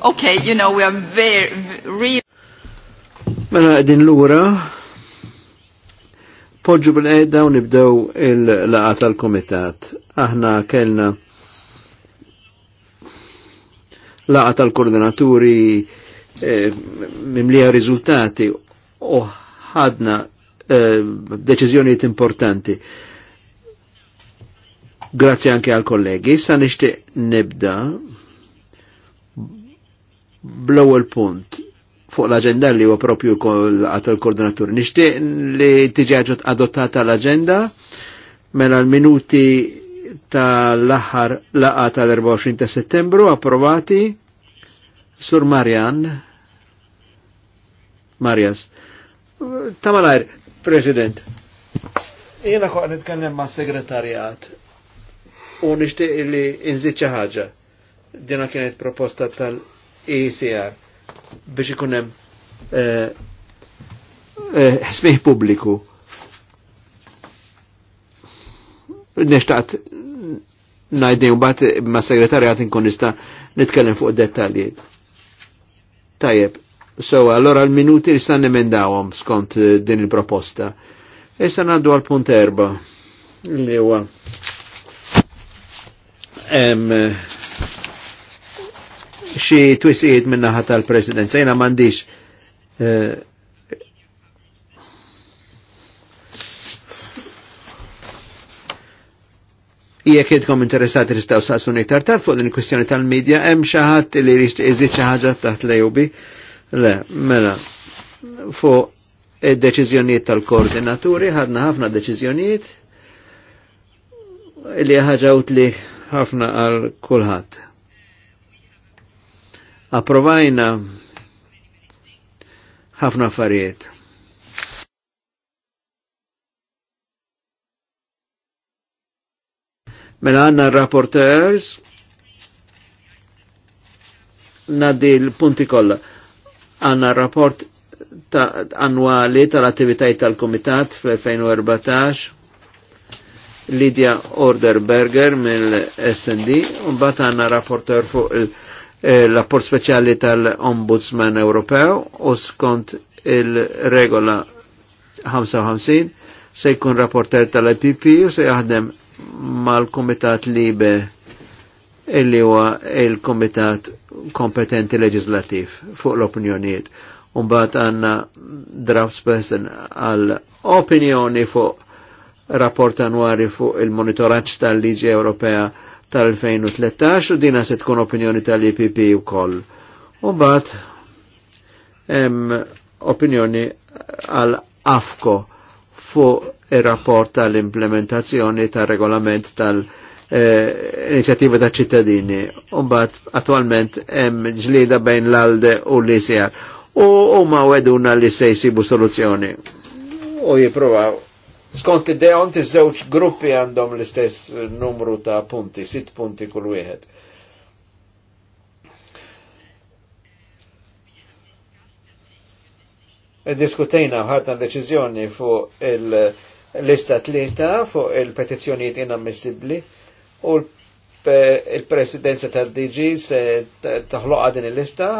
Okay, you know, we are very, very... Mela din l-ura, poġu bil-qedda u nibdew il-laqa tal-komitat. Aħna kellna laqa tal-koordinaturi eh, mimlija riżultati u ħadna eh, deċiżjonijiet importanti. Grazzi anke għal kollegi. Sa nixtieq nibda bl-ewwel punt fuq l-agenda li huwa propju għat il-koordinatur. Nixtieq li tiġi adottata l-agenda mela l-minuti tal-aħħar laqa tal-24 ta' settembru approvati sur Marjan Marjas. Tamalajr, President. Jena kwa nitkellem ma' segretarjat u nixtieq li nżid ħaġa. Dina kienet proposta tal- ECR biex ikun hemm eh, eh, ħsbih pubbliku. Nishtaqt najdin u bat ma segretarjat inkun nista nitkellem fuq dettalji. Tajjeb, so allora l-minuti nistan nemendawhom skont eh, din il-proposta. Issa għandu għal punt erba li huwa xi twisijiet min-naħa tal president Sejna m'għandix eh, jekk idkom interessati ristaw saqsuni tartar tard fuq din il-kwistjoni tal-medja, hemm xi ħadd li jrid iżid xi ħaġa taħt lejubi. Le, mela, fuq id-deċiżjonijiet tal-koordinaturi ħadna ħafna deċiżjonijiet li ħaġa utli ħafna għal kulħadd approvajna ħafna affarijiet. Mela għanna rapporteurs, naddi l-punti kolla. Għanna rapport ta annuali tal-attivitajt tal-Komitat fl-2014, Lidia Orderberger mill-SND, un bat għanna rapporteur fuq il- l-apport speċjali tal-Ombudsman Ewropew u skont il-regola 55 se jkun rapporter tal-IPP u se jaħdem mal-Komitat Libe illi huwa il-Komitat kompetenti leġislativ fuq l-opinjonijiet. Umbat għanna draft person għal opinjoni fuq rapport annwari fuq il-monitoraċ tal-liġi Ewropea tal-2013 u dina se tkun opinjoni tal-IPP u koll. em, opinjoni għal-AFCO fuq il-rapport tal-implementazzjoni tal-regolament tal-inizjativa eh, ta' ċittadini. bat, attualment, hemm ġlida bejn l-ALDE u l-ISR u ma weduna li se jisibu soluzzjoni u jiprovaw Skont id-deont iż-żewġ gruppi għandhom l-istess eh, numru ta' punti, sit punti kull wieħed. E diskutejna ħadna deċiżjoni fuq il-lista tlieta fuq il-petizzjonijiet inammissibbli u eh, il-presidenza tad-DG se taħloqa din il-lista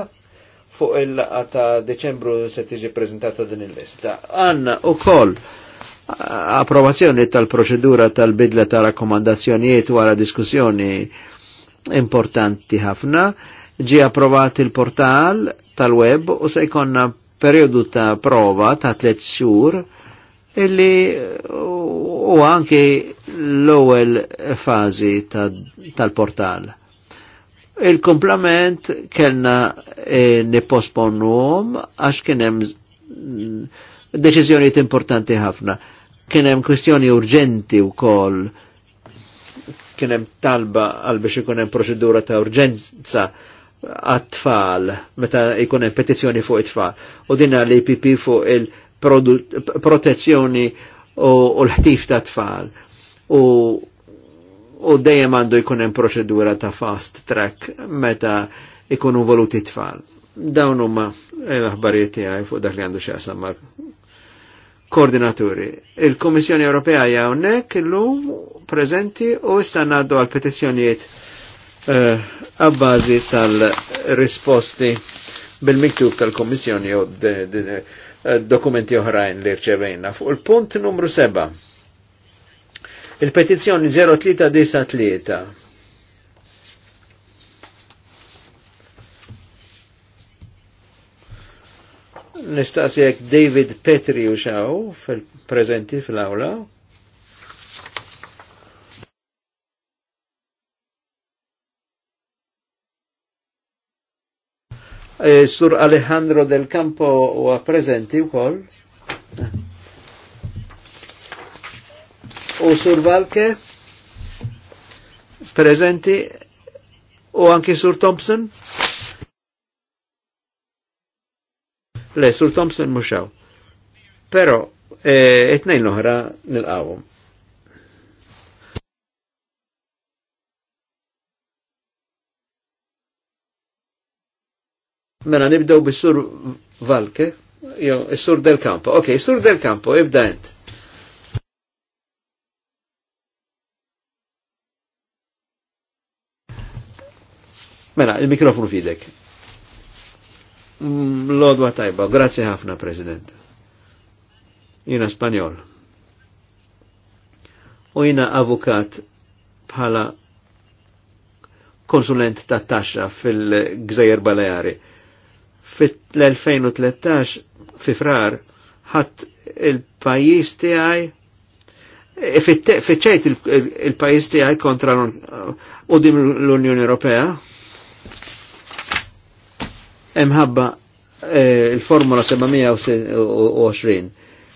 fuq il-laqata Deċembru se tiġi prezentata din il-lista. Anna u koll approvazzjoni tal-proċedura tal-bidla ta' rakkomandazzjonijiet wara diskussjoni importanti ħafna, ġi approvat il-portal tal-web u se jkonna periodu ta' prova ta' tliet xhur illi u anki l-ewwel fażi tal-portal. Il-komplement kellna e, għax kien hemm mm, deċiżjonijiet importanti ħafna. Kien hemm kwistjoni urġenti wkoll kien hemm talba għal biex ikun hemm proċedura ta' urġenza għat-tfal, meta jkun hemm petizzjoni fuq it-tfal. U din l-IPP fuq il-protezzjoni u l-ħtif ta' tfal. U u dejjem għandu jkun hemm proċedura ta' fast track meta ikunu voluti tfal. Dawn huma l-aħbarijiet tiegħi fuq dak li għandu x'jaqsam koordinaturi. Il-Komissjoni Ewropea hija hawnhekk illum prezenti u issa ngħaddu għal petizzjonijiet eh, għabbazi tal-risposti bil-miktub tal-Komissjoni u dokumenti oħrajn li rċevejna. Fuq il-punt numru 7. Il-petizzjoni 0393 nistaqsi jekk David Petri u xaw fil-prezenti fil-awla. E, sur Alejandro del Campo u prezenti u kol. U sur Valke prezenti u anki sur Thompson. Le, Sur Thompson muxaw. Pero, etnejn l-oħra nil-qawum. Mela nibdew bis-sur Valke, jew is-sur Del Campo. Ok, is-sur Del Campo, ibda int. Mela, il-mikrofonu fidek. Mm, lodwa tajba, grazie ħafna, President. Jina Spanjol. U jina avukat bħala konsulent ta' taxxa fil gżajer Baleari. fil 2013 fi frar, ħadd il-pajis tiegħi e, fitċejt il-pajis tiegħi kontra l-Unjoni Ewropea imħabba il-formula 720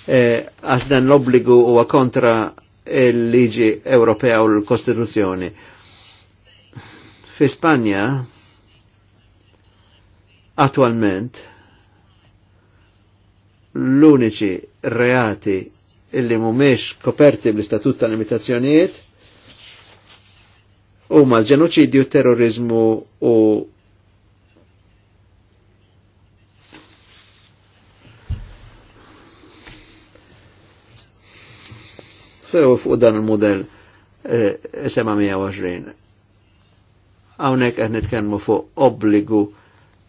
għax dan l-obbligu huwa kontra l-liġi Ewropea u l-Kostituzzjoni. Fi Spanja attualment l-uniċi reati illi mumiex koperti bl-istatut ta' limitazzjonijiet huma l-ġenoċidju, terrorizmu u fuq dan il model eh, sema 120. Hawnhekk kenmu fuq obbligu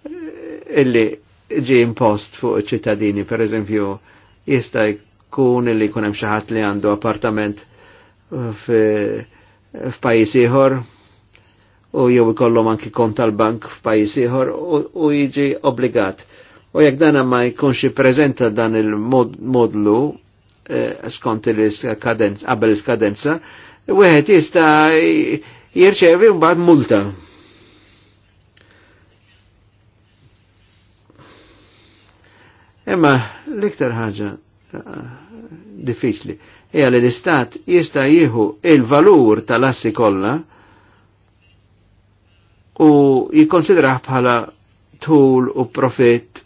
eh, illi ġi impost fuq ċittadini, per eżempju, jista' jkun illi kunem hemm xi ħadd li għandu appartament eh, f'pajjiż u jew ikollhom anki kont tal-bank f'pajjiż ieħor u jiġi obbligat. U jekk dan ma jkunx ippreżenta dan il-modlu Eh, skont il-skadenza, qabel il-skadenza, wieħed jista' jirċevi mbagħad multa. Imma l-iktar ħaġa eh, diffiċli hija li l-istat jista' jieħu il-valur tal-assi kollha u jikkonsidrah bħala tul u profit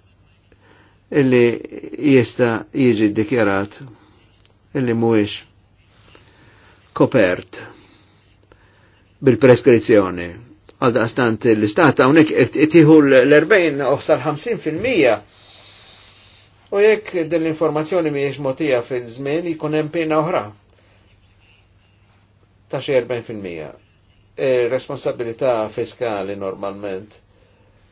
illi jista' jiġi ddikjarat illi mhuwiex kopert bil-preskrizzjoni. Għal daqstant l-istat hawnhekk itieħu l-40 u sal-50 U jekk din l-informazzjoni mhijiex motija fil-żmien jikunem hemm uħra. oħra ta' xi 40%. E responsabilità fiskali normalment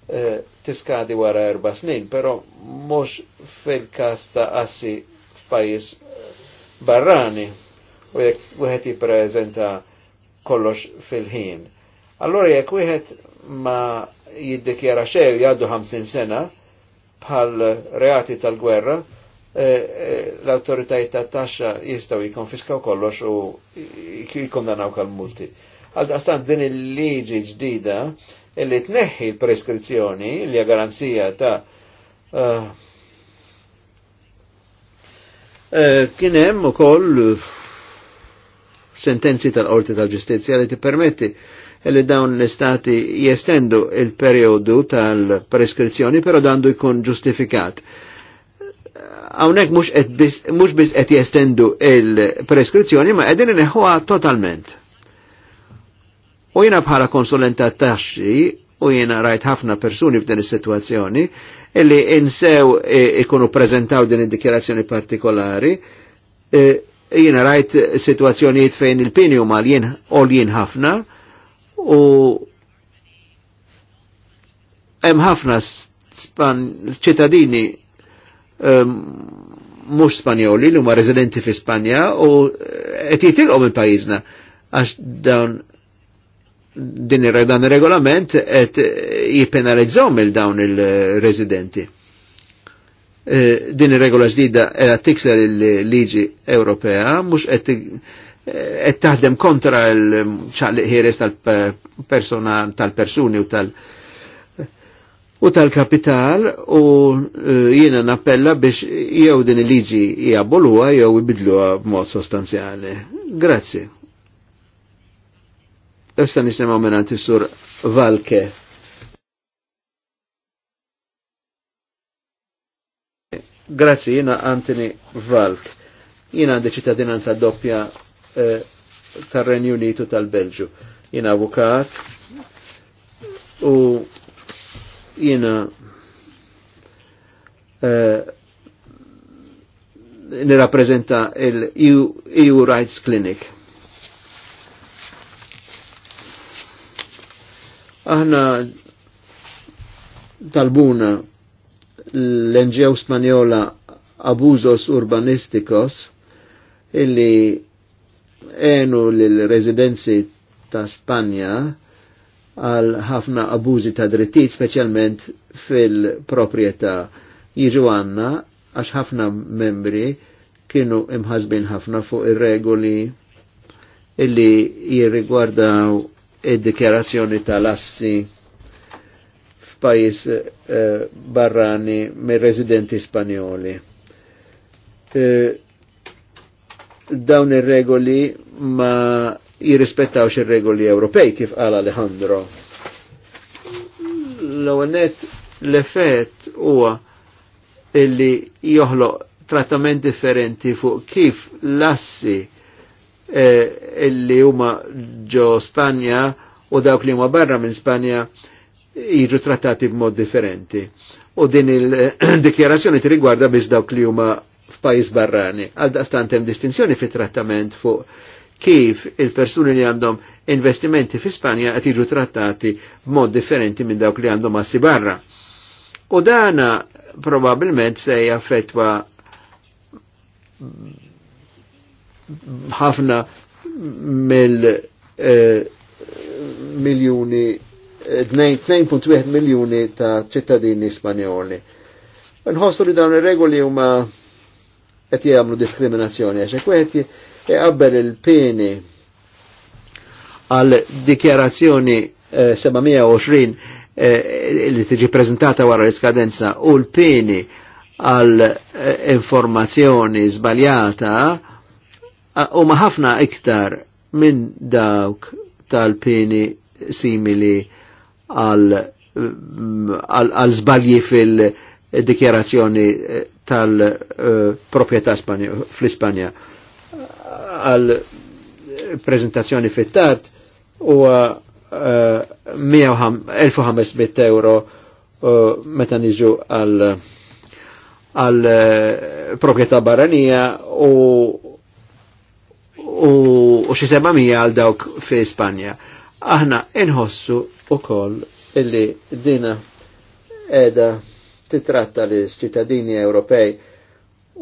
e, tiskadi wara erba snin, pero mhux fil-każ ta' assi f'pajjiż barrani u jekk wieħed jippreżenta kollox fil-ħin. Allora jekk wieħed ma jiddikjara xejn jgħaddu 50 sena bħal reati tal-gwerra, eh, eh, l-autoritajiet tat taxxa jistgħu jikkonfiskaw kollox u jikkondannaw kal-multi. Għaldaqstant din il-liġi ġdida illi tneħħi l-preskrizzjoni li garanzija ta' uh, Eh, kien hemm ukoll sentenzi tal-Qorti tal-Ġustizzja li tippermetti li dawn l-istati jestendu il-periodu tal-preskrizzjoni, però dandu jkun ġustifikat għawnek mux biss qed jestendu il-preskrizzjoni ma qegħdin neħuha totalment. U jina bħala konsulenta taxxi u jena rajt ħafna persuni f'din is-sitwazzjoni illi insew e, ikunu prezentaw din id-dikjerazzjoni partikolari e, jena rajt sitwazzjonijiet fejn il-pini huma għoljien ħafna u hemm ħafna ċittadini e, mhux Spanjoli li huma residenti fi Spanja u qed jitilqhom il-pajjiżna għax dawn din dan il-regolament et jipenalizzaw il dawn il-residenti. E, din il-regola ġdida għed tikser il-liġi Ewropea, mux qed taħdem kontra l-ċaqliq tal-persuna, tal u tal- u tal-kapital u e, jiena nappella biex jew din il-liġi jaboluha jew ibidluha b'mod sostanzjali. Grazie. Issa nisimaw minnant sur Valke. Grazie, jina Antoni Valk. Jina għandi ċittadinanza doppja eh, tar-Renju Unitu tal-Belġu. Jina avukat u jina eh, nirrapprezenta il-EU Rights Clinic Aħna talbuna l-NGO Spanjola Abusos Urbanistikos illi enu l-residenzi ta' Spanja għal ħafna abużi ta' drittijiet, specialment fil-proprieta jiġu għanna, għax ħafna membri kienu imħazbin ħafna fuq ir-regoli illi jirrigwardaw id-dikjarazzjoni tal-assi f'pajis eh, barrani mir residenti spanjoli. Eh, dawn ir-regoli ma jirrispettawx ir-regoli Ewropej kif qal Alejandro. L-għonet l-effett huwa illi joħloq trattament differenti fuq kif lassi Eh, illi huma ġo Spanja u dawk li huma barra minn Spanja jiġu trattati b'mod differenti. U din il-dikjarazzjoni eh, tirigwarda biss dawk li huma f'pajjiż barrani. Għal daqstant hemm distinzjoni fi trattament fuq kif il-persuni li għandhom investimenti fi Spanja qed jiġu trattati b'mod differenti minn dawk li għandhom assi barra. U dana probabilment se jaffetwa ħafna mill miljuni 2.1 miljuni ta' ċittadini spanjoli. Nħossu li dawn ir-regoli huma qed jagħmlu diskriminazzjoni għax hekk iqabbel il-pieni għal dikjarazzjoni 720 eh, e, eh, li tiġi prezentata wara l-iskadenza u l-pieni għal eh, informazzjoni zbaljata ma ħafna iktar minn dawk tal-pini simili għal zbalji fil-dikjerazzjoni eh, tal-propieta eh, fl-Ispanja għal prezentazzjoni fit-tart eh, u 1500 euro meta niġu għal għal propieta barranija u u xi sema mija għal dawk fi Spanja. Aħna inħossu koll illi dina edha titratta li ċittadini Ewropej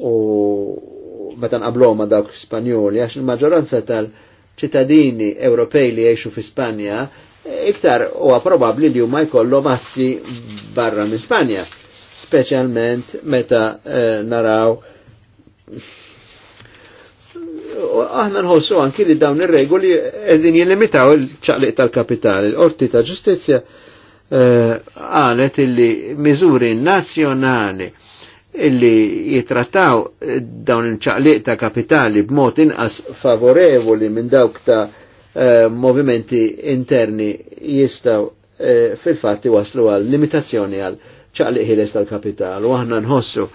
u meta nqablhom ma dawk Spanjoli għax il-maġġoranza tal-ċittadini Ewropej li jgħixu fi Spanja iktar huwa probabbli li huma jkollhom massi barra minn Spanja, speċjalment meta eh, naraw aħna nħossu anki li dawn ir-regoli qegħdin jillimitaw il-ċaqliq tal-kapitali. L-Qorti ta' Ġustizzja qalet eh, illi miżuri nazzjonali illi jitrattaw eh, dawn il-ċaqliq ta' kapitali b'mod inqas favorevoli minn dawk ta' eh, movimenti interni jistaw fil-fatti waslu għal limitazzjoni għal ċaqliq ħiles tal-kapital. U aħna nħossu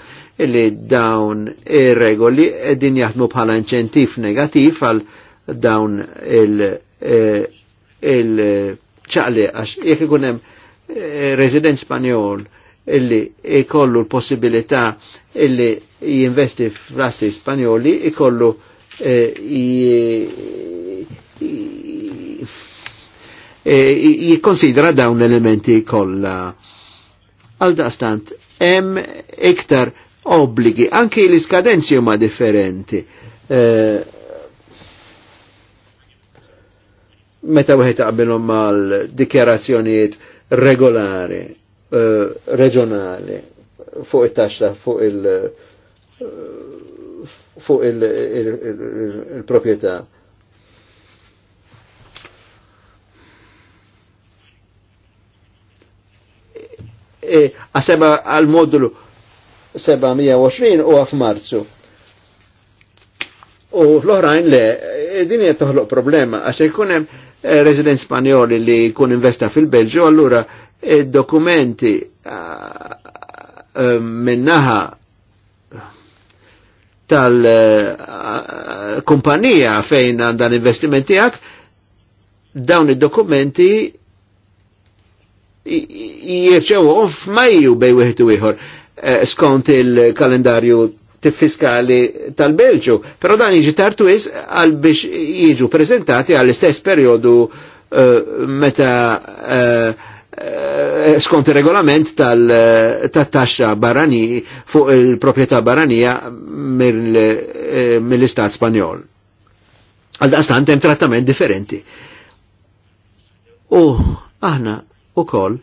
li dawn il regoli eh, din jaħdmu bħala inċentif negativ għal dawn il-ċaqli għax jek ikunem eh, resident spanjol illi ikollu l-possibilità illi jinvesti f'rassi spanjoli ikollu eh, jikonsidra dawn l-elementi kolla. Għal daqstant, hem iktar obblighi, anche le scadenze ma differenti. Meta Eh, meta wieħed taqbilhom mal-dikjarazzjonijiet regolari, eh, reġjonali, fuq it-taxxa, fuq il- eh, fuq il-propieta. Il, il, il, il, il, il, e, għal-modulu 720 u għaf marzu. U l-oħrajn le, din hija toħloq problema, għax ikun hemm eh, resident Spanjoli li jkun investa fil-Belġu, allura dokumenti eh, eh, minnaħa tal-kumpanija fejn għandan investimenti għak, dawn id-dokumenti jirċewu f'Majju bej wieħed u ieħor. Eh, skont il-kalendarju fiskali tal-Belġu. Però dan iġi tartu is għal biex jiġu prezentati għall-istess periodu eh, meta eh, skont il-regolament tal-taxxa barani fuq il-proprietà baranija mill-istat spanjol. Għal daqstant hemm trattament differenti. U aħna u koll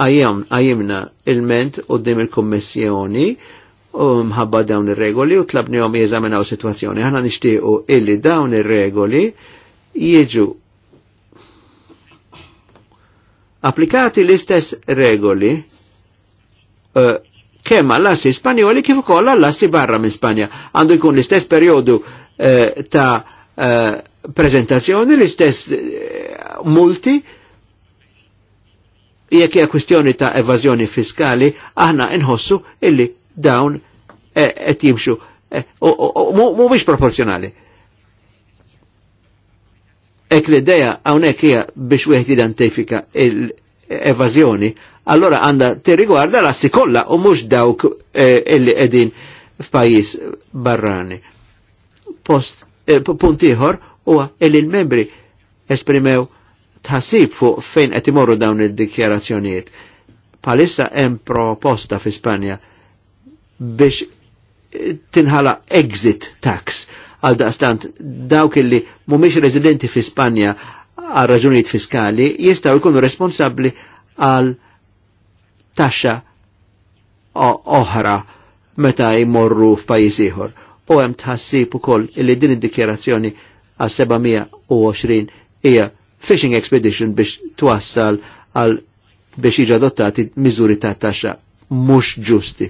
għajemna il-ment u dim il-kommissjoni u mħabba dawn il-regoli u tlabnijom jeżaminaw situazzjoni. Ħana nishtiqu illi dawn il-regoli jieġu applikati l-istess regoli uh, kemm għall-assi spanjoli kif ukoll għall-assi barra minn Spanja. Għandu jkun l-istess periodu uh, ta' uh, prezentazzjoni, l-istess multi jekk hija kwistjoni ta' evażjoni fiskali, aħna nħossu illi dawn eh, qed jimxu eh, mhumiex proporzjonali. Ek l-ideja hawnhekk hija biex wieħed identifika l-evażjoni, allora għandha tirigwarda l kollha u mhux dawk eh, illi qegħdin f'pajjiż barrani. Post punt ieħor huwa illi l-membri esprimew tħassib fuq fejn qed imorru dawn id-dikjarazzjonijiet. Palissa hemm proposta fi Spanja biex tinħala exit tax għal daqstant dawk illi mhumiex residenti fi Spanja għal raġunijiet fiskali jistgħu jkunu responsabbli għal taxxa oħra meta jmorru f'pajjiż ieħor. U hemm tħassib ukoll illi din id dikjarazzjoni għal 720 hija fishing expedition biex twassal għal biex iġa adottati miżuri ta' taxxa mhux ġusti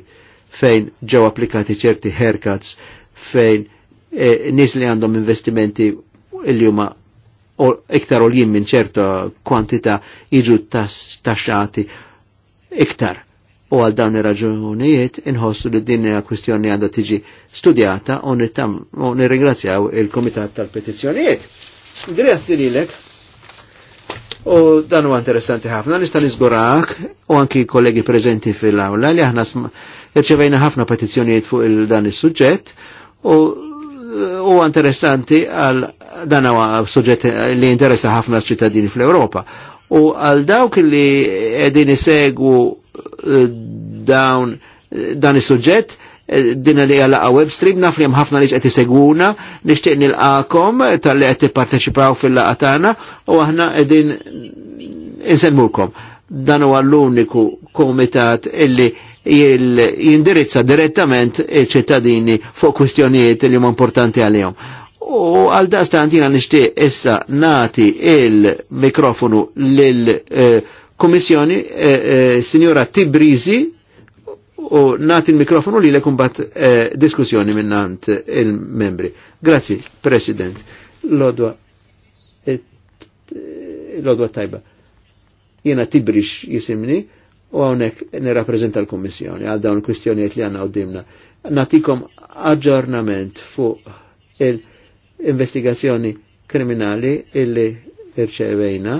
fejn ġew applikati ċerti haircuts fejn e, nis li għandhom investimenti li huma iktar oljin minn ċerta kwantità jiġu taxxati iktar. U għal dawn ir-raġunijiet inħossu li din hija kwistjoni għandha tiġi studjata u nirringrazzjaw il-Kumitat tal-Petizzjonijiet. Grazzi lilek. U dan huwa interessanti ħafna, nista' niżgurak u anki kollegi preżenti fil-awla li aħna rċevejna ħafna petizzjonijiet fuq il-dan is-suġġett u huwa interessanti għal dan huwa suġġett li interessa ħafna ċittadini fl-Ewropa. U għal dawk li qegħdin isegwu eh, dawn eh, dan is-suġġett din li għala web stream, naf li ħafna li qed isegwuna, nixtieq għakom tal-li qed tipparteċipaw fil-laqatana u aħna qegħdin insemmulkom. Dan huwa l-uniku komitat illi jindirizza direttament il-ċittadini fuq kwistjonijiet li huma importanti għalihom. U għal dastant jina nishtiq issa nati il-mikrofonu lill eh, komissjoni eh, eh, Signora Tibrizi, u nati il-mikrofonu li l-ekum bat eh, diskussjoni minnant il-membri. Grazzi, President. Lodwa, eh, lodwa tajba. Jena tibrix jisimni u għonek nirrapprezenta l-Kommissjoni għal dawn kwistjonijiet li għanna u dimna. Natikom aġġornament fuq il-investigazzjoni kriminali illi irċevejna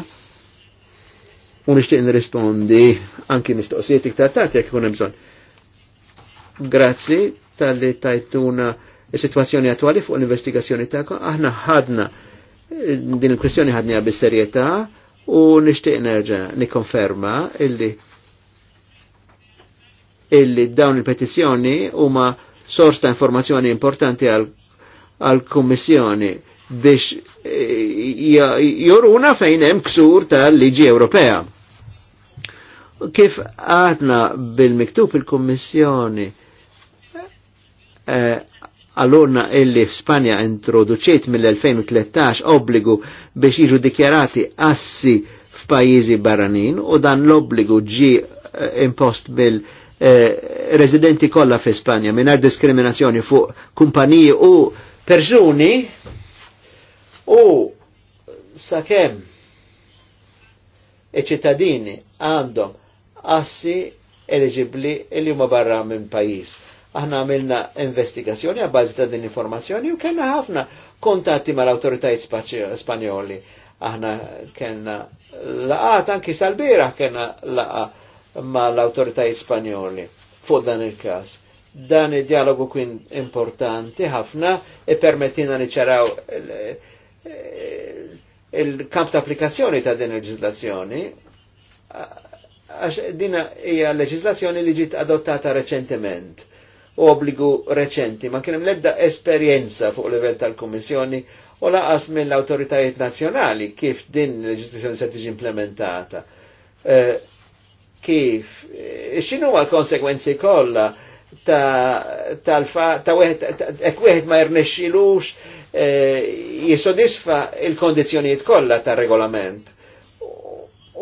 u nishtiq nirrispondi anki mistoqsijiet iktar tard jekk ikun hemm bżonn. Grazzi tal-li tajtuna il-situazzjoni attuali fuq l-investigazzjoni ta'kom. Aħna ħadna din il-kwestjoni ħadnija bis-serjetà u nixtieq nerġa' nikkonferma illi illi dawn il-petizzjoni huma sors ta' informazzjoni importanti għal-Kummissjoni biex eh, joruna fejn hemm ksur tal-liġi Ewropea. Kif għadna bil-miktub il-Kummissjoni għallurna eh, illi f'Spanja introduċiet mill-2013 obbligu biex jiġu dikjarati assi f'pajjiżi barranin u dan l-obbligu ġi eh, impost bil eh, residenti kollha fi'Spanja Spanja mingħajr diskriminazzjoni fuq kumpaniji u persuni u sakemm iċ-ċittadini għandhom assi eligibli li huma barra minn pajjiż Aħna għamilna investigazzjoni għabbażi ta' din informazzjoni u kellna ħafna kontatti mal-autoritajiet spanjoli. Aħna kena laqat anki salbira kena laqa mal-autoritajiet spanjoli fuq dan il-każ dan il-dialogu kien importanti ħafna e permettina li ċaraw il-kamp ta' applikazzjoni ta' din il-leġislazzjoni għax din hija leġislazzjoni li ġiet adottata reċentement u obbligu reċenti. Ma kienem lebda esperienza fuq livell tal-Kommissjoni u laqas mill autoritajiet nazzjonali kif din l-leġislazzjoni se tiġi implementata. Eh, kif, eh, xinu għal konsekwenzi kollha ta' tal-fa, ta' wieħed ma' jirnexxilux eh, jissodisfa' jisodisfa il-kondizjonijiet kollha tar-regolament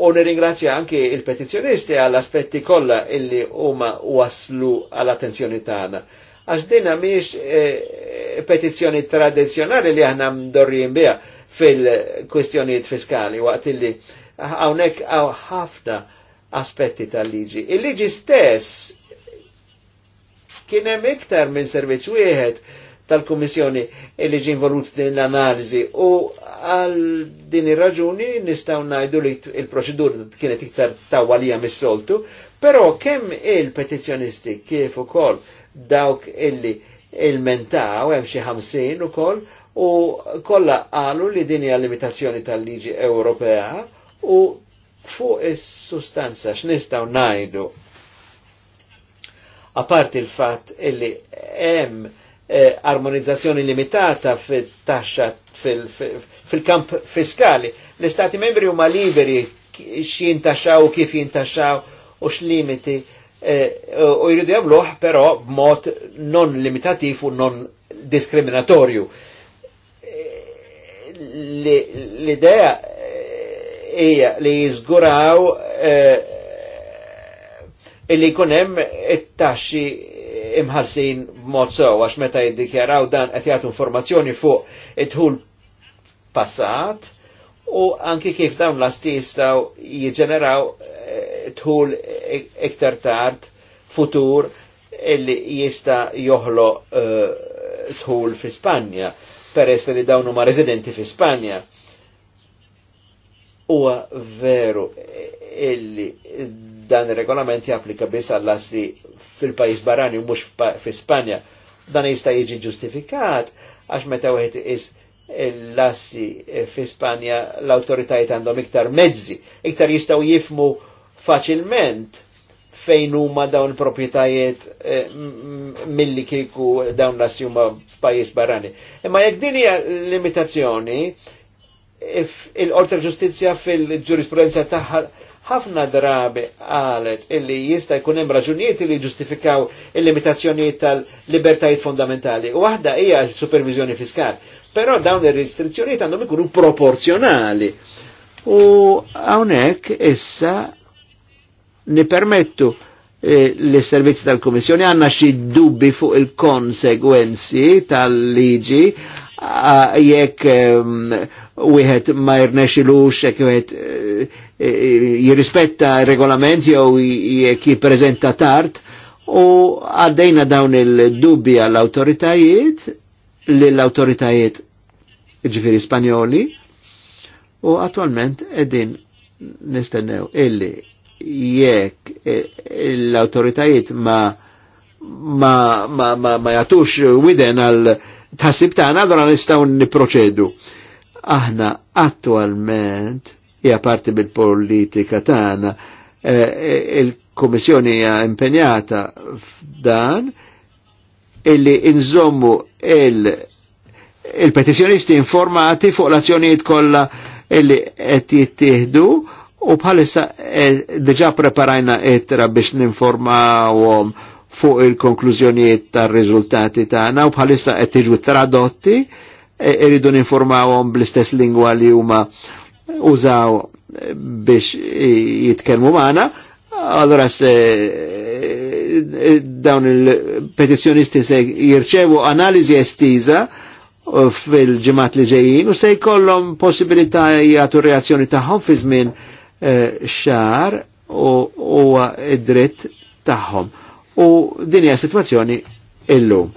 u nirringrazzja anki il-petizjonisti għall-aspetti kollha illi huma waslu għall-attenzjoni tagħna. Għax dinha miex e, eh, petizzjoni tradizjonali li aħna mdorrijin biha fil-kwistjonijiet fiskali waqt illi hawnhekk hawn ħafna aspetti tal-liġi. Il-liġi stess kien hemm iktar minn servizz wieħed tal-Kummissjoni li ġin volut din l-analiżi u għal din ir-raġuni nistgħu ngħidu li il proċedur kienet iktar tawalija mis-soltu, però kemm il petizjonisti kif ukoll dawk illi il-mentaw hemm xi ħamsin ukoll u kollha qalu li din hija limitazzjoni tal-liġi Ewropea u fuq is-sustanza x'nistgħu ngħidu. Apart il-fatt illi hemm eh, armonizzazzjoni limitata fit-taxxa fil-kamp fil fiskali. L-Istati membri huma liberi x'jintaxxaw kif jintaxxaw u x'limiti eh, u jridu jagħmluh però b'mod non limitativ u non diskriminatorju. Eh, l-idea eh, hija li jiżguraw eh, li jkun hemm it-taxxi imħalsin mod sew għax meta jiddikjaraw dan qed jagħtu informazzjoni fuq idħul passat u anki kif dawn l-astistaw jiġġeneraw tħul eh, e- iktar tard futur illi jista joħlo tħul eh, fi Spanja peress li dawn huma residenti fi Spanja. Huwa veru eh, illi dan ir-regolament japplika biss għall-assi fil-pajis barani u mux fil Spanja, dan jista' jiġi ġustifikat għax meta wieħed is l-assi eh, fil Spanja l autoritajt għandhom iktar mezzi, iktar jistgħu jifmu faċilment fejn huma dawn il-proprjetajiet eh, milli kieku dawn l-assi huma pajis barani. Imma jekk din hija limitazzjoni, il-Qorta Ġustizzja fil-ġurisprudenza tagħha ħafna drabi għalet illi jista' jkun hemm raġunijiet li ġustifikaw il-limitazzjonijiet tal-libertajiet fondamentali. Waħda hija supervizjoni fiskali, però dawn ir-restrizzjonijiet għandhom ikunu proporzjonali. U hawnhekk issa nipermettu eh, l servizzi tal-Komissjoni għanna xi dubbi fuq il-konsegwenzi tal-liġi jekk ehm, wieħed ma jirnexilux, jekk wieħed eh, E, e, jirrispetta regolament jew jekk jippreżenta tard u għaddejna dawn il-dubbi għall-autoritajiet l-autoritajiet ġifiri spanjoli u attualment edin nistennew illi jekk e, l-autoritajiet ma ma, ma, ma, ma jatux widen għal tħassib tagħna allura nistgħu niproċedu. Aħna attualment hija parti mill-politika tagħna. Eh, eh, Il-Kummissjoni hija impenjata f'dan illi inżommu il-petizjonisti informati fuq l-azzjonijiet kollha illi qed jittieħdu u bħalissa eh, deġa preparajna etra biex ninformawhom fuq il-konklużjonijiet tar-riżultati tagħna u bħalissa qed jiġu tradotti irridu ninformawhom bl-istess lingwa li huma użaw biex jitkelmu maħna, allora se eh, dawn il-petizjonisti se jirċevu analizi estiza eh, fil-ġemat li ġejjin u se jkollhom possibilità jgħatu reazzjoni taħħom fi żmien eh, xar u huwa id-dritt tagħhom. U din hija sitwazzjoni illum.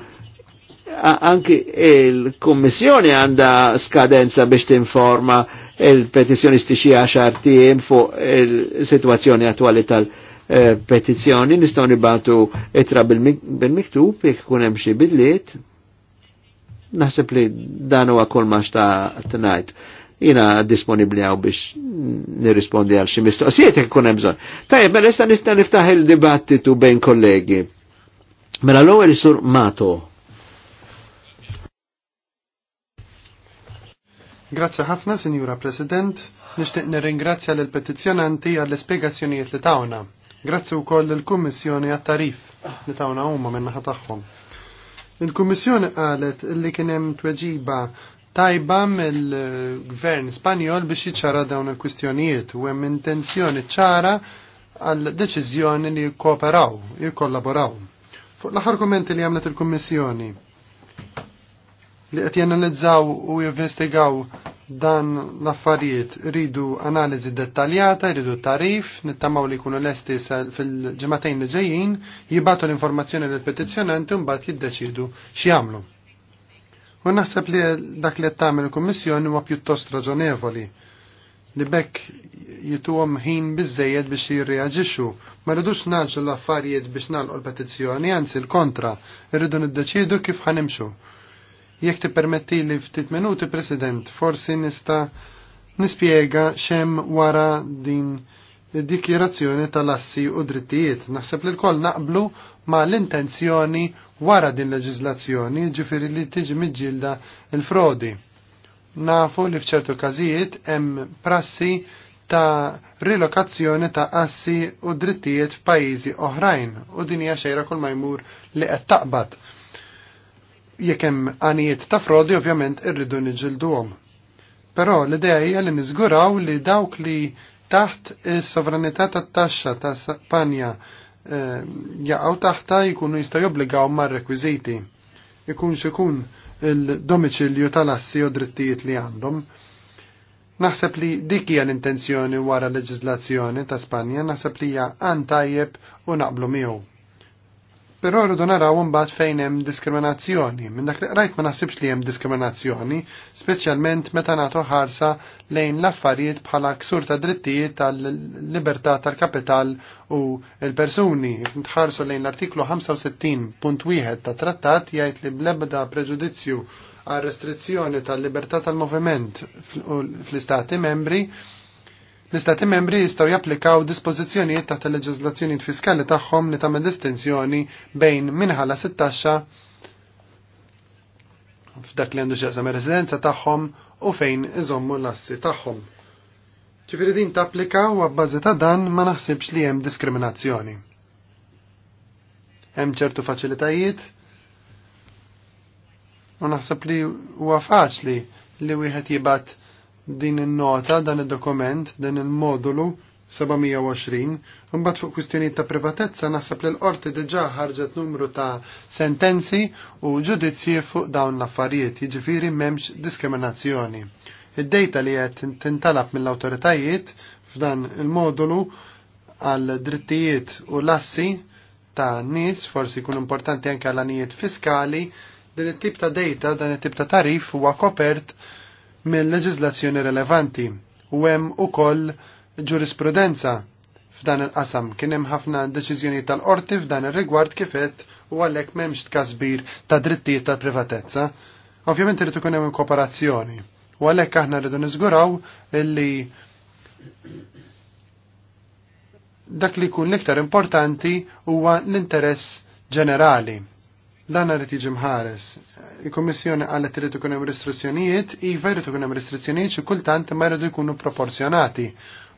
Anki il-Kummissjoni għandha skadenza biex tinforma il-petizjonisti xie għaxar tijem fuq il-situazzjoni attuali tal-petizjoni, nistaw nibatu itra bil-miktub, jek kunem xie bidliet, naħseb li dan huwa kol maċ ta' tnajt. Jina disponibli għaw biex nirrispondi għal xie mistoqsijiet jek kunem bżon. Tajjeb, mela issa nista' niftaħ il-dibattitu bejn kollegi. Mela l-ewwel sur Mato. Grazzi ħafna, Signora President. Nixtieq nirringrazzja lill petizzjonanti għall-ispjegazzjonijiet li tawna. Grazzi wkoll lill-Kummissjoni għat-Tarif li tawna huma min-naħa tagħhom. Il-Kummissjoni qalet li kien hemm tweġiba tajba mill-Gvern Spanjol biex jiċċara dawn il-kwistjonijiet u hemm intenzjoni ċara għal deċiżjoni li jikkooperaw, jikkollaboraw. Fuq l-aħħar kumenti li għamlet il-Kummissjoni, li qed janalizzaw u jivvestigaw dan l-affarijiet ridu analiżi dettaljata, ridu tarif, nittamaw li jkunu lesti fil-ġematejn li ġejjin, jibatu l-informazzjoni lill petizzjonanti u mbagħad jiddeċidu x'jagħmlu. U naħseb li dak li qed tagħmel il-Kummissjoni huwa pjuttost raġonevoli li bekk jituhom ħin biżejjed biex jirreaġixxu. Ma rridux naġġu l-affarijiet biex nagħlqu l-petizzjoni, anzi l-kontra, rridu niddeċidu kif ħanimxu Jekk permetti li ftit minuti, President, forsi nista' nispjega xem wara din dikjerazzjoni tal-assi u drittijiet. Naħseb li l-koll naqblu ma l-intenzjoni wara din leġizlazzjoni ġifiri li tiġi miġġilda il-frodi. Nafu li fċertu kazijiet hemm prassi ta' rilokazzjoni ta' assi u drittijiet f'pajjiżi oħrajn u din hija xejra kull ma jmur li qed taqbad jekk hemm għanijiet ta' frodi ovvjament irridu niġilduhom. Però l-idea hija li niżguraw li dawk li taħt is-sovranità tat-taxxa ta' Spanja eh, jaqgħu taħta jkunu jistgħu jobbligaw mar-rekwiżiti. Ikun xikun il-domiċilju tal-assi u drittijiet li għandhom. Naħseb li dik hija l-intenzjoni wara l leġiżlazzjoni ta' Spanja, naħseb li hija għan tajjeb u naqblu miegħu. Però rridu naraw mbagħad fejn hemm diskriminazzjoni. Minn dak li qrajt ma naħsibx li hemm diskriminazzjoni, speċjalment meta nagħtu ħarsa lejn l-affarijiet bħala ksur ta' drittijiet tal-libertà tal-kapital u l-persuni. Ntħarsu lejn l-artiklu 65.1 ta' trattat jgħid li blebda preġudizzju għal restrizzjoni tal-libertà tal-moviment fl-istati membri L-istati membri jistgħu japplikaw dispożizzjonijiet taħt il-leġiżlazzjoni fiskali tagħhom li tagħmel distinzjoni bejn minħala sit-taxxa f'dak li għandu x'jaqsam ir-residenza tagħhom u fejn iżommu l-assi tagħhom. Ċifiri din tapplika u għabbażi ta' dan ma naħsibx li hemm diskriminazzjoni. Hemm ċertu faċilitajiet u naħseb li huwa faċli li wieħed jibgħat din il-nota, dan il-dokument, dan il-modulu 720, mbagħad fuq kwistjonijiet ta' privatezza naħseb li l-qorti diġà ħarġet numru ta' sentenzi u ġudizzji fuq dawn l-affarijiet, jiġifieri m'hemmx diskriminazzjoni. Id-dejta li qed tintalab mill-awtoritajiet f'dan il-modulu għal drittijiet u lassi ta' nies forsi jkun importanti anke għal anijiet fiskali, din it-tip ta' dejta, dan it-tip ta' tarif huwa kopert mill-leġizlazzjoni relevanti u hemm ukoll ġurisprudenza f'dan il-qasam kien hemm ħafna deċiżjoni tal-qorti f'dan ir-rigward kifet u għalhekk m'hemmx tkasbir ta' drittijiet tal-privatezza. Ovvjament irid ikun hemm kooperazzjoni u għalhekk aħna rridu niżguraw li dak li jkun l-iktar importanti huwa l-interess ġenerali Dan għarri tiġi mħares. il għalli t-tiritu kunem restrizzjonijiet, iva rritu kunem restrizzjonijiet xi kultant ma rridu jkunu proporzjonati.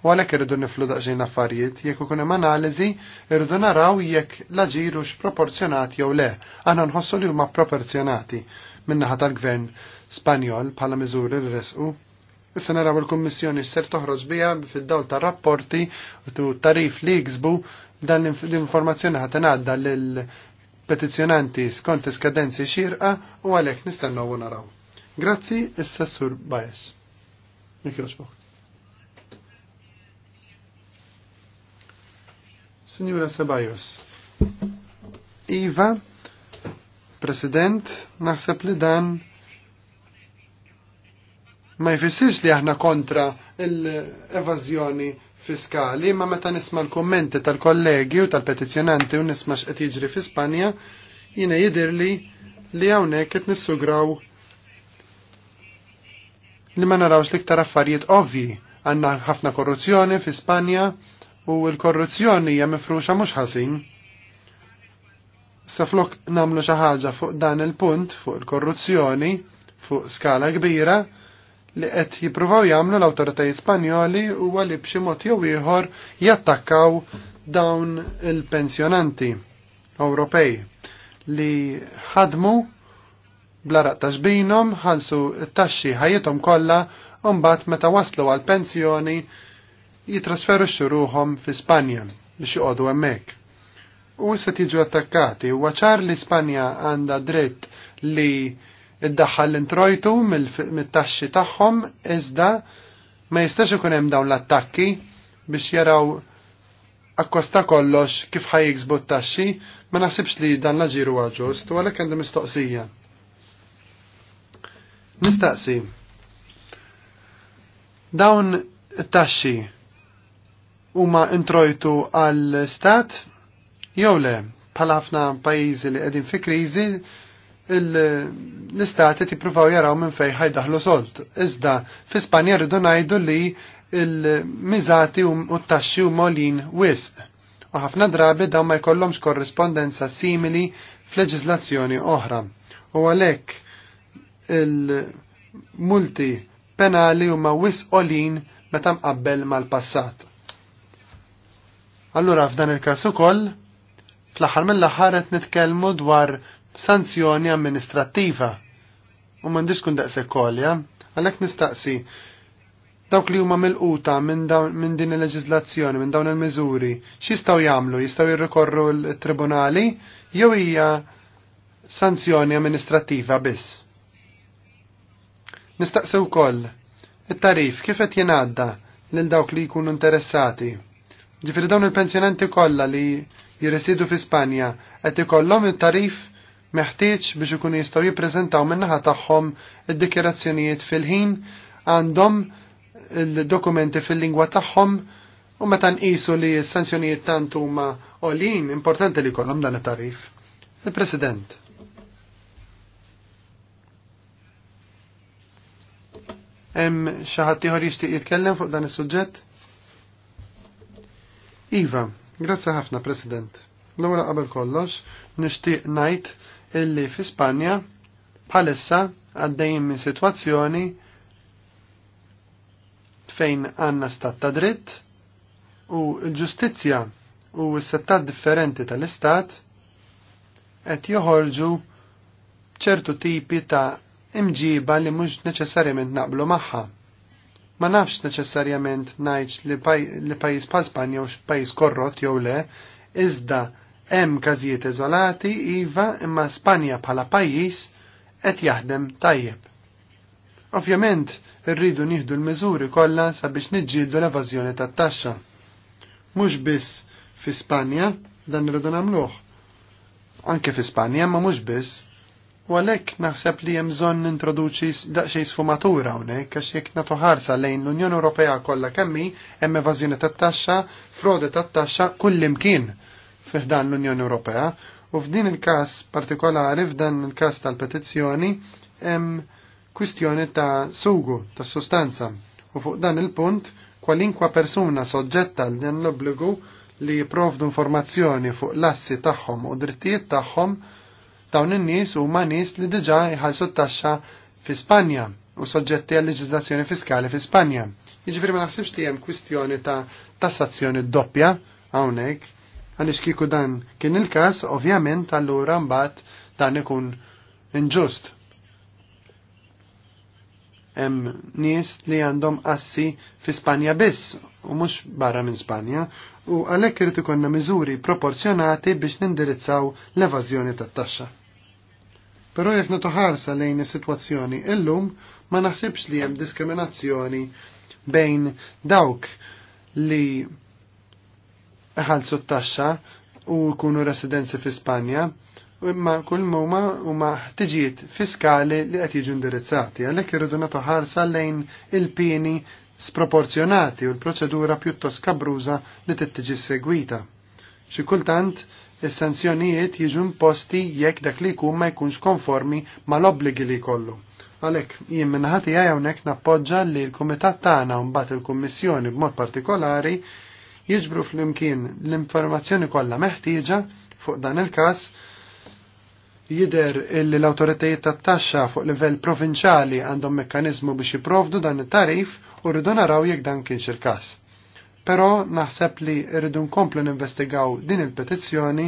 U għalek irridu niflu daqxin affarijiet, jekk ikun hemm analiżi, rridu naraw jekk laġiru x-proporzjonati jew le. Aħna nħossu li huma proporzjonati minnaħa tal-Gvern Spanjol bħala miżuri l resqu Issa naraw il-Kummissjoni ser toħroġ biha fid-dawl ta' rapporti u tarif li jiksbu dan l-informazzjoni ħadd ingħadda lill petizzjonanti skont iskadenzi xirqa u għalek nistennew u naraw. Grazzi s sessur Bajes. Mikjoġbok. Signora Sabajos, Iva, President, naħseb li dan ma jfissirx li aħna kontra l-evażjoni fiskali, ma meta nisma l-kommenti tal-kollegi u tal-petizjonanti u nisma x'qed jiġri fi Spanja, jiena jidirli li hawnhekk qed nissugraw li ma narawx l-iktar affarijiet ovvji. Għandna ħafna korruzzjoni fi Spanja u l-korruzzjoni hija mifruxa mhux ħażin. Sa flok namlu xi ħaġa fuq dan il-punt fuq il-korruzzjoni fuq skala kbira, li qed jippruvaw jagħmlu l-awtoritajiet Spanjoli huwa li b'xi mod jew ieħor jattakkaw dawn il-pensjonanti Ewropej li ħadmu bla ta' xbinhom ħalsu t-taxxi ħajjithom kollha u mbagħad meta waslu għal pensjoni jitrasferu xuruhom fi Spanja biex joqogħdu hemmhekk. U issa tiġu attakkati, huwa ċar li Spanja għandha dritt li iddaħħal l-introjtu mit-taxxi tagħhom iżda ma jistax ikun hemm dawn l-attakki biex jaraw akkosta kollox kif ħajjiksbu t-taxxi ma naħsibx li dan l-aġir huwa ġust u għalhekk għandu mistoqsija. Nistaqsi. Dawn it-taxxi huma introjtu għall-stat jew le bħal ħafna pajjiżi li qegħdin fi kriżi l-istati tippruvaw jaraw minn fej ħajdaħlu solt. Iżda, fi Spanja rridu ngħidu li il-miżati u t-taxxi u molin wisq. U ħafna drabi dawn ma jkollhomx korrispondenza simili f'leġiżlazzjoni oħra. U għalhekk il-multi penali huma wis olin meta mqabbel mal-passat. Allura f'dan il-każ ukoll fl-aħħar mill-aħħar qed nitkellmu dwar sanzjoni amministrattiva u m'għandix kun daqshekk kolja, għalhekk nistaqsi dawk li huma milquta minn min din il leġizlazzjoni minn dawn il-miżuri, x'jistgħu jagħmlu? Jistgħu jirrikorru l-tribunali jew hija sanzjoni amministrattiva biss. Nistaqsi wkoll it-tarif kif qed jingħadda lil dawk li jkunu interessati. Ġifieri dawn il-pensjonanti kollha li jirresidu fi Spanja qed ikollhom it-tarif meħtieġ biex ikun jistgħu jippreżentaw min-naħa tagħhom id-dikjerazzjonijiet fil-ħin għandhom il-dokumenti fil-lingwa tagħhom u meta nqisu li s-sanzjonijiet tant huma għolin importanti li jkollhom dan it-tarif. Il-President. Hemm xi ħadd ieħor jixtieq jitkellem fuq dan is-suġġett? Iva, grazzi ħafna President. L-ewwel qabel kollox nixtieq ngħid illi fi Spanja bħalissa għaddejjin minn sitwazzjoni fejn għanna stat ta' dritt u l-ġustizzja u s-settat differenti tal-istat qed joħorġu ċertu tipi ta' imġiba li mhux neċessarjament naqblu magħha. Ma nafx neċessarjament ngħid li pajjiż pa' Spanja u pajjiż korrott jew le, iżda Hemm każijiet eżolati iva imma Spanja bħala pajjiż qed jaħdem tajjeb. Ovvjament irridu nieħdu l-miżuri kollha sabiex niġġieldu l-evażjoni tat-taxxa. Mhux biss fi Spanja dan irridu nagħmluh. Anke fi Spanja ma mhux biss. U għalhekk naħseb li hemm bżonn nintroduċi daqsxejn sfumatura hawnhekk għax jekk nagħtu ħarsa lejn l-Unjoni Ewropea kollha kemm hemm evażjoni tat-taxxa, frodi tat-taxxa kullimkien fiħdan l-Unjoni Ewropea u f'din il-każ partikolari f'dan il-każ tal-petizzjoni hemm kwistjoni ta' sugu, ta' sustanza. U fuq dan il-punt kwalinkwa persuna soġġetta l dan l-obbligu li jiprovdu informazzjoni fuq l-assi tagħhom u drittijiet tagħhom dawn in-nies huma nies li diġà jħallsu t-taxxa fi Spanja u soġġetti għal leġislazzjoni fiskali fi Spanja. Jiġifieri ma naħsibx li hemm kwistjoni ta' tassazzjoni doppja hawnhekk għaliex kieku dan kien il-każ, ovvjament allura mbagħad dan ikun inġust. Hemm nies li għandhom assi fi Spanja biss u mhux barra minn Spanja u għalhekk irid ikollna miżuri proporzjonati biex nindirizzaw l-evażjoni tat-taxxa. Però jekk nitoħarsa lejn is-sitwazzjoni illum ma naħsibx li hemm diskriminazzjoni bejn dawk li iħallsu t-taxxa u jkunu residenzi fi Spanja, imma kull u huma ħtiġijiet fiskali li qed jiġu indirizzati, għalhekk irridu nagħtu ħarsa lejn il-pieni sproporzjonati u l-proċedura pjuttost kabruża li tittiġi segwita. Xi kultant is-sanzjonijiet jiġu imposti jekk dak li jkun ma jkunx konformi mal-obbligi li jkollu. Għalhekk jien minnaħati hawnhekk nappoġġa li l-kumitat tagħna u mbagħad il-Kummissjoni b'mod partikolari jiġbru flimkien l-informazzjoni kollha meħtieġa fuq dan il-każ jider illi l-autoritajiet tat-taxxa fuq livell provinċjali għandhom mekkaniżmu biex jipprovdu dan it-tarif u rridu naraw jekk dan kienx il-każ. Però naħseb li rridu nkomplu ninvestigaw din il-petizzjoni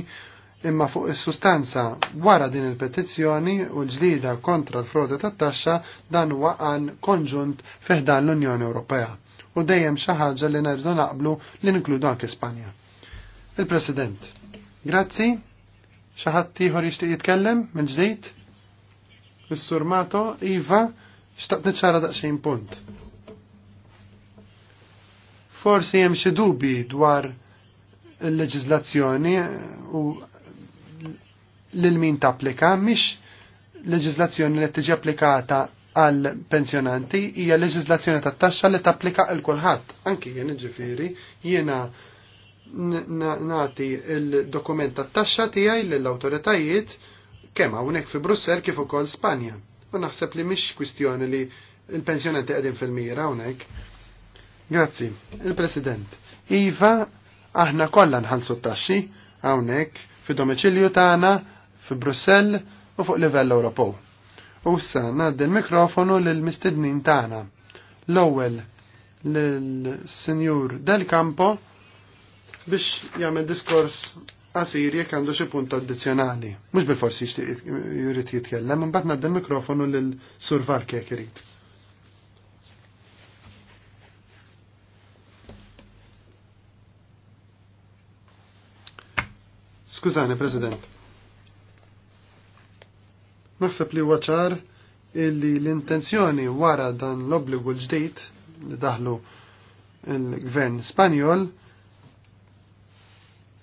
imma fuq is-sustanza wara din il-petizzjoni u l-ġlida kontra l-frodi tat-taxxa dan huwa għan konġunt dan l-Unjoni Ewropea u dejjem xi ħaġa li nerdu naqblu li ninkludu anke Spanja. Il-President, grazzi, xi ħadd ieħor jixtieq jitkellem minn ġdid? Is-Sur Mato, Iva, xtaqt niċċara daqsxejn punt. Forsi hemm xi dubi dwar il-leġiżlazzjoni u lil min tapplika mhix leġiżlazzjoni li tiġi applikata għal pensjonanti hija leġiżlazzjoni tat-taxxa li tapplika l kulħadd. Anki jien ġifieri jiena nagħti il-dokument tat-taxxa tiegħi lill-awtoritajiet kemm hawnhekk fi Brussell kif ukoll Spanja. U naħseb li mhix kwistjoni li il-pensjonanti qegħdin fil-mira hawnhekk. Grazzi, il-President. Iva, aħna kollha nħallsu t-taxxi hawnhekk fi domiċilju tagħna fi Brussell u fuq livell Ewropew U issa ngħaddi il mikrofonu lill-mistednin tagħna. L-ewwel lill-Sinjur Del Campo biex jagħmel diskors qasir jekk għandu xi punt addizzjonali. Mhux bil-forsi jrid jitkellem, imbagħad ngħaddi il mikrofonu lill-Sur Varke jekk irid. Skużani, President. Naħseb li huwa ċar illi l-intenzjoni wara dan l-obbligu l-ġdid li daħlu l-gvern Spanjol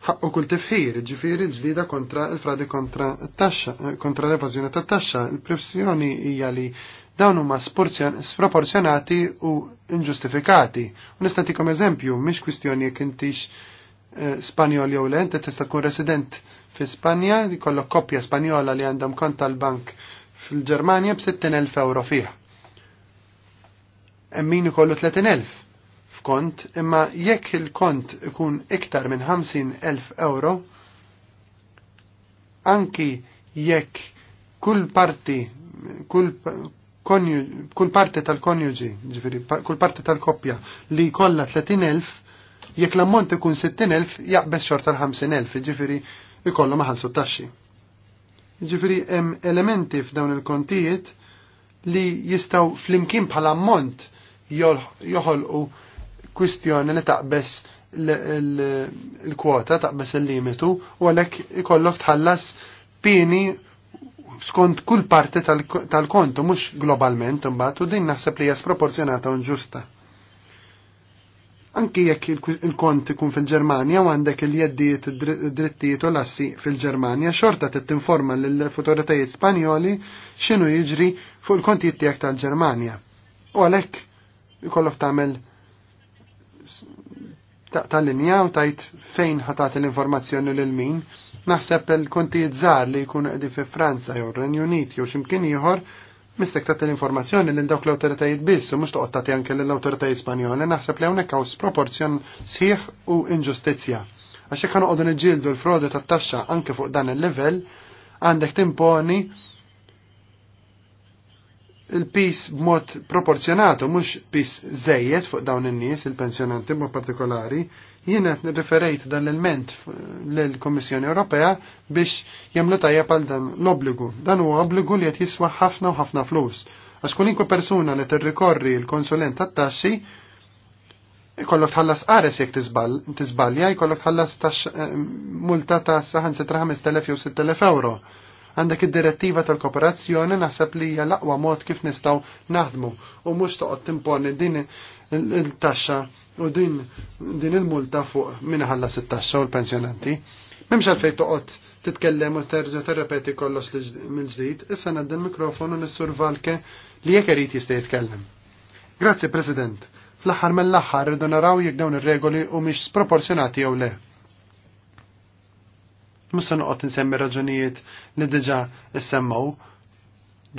ħakku kull tifħir, ġifiri l-ġdida kontra il-fradi kontra t-taxxa, kontra l-evażjoni tat-taxxa. Il-pressjoni hija li dawn huma sproporzjonati u inġustifikati. U nista' tikom eżempju, mhix kwistjoni kintix intix eh, Spanjol jew le, tista' tkun resident fi Spanja, jkollok koppja Spanjola li għandhom kont tal-bank fil-Ġermanja b-60.000 euro fih. Emmin ikollu 30.000 f'kont, imma jekk il-kont ikun iktar minn 50.000 euro, anki jekk kull parti, kull kull parte tal-konjuġi, ġifiri, kull parte tal-koppja li kolla 30.000, jekk l-ammont ikun 60.000, jaqbess xorta l-50.000, ġifiri, ikollhom maħalsu taxxi. Ġifiri, hemm elementi f'dawn il-kontijiet li jistgħu flimkien bħala ammont joħolqu kwistjoni li taqbess il-kwota taqbes il-limitu u għalhekk ikollok tħallas pieni skont kull parti tal-kontu, mhux globalment imbagħad u din naħseb li hija sproporzjonata u ġusta anki jekk il-kont ikun fil-Ġermanja u għandek il-jeddiet drittijiet u lassi fil-Ġermanja, xorta t tinforma lill-futoritajiet Spanjoli x'inhu jiġri fuq il-kontijiet tiegħek tal-Ġermanja. U għalhekk ikollok tagħmel tal-linja u tajt fejn ħatat l-informazzjoni lil min. Naħseb il-kontijiet żgħar li jkunu għedi fi Franza jew Renju Unit jew x'imkien ieħor Mistek tagħti l-informazzjoni l dawk l-autoritajiet biss u mux tagħti anke l-autoritajiet spanjoli naħseb li hawnhekk hawn sproporzjon sieħ u inġustizzja. Għax jekk noqogħdu niġġieldu l-frodi tat-taxxa anke fuq dan il-livell, għandek timponi il-pis b'mod proporzjonatu, mhux pis żejjed fuq dawn in-nies il-pensjonanti mod partikolari, jiena qed nirriferejt dan l-ilment lill-Kummissjoni Ewropea biex jemlu tajjeb għal dan l-obbligu. Dan huwa obbligu li qed jiswa ħafna u ħafna flus. Għax kulinkwe persuna li tirrikorri l-konsulent tat-taxxi ikollok tħallas qares jekk tiżbalja, jkollok tħallas eh, multa ta' saħan sitra jew 6,000 euro Għandek id-direttiva tal-kooperazzjoni naħseb li hija l-aqwa mod kif nistgħu naħdmu u mhux toqgħod timponi din il-taxxa u din din il-multa fuq min ħallas it-taxxa u l-pensjonanti. M'hemmx għalfej toqgħod titkellem u terġa' terrepeti kollox mill-ġdid, issa nadda il mikrofonu nis-sur Valke li jekk irid jista' jitkellem. Grazzi President. Fl-aħħar mill-aħħar irdu naraw jekk dawn ir-regoli u mhix sproporzjonati jew le. Musa nuqot insemmi raġunijiet li diġà issemmaw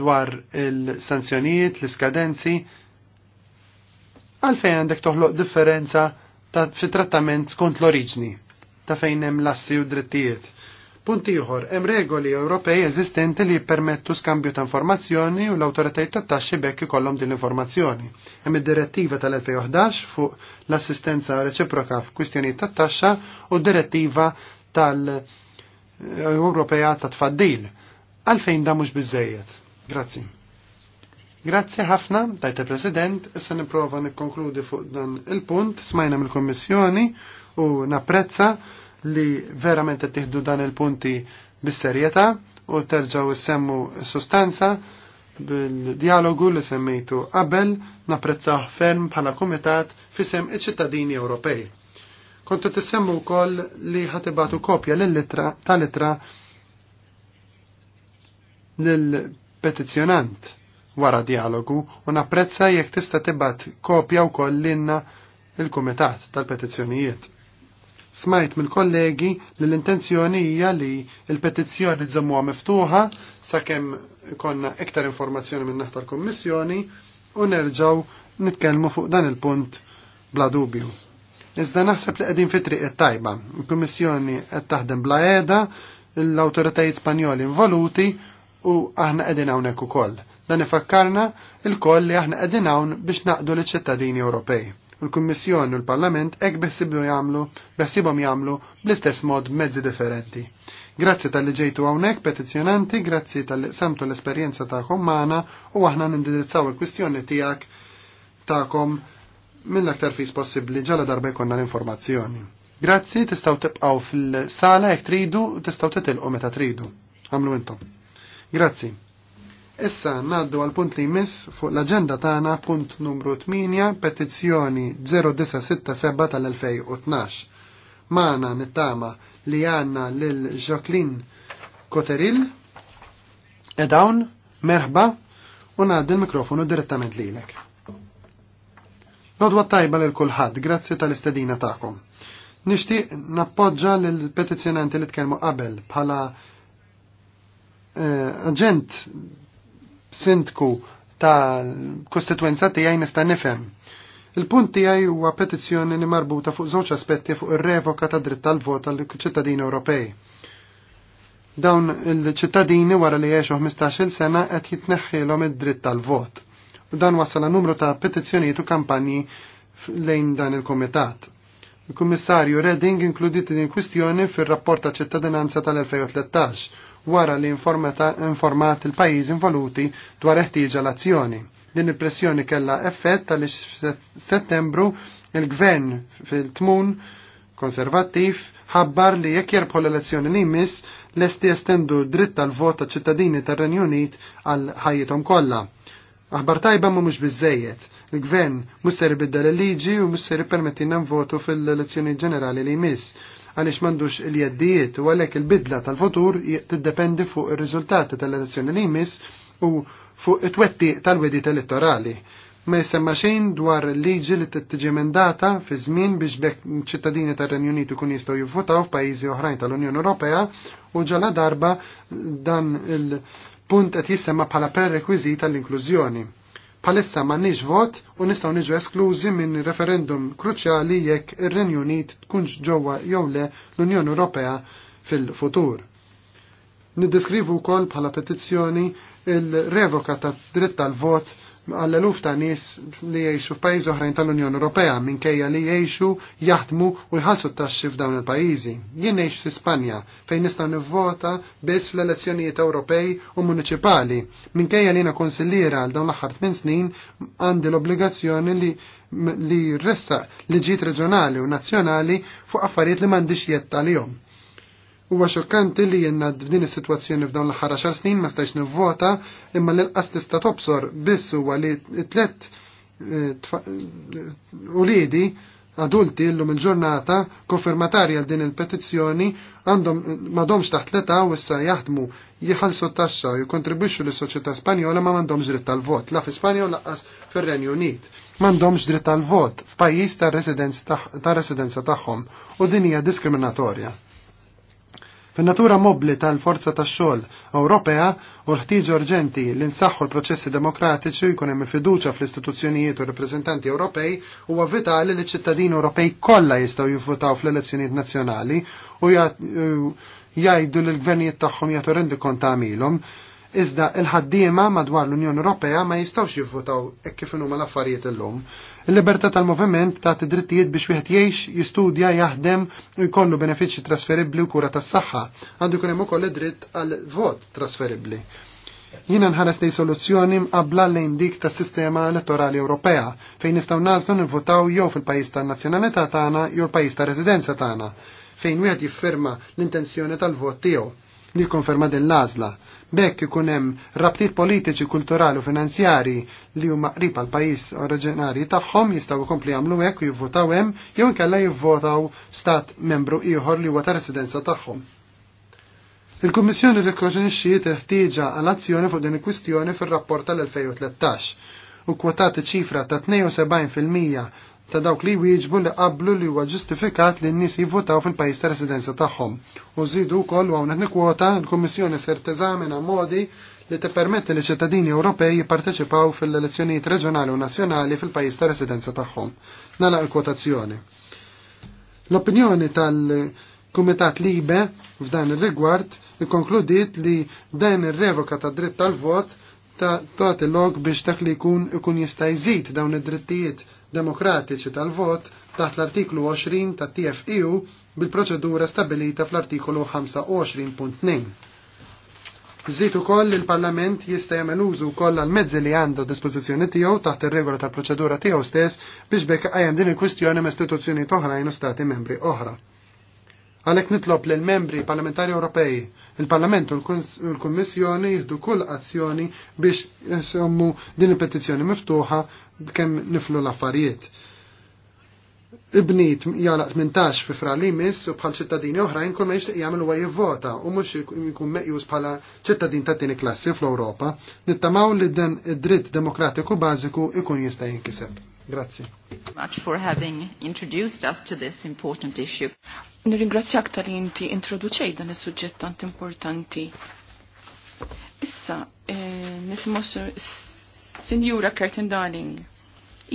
dwar il-sanzjonijiet, l-iskadenzi, għalfejn għandek toħloq differenza ta' fi trattament skont l-oriġni ta' fejn hemm lassi u drittijiet. Punti ieħor, hemm regoli Ewropej eżistenti li jippermettu skambju ta' informazzjoni u l-awtoritajiet tat-taxxi bekk ikollhom din l-informazzjoni. Hemm id-direttiva tal-2011 fuq l-assistenza reċiproka f'kwistjonijiet tat-taxxa u d-direttiva tal-2011 Ewropeja ta' tfaddil. Għalfejn da mhux biżejjed. Grazzi. Grazzi ħafna, tajta president issa nipprova nikkonkludi fuq dan il-punt, smajna mill-Kommissjoni u napprezza li verament qed dan il-punti bis-serjetà u terġaw semmu sostanza bil-dialogu li semmejtu qabel napprezzaħ ferm bħala kumitat fisem iċ-ċittadini Ewropej. Kontu tissemmu wkoll li ħatibatu kopja l-litra tal-litra lill-petizzjonant wara dialogu u napprezza jekk tista' tibat kopja wkoll lilna il-Kumitat tal-Petizzjonijiet. Smajt mill-kollegi li l-intenzjoni hija li l-petizzjoni żommuha miftuħa sakemm konna iktar informazzjoni minn naħta l-Kummissjoni u nerġaw nitkellmu fuq dan il-punt bla dubju. Iżda naħseb li qegħdin fitriq it-tajba. Il-Kummissjoni qed taħdem bla qiegħda, l-awtoritajiet Spanjoli involuti u aħna qegħdin hawnhekk ukoll. Dan ifakkarna il-koll li aħna qegħdin hawn biex naqdu liċ-ċittadini Ewropej. Il-Kummissjoni u l-Parlament hekk beħsibu jagħmlu beħsibhom jagħmlu bl-istess mod mezzi differenti. Grazzi tal-li ġejtu għawnek petizjonanti, grazzi tal-li l-esperienza ta' maħna u aħna nindirizzaw il-kwistjoni tijak ta mill-aktar fis possibbli ġala darba jkollna l-informazzjoni. Grazzi, tistaw tibqaw fil-sala jekk tridu, tistaw titilqu meta tridu. Għamlu intom. Grazzi. Issa naddu għal punt li jmiss fuq l-agenda tagħna punt numru 8 petizzjoni 0967 tal-2012. Mana nittama li għanna lil Jacqueline Koteril edawn merħba u ngħaddi l-mikrofonu direttament lilek. Nodwa tajba lil kulħadd, grazzi tal-istedina tagħkom. Nixtieq nappoġġa l petizzjonanti li tkellmu qabel bħala eh, aġent sindku tal-kostituenza tiegħi nista' nifhem. Il-punt tiegħi huwa petizzjoni li marbuta fuq żewġ aspetti fuq ir-revoka ta' dritt tal-vot tal-ċittadini Ewropej. Dawn il-ċittadini wara li jgħixu 15-il sena qed jitneħħilhom id-dritt tal-vot u dan wasal numru ta' petizzjonijiet u kampanji lejn dan il-komitat. Il-Kummissarju Redding inkluditi din kwistjoni fir-rapport ta' ċittadinanza tal-2013 wara li informat il-pajjiż involuti dwar eħtieġa l-azzjoni. Din il-pressjoni kellha effett tal settembru il-gvern fil-tmun konservattiv ħabbar li jekk jerbħu l-elezzjoni li jmiss lesti jestendu dritt tal-vot ta' ċittadini tar-Renju Unit għal ħajjithom kollha Aħbar tajba ma mux bizzejiet. Il-gvern musser ibiddal il-liġi u musser ipermettinna votu fil-elezzjoni ġenerali li jmiss. Għalix mandux il-jeddijiet u għalek il-bidla tal-futur tiddependi fuq il-rizultati tal-elezzjoni li jmiss u fuq it-wetti tal-wedit elettorali. Ma jisemma xejn dwar liġi li t-tġi mendata fi żmien biex bekk ċittadini tar-Renju Unitu kun jistgħu jivvotaw f'pajjiżi oħrajn tal-Unjoni Ewropea u ġala darba dan il- punt qed jissemma bħala prerekwiżit tal inklużjoni Palissa m'għandniex vot u nistgħu niġu esklużi minn referendum kruċjali jekk ir-Renju Unit tkunx ġewwa jew le l-Unjoni Ewropea fil-futur. Niddeskrivu wkoll bħala petizzjoni il-revoka ta' dritt tal-vot għall-eluf ta' nies li jgħixu f'pajjiżi oħrajn tal-Unjoni Ewropea minkejja li jgħixu, jaħdmu u jħallsu t-taxxi f'dawn il-pajjiżi. Jien ngħix f'Ispanja fejn nistgħu nivvota biss fl-elezzjonijiet Ewropej u municipali minkejja li jiena konsilliera għal dawn l-aħħar tmien snin għandi l-obbligazzjoni li li rressa liġijiet reġjonali u nazzjonali fuq affarijiet li m'għandix jett għalihom. Huwa xokkanti li jenna f'din is-sitwazzjoni f'dawn l-aħħar xar snin ma stajx nivvota imma l-inqas tista' tobsor biss huwa li tlet eh, eh, ulidi adulti illum il-ġurnata konfermatarja din il-petizzjoni għandhom madomx taħt l-età u issa jaħdmu jħallsu t-taxxa u jikontribwixxu lis soċjetà Spanjola ma m'għandhomx dritt tal-vot. La fi Spanja u fir-Renju Unit. M'għandhomx dritt tal-vot f'pajjiż tar-residenza tagħhom u din hija diskriminatorja. Fin-natura mobbli tal-forza tax-xogħol Ewropea u l ħtieġa urġenti li nsaħħu l-proċessi demokratiċi jkun hemm fiduċja fl-istituzzjonijiet u rappreżentanti Ewropej huwa vitali li ċ-ċittadini Ewropej kollha jistgħu jivvutaw fl-elezzjonijiet nazzjonali u jgħidu l-gvernijiet tagħhom jagħtu rendi kont għamilhom Iżda il-ħaddiema madwar l-Unjoni Ewropea ma jistawx jivvotaw hekk kif huma l-affarijiet illum. Il-libertà tal-moviment tagħti drittijiet biex wieħed jgħix, jistudja, jaħdem u jkollu benefiċċji trasferibbli u kura tas-saħħa. Għandu jkun hemm ukoll id-dritt għal vot trasferibbli. Jiena nħares li soluzzjoni mqabla lejn dik tas-sistema elettorali Ewropea fejn nistgħu nażlu nivvotaw jew fil-pajjiż tan-nazzjonalità tagħna jew il-pajjiż ta' residenza tagħna fejn wieħed jiffirma l-intenzjoni tal-vot tiegħu li jikkonferma din l-għażla Bekk ikun hemm rabtiet politiċi, kulturali u finanzjari li huma qrib għal pajjiż oriġinari tagħhom jistgħu jkompli jagħmlu hekk u jivvotaw hemm jew inkella jivvotaw stat membru ieħor li huwa ta' residenza tagħhom. Il-Kummissjoni rikkoġinixxi teħtieġa għal azzjoni fuq din il-kwistjoni fir-rapport tal-2013 u kwotati ċifra ta' 72% ta' dawk li wieġbu li qablu li huwa ġustifikat li n-nies jivvotaw fil-pajjiż ta' residenza tagħhom. U żidu wkoll hawn qed nikwota l-Kummissjoni ser teżamina modi li tippermetti li ċittadini Ewropej jipparteċipaw fil-elezzjonijiet reġjonali u nazzjonali fil-pajjiż ta' residenza tagħhom. Nagħlaq il-kwotazzjoni. L-opinjoni tal-Kumitat Libe f'dan ir-rigward ikkonkludiet li dan ir-revoka ta' dritt tal-vot ta' tagħti log biex dak li jkun ikun jista' jżid dawn id-drittijiet demokratiċi tal-vot taħt l-artiklu 20 ta' TFEU bil-proċedura stabilita fl artiklu 25.2. Zitu ukoll il-Parlament jista' jagħmel użu wkoll għal mezzi li għandu dispożizzjoni tiegħu taħt ir-regola tal-proċedura tiegħu stess biex bekk qajjem din il-kwistjoni ma' istituzzjoni oħrajn u stati membri oħra. Għalhekk nitlob l membri parlamentari Ewropej, il-Parlament u l-Kummissjoni jieħdu kull azzjoni biex jessommu din il-petizzjoni miftuħa kemm niflu l-affarijiet. Ibnit jala 18 fi li mis u bħal ċittadini oħrajn kull ma jixtieq jagħmel huwa jivvota u mhux jkun meqjus bħala ċittadin ta' tieni klassi fl-Ewropa, nittamaw li dan id-dritt demokratiku bażiku ikun jista' jinkiseb. Grazie. Much for having introduced us to this important issue. Nirringrazzjak tal inti introduċej dan is-suġġett tant importanti. Issa, eh, nisimgħu Signora Kertin Darling.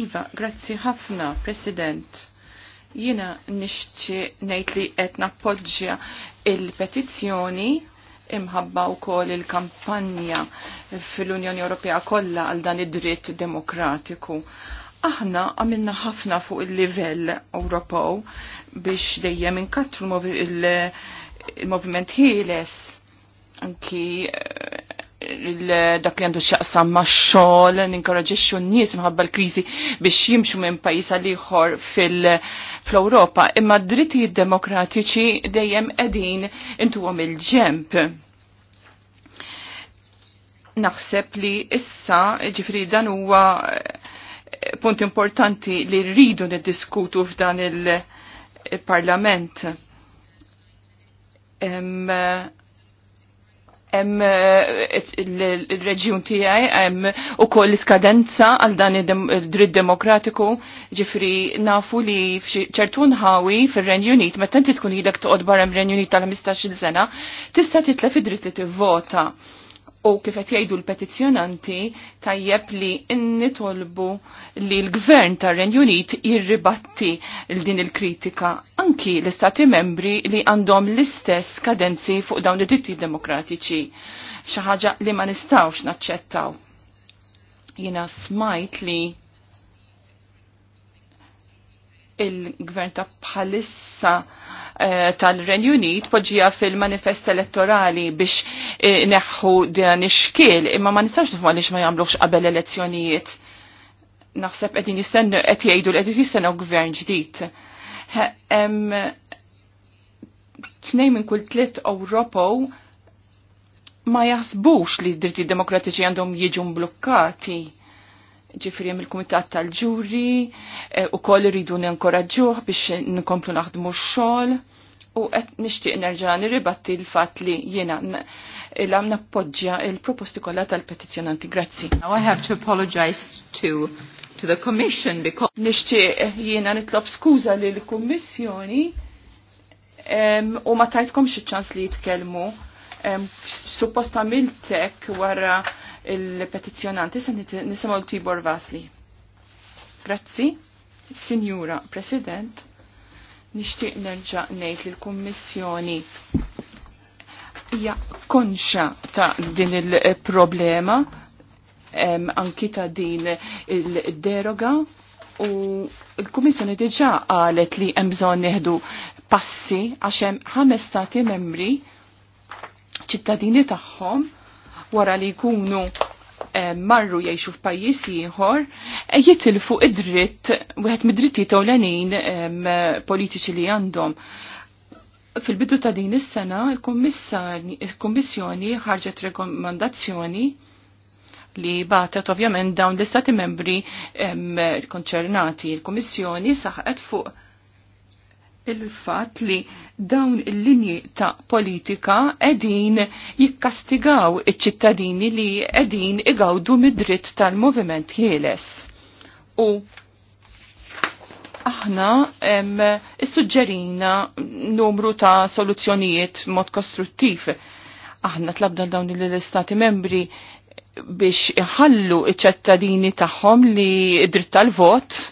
Iva, grazzi ħafna, President. Jiena nixti ngħid li qed nappoġġja il-petizzjoni imħabba wkoll il-kampanja fil-Unjoni Ewropea kollha għal dan id-dritt demokratiku Aħna għamilna ħafna fuq il-livell Ewropew biex dejjem inkattru il-moviment ħieles anki eh, dak li għandu xaqsam ma' xol, ninkoraġiċu n-nis mħabba l-krizi biex jimxu minn pajis għal ħor fil-Europa. Imma dritti demokratiċi dejjem edin intu għom il-ġemp. Naħseb li issa ġifri dan huwa punt importanti li rridu niddiskutu f'dan il-parlament. hemm il-reġjun tiegħi hemm ukoll iskadenza għal dan id-dritt demokratiku ġifri nafu li ċertu nħawi fir-Renju Unit meta inti tkun ilek toqgħod barra mir-Renju Unit tal-15-il sena tista' titlef id-dritt li tivvota u kifet jgħidu l-petizjonanti tajjeb li nitolbu li l-gvern tar renju Unit jirribatti din il-kritika anki l-istati membri li għandhom l-istess kadenzi fuq dawn id-ditti demokratiċi xi ħaġa li ma nistawx naċċettaw. Jiena smajt li il-gvern ta' bħalissa Eh, tal-Renju Unit poġġija fil-manifest elettorali biex eh, neħħu dan ix-xkiel, imma ma nistax nifhmu għaliex ma jagħmlux qabel elezzjonijiet. Naħseb qegħdin jistennu qed jgħidu li qed jistennu gvern ġdid. Tnejn minn kull tliet Ewropew ma jaħsbux li d-dritti demokratiċi għandhom jiġu mblukkati jem il-Kumitat tal-ġuri, eh, u koll rridu ninkoraġġuh biex nkomplu naħdmu xol xogħol u qed nixtieq nerġa' nirribatti l-fatt li jena l għamna nappoġġja il-proposti kollha tal-petizzjonanti. Grazzi. Now I have to apologize to to the Commission because nixtieq eh, jiena nitlob skuża lil kummissjoni u ma tajtkom xie ċans li jitkellmu suppost għamiltek wara il-petizjonanti se nisimgħu Tibor Vasli. Grazzi, Sinjura President, nixtieq nerġa' ngħid lill kummissjoni hija konxa ta' din il-problema anki ta' din il-deroga u l-Kummissjoni diġà qalet li hemm bżonn neħdu passi għax hemm ħames stati membri ċittadini tagħhom wara li jkunu eh, marru jiexu f'pajjiż ieħor eh, jitilfu id-dritt wieħed mid-drittijiet ewlenin politiċi li għandhom. Fil-bidu ta' din is-sena il-Kummissjoni ħarġet rekomandazzjoni li batet ovvjament dawn l-istati membri konċernati. Il-Kummissjoni saħqet fuq il-fat li dawn il-linji ta' politika edin jikkastigaw iċ-ċittadini li edin igawdu mid-dritt tal-moviment ħieles. U aħna suġġerina numru ta' soluzzjonijiet mod kostruttiv. Aħna tlabda dawn l-istati membri biex iħallu il ċittadini tagħhom li id-dritt tal-vot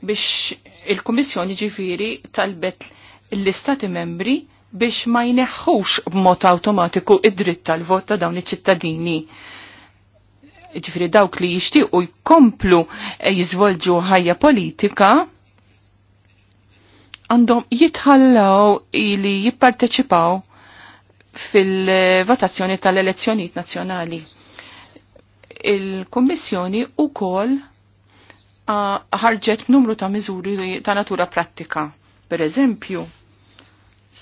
biex il-Komissjoni ġifiri talbet l-Istati membri biex ma jneħħux b'mod automatiku id-dritt tal-vot ta' dawn iċ-ċittadini. Ġifiri dawk li jixtiequ jkomplu eh, jizvolġu ħajja politika għandhom jitħallaw ili jipparteċipaw fil-votazzjoni tal-elezzjonijiet nazzjonali. Il-Kommissjoni u kol ħarġet numru ta' miżuri ta' natura prattika. Per eżempju,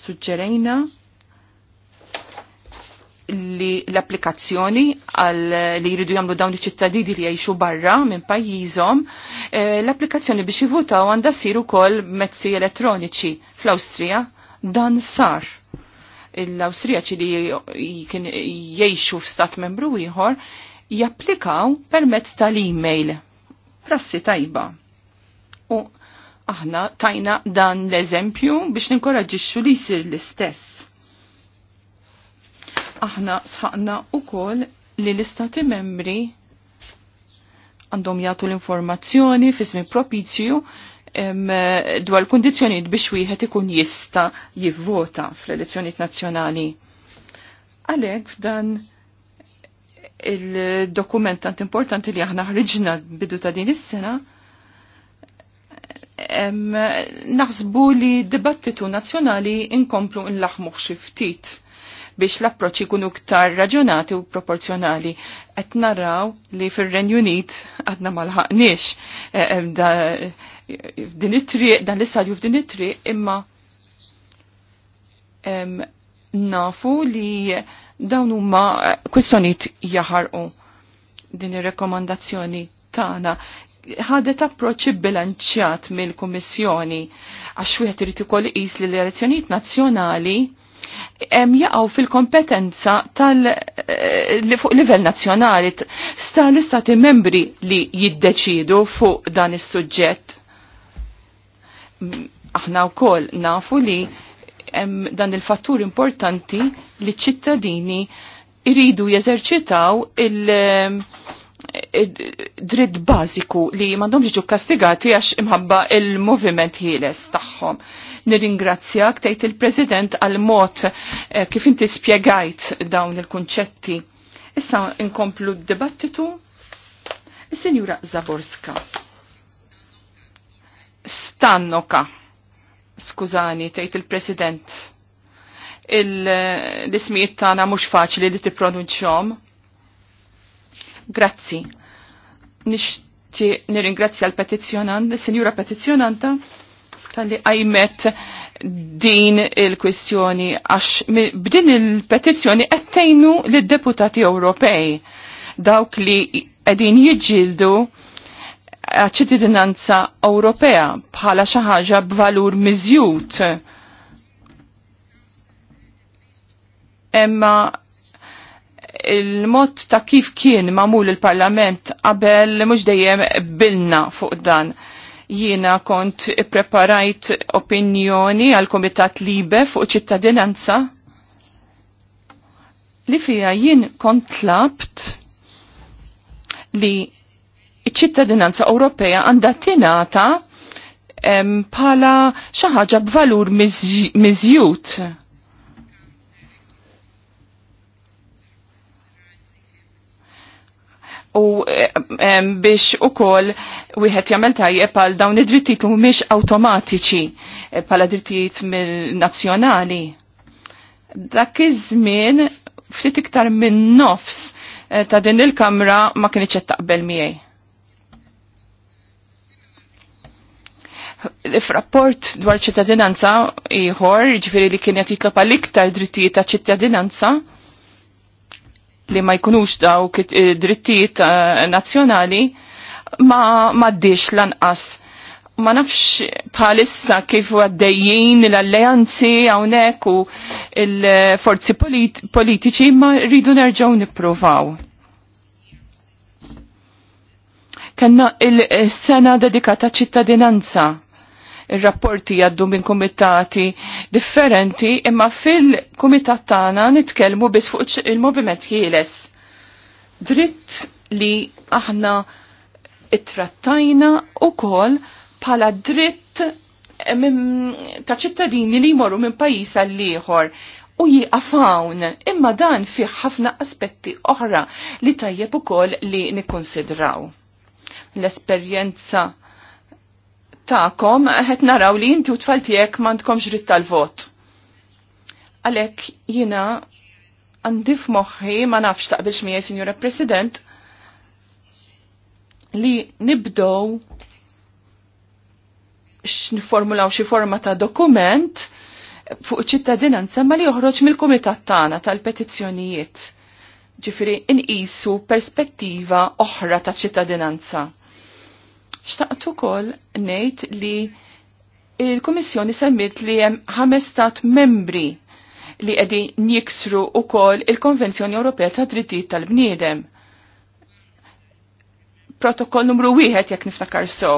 suġġerejna li l-applikazzjoni għal li jridu jagħmlu dawn iċ-ċittadini li jgħixu barra minn pajjiżhom, eh, l-applikazzjoni biex jivutaw għandha ssir ukoll mezzi elettroniċi fl-Awstrija dan sar. L-Awstrijaċi li jgħixu f'stat membru ieħor japplikaw permezz tal-email Rassi tajba. U aħna tajna dan l-eżempju biex ninkoraġixxu li jsir l-istess. Aħna sħaqna ukoll li l-istati membri għandhom jagħtu l-informazzjoni fismi propizju dwar l-kundizzjonijiet biex wieħed ikun jista' jivvota fl-elezzjonijiet nazzjonali. Għalhekk f'dan il-dokument tant importanti li aħna ħriġna bidu ta' din is-sena, naħsbu li dibattitu nazzjonali inkomplu nlaħmu xi ftit biex l-approċċi ikunu ktar raġunati u proporzjonali. Qed naraw li fir-Renju Unit għadna ma lħaqniex eh, eh, eh, din it-triq, dan l salju f'din it-triq, imma nafu li dawn huma eh, kwistjonijiet jaħarqu din ir-rekomandazzjoni tagħna ħadet approċċi bilanċjat mill-Kummissjoni għax wieħed irid ukoll li l-elezzjonijiet nazzjonali hemm jaqgħu fil-kompetenza tal eh, fuq livell nazzjonali sta l-istati membri li jiddeċidu fuq dan is-suġġett. Aħna wkoll nafu li hemm dan il-fattur importanti li ċittadini iridu jeżerċitaw il- ehm, dritt bażiku li mandom ġiġu kastigati għax imħabba il-moviment ħieles tagħhom. Nirringrazzjak tgħid il-President għal mod eh, kif inti spjegajt dawn il-kunċetti. Issa inkomplu d-dibattitu. Is-Sinjura Zaborska. Stannoka. Skużani, tgħid il-President. Eh, l-ismijiet tagħna mhux faċli li t-pronunċom. Grazzi. Nishti nirringrazzja l-petizzjonant, is-Sinjura Petizzjonanta tal-li għajmet din il-kwistjoni għax b'din il-petizzjoni għettejnu l-deputati Ewropej dawk li għedin jġildu ċittadinanza Ewropea bħala xi ħaġa b'valur miżjud. Emma il-mod ta' kif kien mamul il-Parlament qabel mhux dejjem bilna fuq dan. Jiena kont ippreparajt opinjoni għal Komitat Libe fuq ċittadinanza li fija jien kont tlabt li iċ-ċittadinanza Ewropea għandha tingħata bħala xi ħaġa b'valur miżjud. U biex ukoll wieħed jagħmel tajjeb għal dawn id-drittijiet mhumiex awtomatiċi eh, bħala drittijiet nazzjonali. Dak iż-żmien ftit iktar minn nofs eh, ta' din il-kamra ma kienx qed taqbel miegħi F'rapport dwar ċittadinanza ieħor, ġifiri li kien jatitlop jitlob għal iktar drittijiet ta' ċittadinanza li ma jkunux dawk eh, drittijiet eh, nazzjonali ma maddiex lanqas. Ma nafx bħalissa kif għaddejjin l-alleanzi hawnhekk u l-forzi politiċi ma rridu nerġgħu nippruvaw. Kanna il-sena dedikata ċittadinanza ir-rapporti għaddu minn komitati differenti, imma fil-kumitat tagħna nitkellmu biss fuq il-moviment jieles. Dritt li aħna ittrattajna kol bħala dritt ta' ċittadini li jmorru minn pajjiż għal ieħor u jiqafawn imma dan fih ħafna aspetti oħra li tajjeb ukoll li nikkonsidraw. L-esperjenza ta'kom qed naraw li inti u tfal tiegħek m'għandkomx ritt tal-vot. Għalhekk jiena għandi f'moħħi ma nafx taqbilx mija, Sinjura President li nibdow x-niformulaw xi forma ta' dokument fuq ċittadinanza ma li joħroġ mill-kumitat tagħna tal-petizzjonijiet. in-isu perspettiva oħra ta' ċittadinanza Xtaqt ukoll ngħid li il-Kummissjoni semmit li hemm ħames stat membri li qegħdin jiksru kol il-Konvenzjoni Ewropea ta' Drittijiet tal-Bniedem. Protokoll numru wieħed jekk niftakar so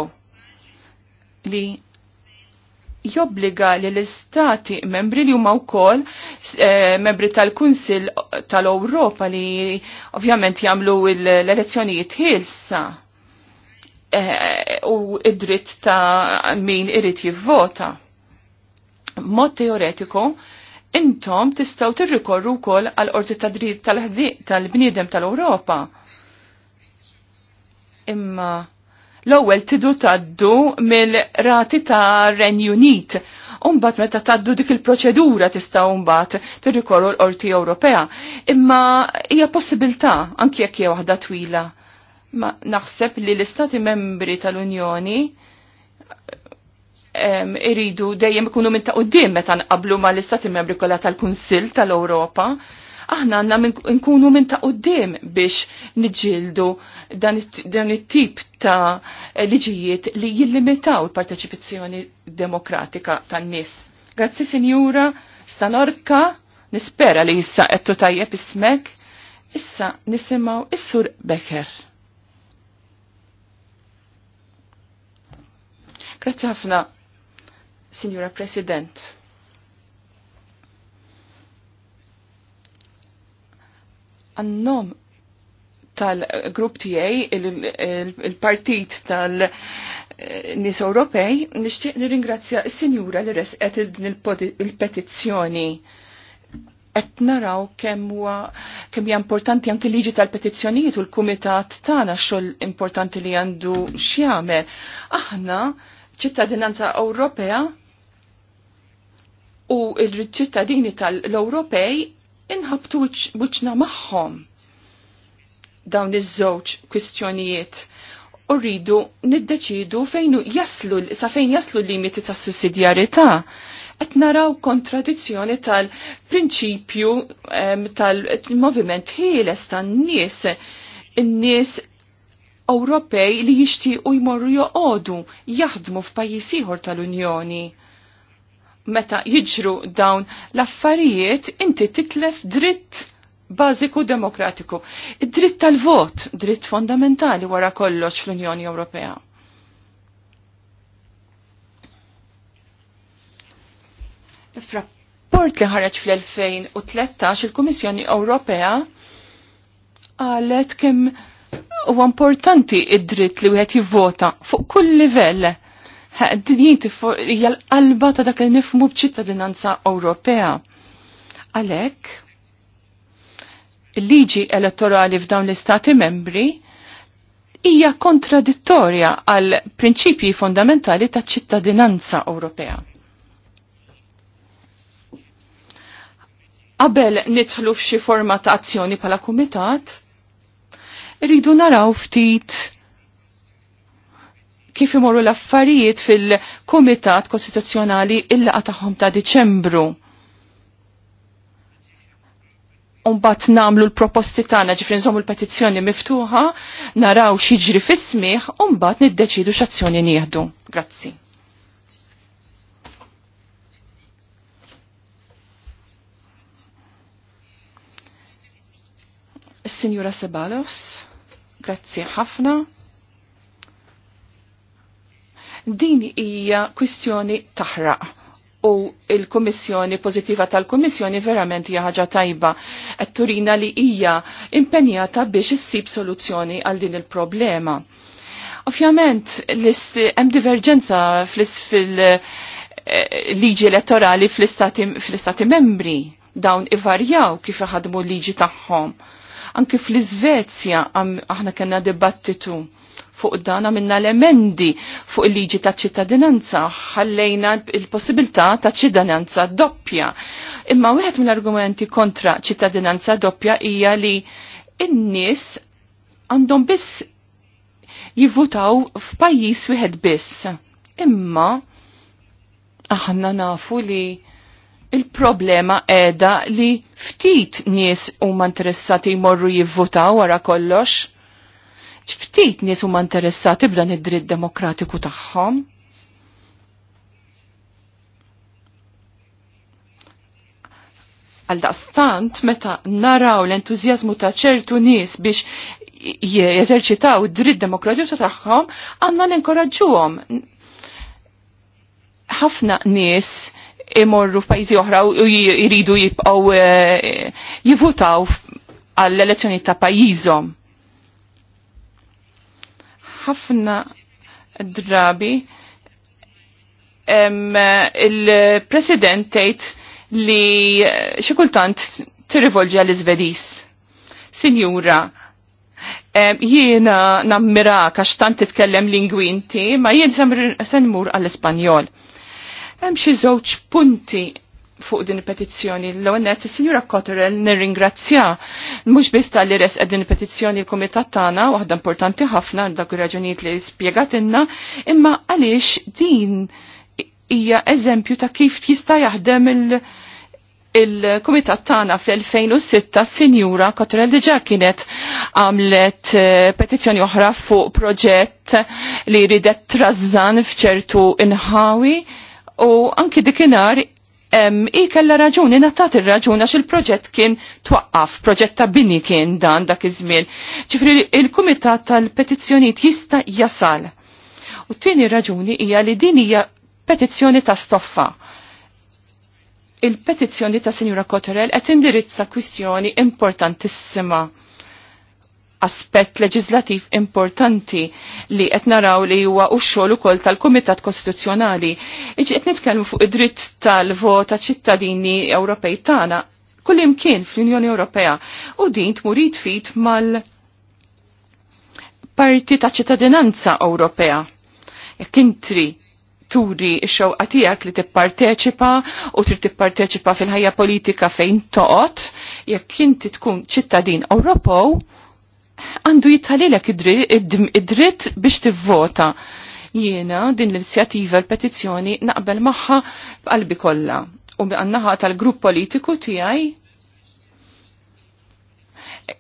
li jobbliga li l-istati membri li huma wkoll eh, membri tal kunsill tal-Ewropa li ovvjament jagħmlu l-elezzjonijiet ħilsa Eh, u id-dritt ta' min irrit jivvota. Mod teoretiku, intom tistaw tirrikorru kol għal orti ta' dritt tal-bniedem tal-Europa. Imma l-ewwel tidu taddu mill-rati ta' Renjunit. Umbat meta taddu dik il-proċedura tista' umbat tirrikorru l-Orti Ewropea. Imma hija possibilità anke jekk hija waħda twila Ma naħseb li l-istati membri tal-Unjoni iridu dejjem ikunu minn ta' qudiem meta nqablu ma' l-istati membri kollha tal-Kunsill tal-Ewropa. Aħna għandna nkunu minn ta' qudiem biex niġildu dan it-tip ta' liġijiet li jillimitaw il-parteċipazzjoni demokratika tan-nies. Grazzi Sinjura Stanorka, nispera li issa qed tajjeb ismek. Issa nisimgħu is-Sur Becker. Grazzi ħafna, Signora President. Annom tal-grupp tijaj, il-partit tal-Nis Ewropej nixtieq nirringrazzja s-sinjura li resqet il-petizzjoni. Qed naraw kemm huwa kemm hija importanti anke liġi tal-petizzjonijiet u l-kumitat tagħna xogħol importanti li għandu x'jagħmel. Aħna ċittadinanza Ewropea u il-ċittadini tal-Ewropej inħabtu buċna maħħom dawn iż-żewġ kwistjonijiet u rridu niddeċidu fejn jaslu sa fejn jaslu limiti tas sussidjarità qed naraw kontradizzjoni tal-prinċipju tal-moviment ħieles tan-nies in-nies Ewropej li jixtiequ jmorru joqodu jaħdmu f'pajjiż ieħor tal-Unjoni. Meta jiġru dawn l-affarijiet inti titlef dritt bażiku demokratiku, id-dritt tal-vot, dritt fondamentali wara kollox fl-Unjoni Ewropea. Rapport li ħareġ fl-2013 il-Kummissjoni Ewropea għalet kemm huwa importanti id-dritt li wieħed jivvota fuq kull livell. Din hija l-qalba ta' dak li nifhmu b'ċittadinanza Ewropea. Għalhekk il-liġi elettorali f'dawn l-istati membri hija kontradittorja għal prinċipji fondamentali ta' ċittadinanza Ewropea. Qabel nidħlu f'xi forma ta' azzjoni bħala kumitat, Irridu naraw ftit kif imorru l-affarijiet fil-Kumitat Kostituzzjonali il-laqa tagħhom ta' Diċembru. Umbat namlu l-proposti tagħna ġifri nżommu l-petizzjoni miftuħa, naraw xiġri fis-smieħ, umbat niddeċidu x'azzjoni nieħdu. Grazzi. Signora Sebalos. Grazzi ħafna. Din hija kwistjoni taħraq u il-Komissjoni pożittiva tal-Komissjoni verament hija ħaġa tajba qed turina li hija impenjata biex issib soluzzjoni għal din il-problema. Ovvjament hemm diverġenza fil-liġi elettorali fl-istati membri dawn ivarjaw kif iħadmu l-liġi tagħhom. Anki fl-Iżvezja aħna kena dibattitu fuq dan għamilna l-emendi fuq il-liġi ta' ċittadinanza, ħallejna il-possibilità ta' ċittadinanza doppja. Imma wieħed mill-argumenti kontra ċittadinanza doppja hija li in-nies għandhom biss jivvutaw f'pajjiż wieħed biss. Imma aħna nafu li il-problema edha li ftit nies huma interessati jmorru jivvotaw wara kollox. Ftit nies huma interessati b'dan id-dritt demokratiku tagħhom. Għaldaqstant meta naraw l-entużjażmu ta' ċertu nies biex jeżerċitaw id-dritt demokratiku tagħhom, għandna ninkoraġġuhom. Ħafna nies imorru f'pajjiżi oħra u jridu jibqgħu eh, jivutaw għall-elezzjoni ta' pajjiżhom. Ħafna drabi il-President tgħid li eh, xi kultant tirrivolġi għall-Iżvedis. Sinjura, jiena nammira għax tant titkellem lingwinti, ma jien semmur għall-Ispanjol Hemm xi żewġ punti fuq din il-petizzjoni l nett, il-Sinjura Kotterell nir-ringrazzja, mux bista li resqed din il-petizzjoni l-Komitat tana, waħda importanti ħafna, dak raġunijiet li inna, imma għaliex din hija eżempju ta' kif jista' jaħdem il- il-komitat tana fl-2006 sinjura Kotterell diġa kienet għamlet eh, petizzjoni oħra fuq proġett li ridet trażan fċertu inħawi U anki dikinar i kella raġuni, nattat il-raġuna il proġett kien twaqqaf, proġett ta' bini kien dan dak iż-żmien. Ċifri il-Kumitat tal-Petizzjonijiet jista' jasal. U t-tieni raġuni hija li din hija petizzjoni ta' stoffa. Il-petizzjoni ta' Sinjura Kotorel qed indirizza kwistjoni importantissima aspett leġislativ importanti li qed naraw li huwa x-xogħol ukoll tal-Kumitat Kostituzzjonali. Iġi qed nitkellmu fuq id-dritt tal-vota ċittadini Ewropej tagħna kullimkien fl-Unjoni Ewropea u din tmurid fit mal parti ta' ċittadinanza Ewropea. Jekk intri turi x-xewqa tiegħek li tipparteċipa u trid tipparteċipa fil-ħajja politika fejn toqgħod, jekk inti tkun ċittadin Ewropew, għandu jittalilek id-dritt biex tivvota. Jiena din l inizjativa l-petizzjoni naqbel maħħa b'qalbi kollha u għannaħa tal-grupp politiku tiegħi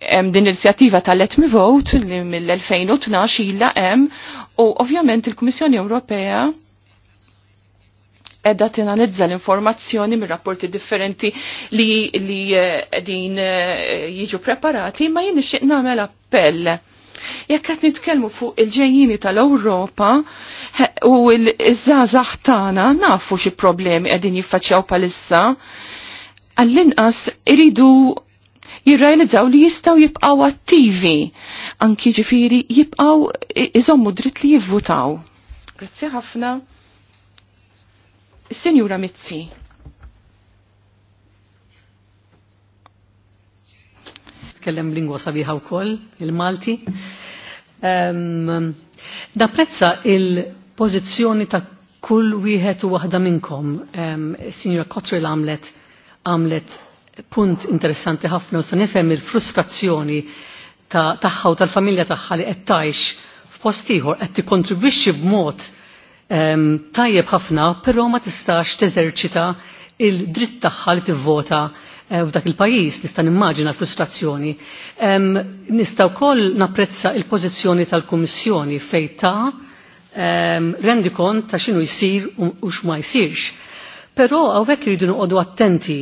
hemm din l-inizjattiva tal-Let Me Vote li mill-2012 ilha hemm u ovvjament il-Kummissjoni Ewropea edha tinanizza l-informazzjoni mir rapporti differenti li, li eh, din eh, jiġu preparati, ma jien nixtieq nagħmel appell. Jekk qed nitkellmu fuq il-ġejjini tal-Ewropa u l-żgħażagħ tagħna nafu xi problemi qegħdin jiffaċċjaw bħalissa, għall-inqas iridu jirrealizzaw li jistaw jibqaw attivi, anki ġifiri jibqaw iżommu dritt li jivvutaw. Grazzi ħafna. Senjura Mizzi. Tkellem lingwa sabiħa wkoll il-Malti. Um, Napprezza il-pożizzjoni ta' kull wieħed u waħda minnkom. Um, Signora Kotril għamlet għamlet punt interessanti ħafna u se nifhem il-frustrazzjoni tagħha u tal-familja tagħha li qed tgħix f'post ieħor qed tikkontribwixxi b'mod tajjeb ħafna, però ma tistax teżerċita il-dritt tagħha li tivvota eh, f'dak il-pajjiż nista' nimmaġina l-frustrazzjoni. Nista' wkoll napprezza il-pożizzjoni tal-Kummissjoni fejn ta' rendi kont ta' x'inhu jsir u x'ma jsirx. Però hawnhekk iridu noqogħdu attenti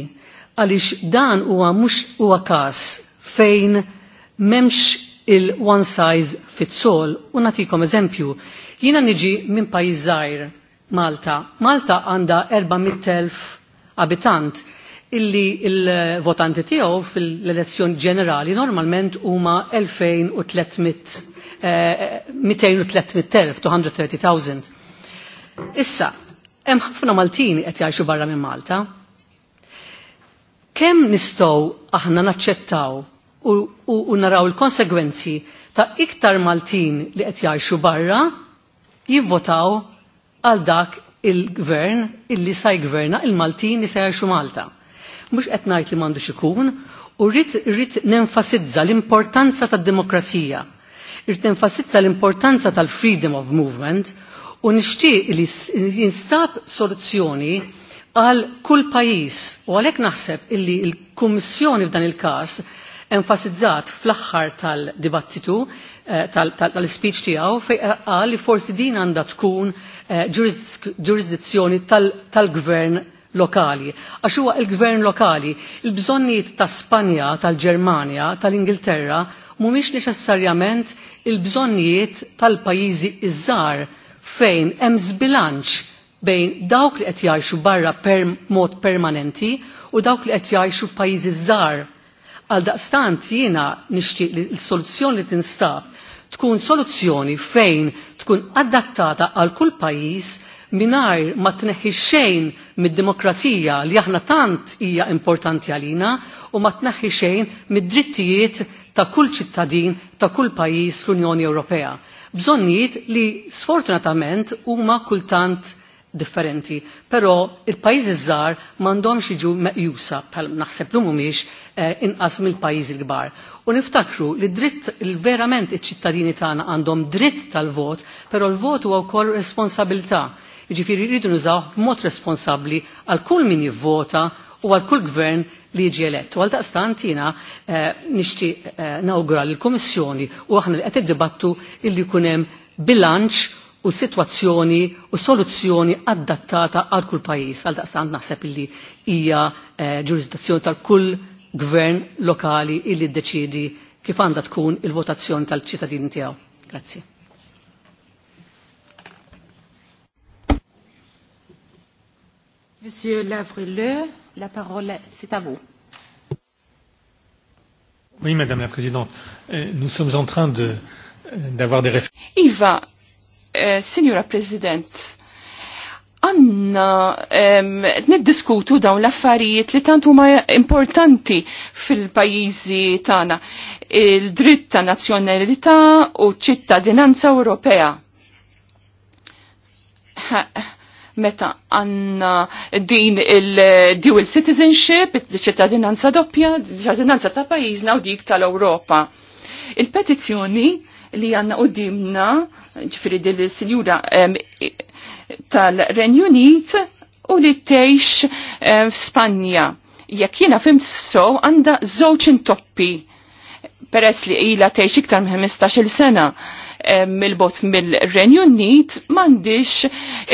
għaliex dan huwa mhux huwa każ fejn memx il-one size fit-sol U natikom eżempju, Jiena niġi minn pajjiż żgħir Malta. Malta għandha 400.000 abitant illi il-votanti tiegħu fil-elezzjoni ġenerali normalment huma 2300 230,000 eh, Issa, hemm ħafna Maltini qed jgħixu barra minn Malta. Kemm nistgħu aħna naċċettaw u, u, u naraw il-konsegwenzi ta' iktar Maltin li qed jgħixu barra jivvotaw għal dak il-gvern illi sa jgverna il-Maltin li sejħu Malta. Mux etnajt li mandu xikun u rrit nenfasizza l-importanza tad demokrazija rrit nenfasizza l-importanza tal-freedom of movement u nixtieq li jinstab soluzzjoni għal kull pajis u għalek naħseb illi il-Kummissjoni f'dan il-kas enfasizzat fl-axħar tal-dibattitu, eh, tal-speech tijaw, fej għal eh, li forsi din għanda tkun ġurisdizzjoni eh, tal-gvern lokali. Għax huwa il-gvern lokali, il-bżonnijiet ta' Spanja, tal-Ġermanja, tal-Ingilterra mhumiex neċessarjament il-bżonnijiet tal-pajjiżi iżżar fejn hemm zbilanċ bejn dawk li qed jgħixu barra per mod permanenti u dawk li qed jgħixu f'pajjiżi żgħar Għal daqstant jiena nixtieq li l-soluzzjoni li tinstab tkun soluzzjoni fejn tkun adattata għal kull pajjiż mingħajr ma tneħi xejn mid-demokrazija li aħna tant hija importanti għalina u ma tneħħi xejn mid-drittijiet ta' kull ċittadin ta' kull pajjiż l-Unjoni Ewropea. Bżonnijiet li sfortunatament huma kultant differenti. Però il-pajjiżi żgħar m'għandhomx jiġu meqjusa bħal naħseb li mhumiex Eh, inqas mill-pajjiżi l-kbar. U niftakru li dritt verament iċ-ċittadini tagħna għandhom dritt tal-vot, però l-vot huwa wkoll responsabilità. Jiġifieri jridu nużaw b'mod responsabbli għal kull min jivvota u għal kull gvern li jiġi elett. U għal daqstant jiena eh, nixtieq eh, nawgura lill-Kummissjoni u aħna li qed iddibattu illi jkun hemm bilanċ u situazzjoni u soluzzjoni adattata għal kull pajis. Għal daqstant naħseb illi hija ġurisdizzjoni tal-kull gvern lokali illi deċidi kif għandha tkun il-votazzjoni tal ċittadin tiegħu. Grazzi. Monsieur Lavrille, la parole c'est à vous. Oui, Madame la Présidente, euh, nous sommes en train euh, d'avoir de des réflexions. Iva, euh, Signora Presidente, għanna niddiskutu dawn l-affarijiet li tantu ma importanti fil-pajizi tana il-dritt ta' nazzjonalità u ċittadinanza Ewropea. Meta għanna din il-dual citizenship, il-ċittadinanza doppja, ċittadinanza ta' pajizna u dik tal-Ewropa. Il-petizjoni li għanna u dimna, ġifiri dil-sinjura tal-Renju Unit u li tgħix eh, f'Spanja. Jekk jiena fimt so għandha żewġ intoppi peress li ila tgħix iktar minn 15-il sena eh, mill-bot mill-Renju Unit m'għandix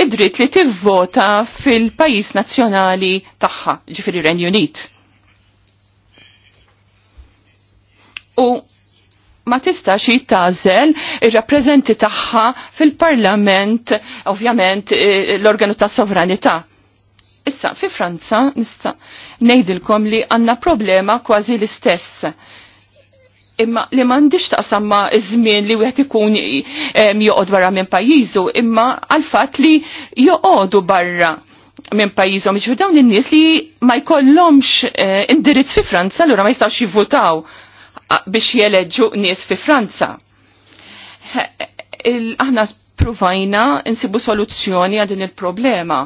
id-dritt li tivvota fil-pajjiż nazzjonali tagħha, ġifiri Renju Unit. U ma tistax jittażel ir-rappreżenti tagħha fil-Parlament, ovvjament eh, l-organu ta' sovranità. Issa, fi Franza nista' ngħidilkom li għandna problema kważi l-istess. Imma li m'għandix ta' samma żmien li wieħed ikun joqod barra minn pajizu, imma għalfat li joqodu barra minn pajjiżhom. miċ dawn in-nies li ma jkollhomx eh, indirizz fi Franza, allura ma jistax jivvutaw biex jeleġġu nies fi Franza. Aħna provajna insibu soluzzjoni għadin din il-problema.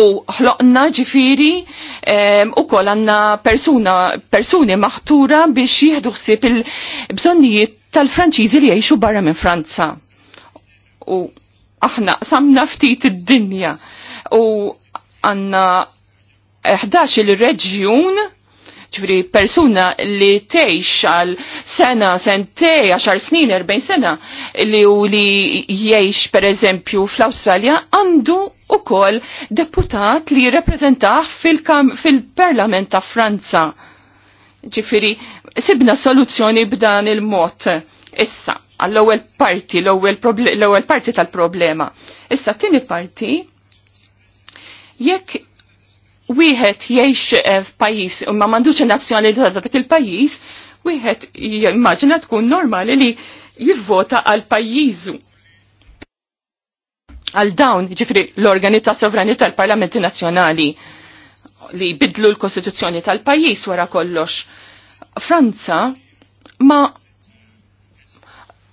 U ħloqna ġifiri um, u kol għanna persuna, persuni maħtura biex jihdu xsib il-bżonnijiet tal-Franċiżi li jiexu barra minn Franza. U aħna samna ftit id-dinja u għanna 11 il-reġjun ċifri persuna li teħx għal sena, sentej, għaxar snin, erbejn sena, li u li jiex per eżempju fl-Australja, għandu u kol deputat li reprezentaħ fil-Parlament fil ta' Franza. Ġifiri, sibna soluzzjoni b'dan il-mod. Issa, għall-ewwel parti, l-ewwel parti tal-problema. Issa t parti jekk wieħed jgħix eh, f'pajjiż u ma m'għandux nazzjonalità ta' dak il-pajjiż, wieħed jimmaġina tkun normali li jivvota għal pajjiżu. Għal dawn, ġifri l-organi ta' sovranità tal-parlamenti nazzjonali li bidlu l-kostituzzjoni tal-pajjiż wara kollox. Franza ma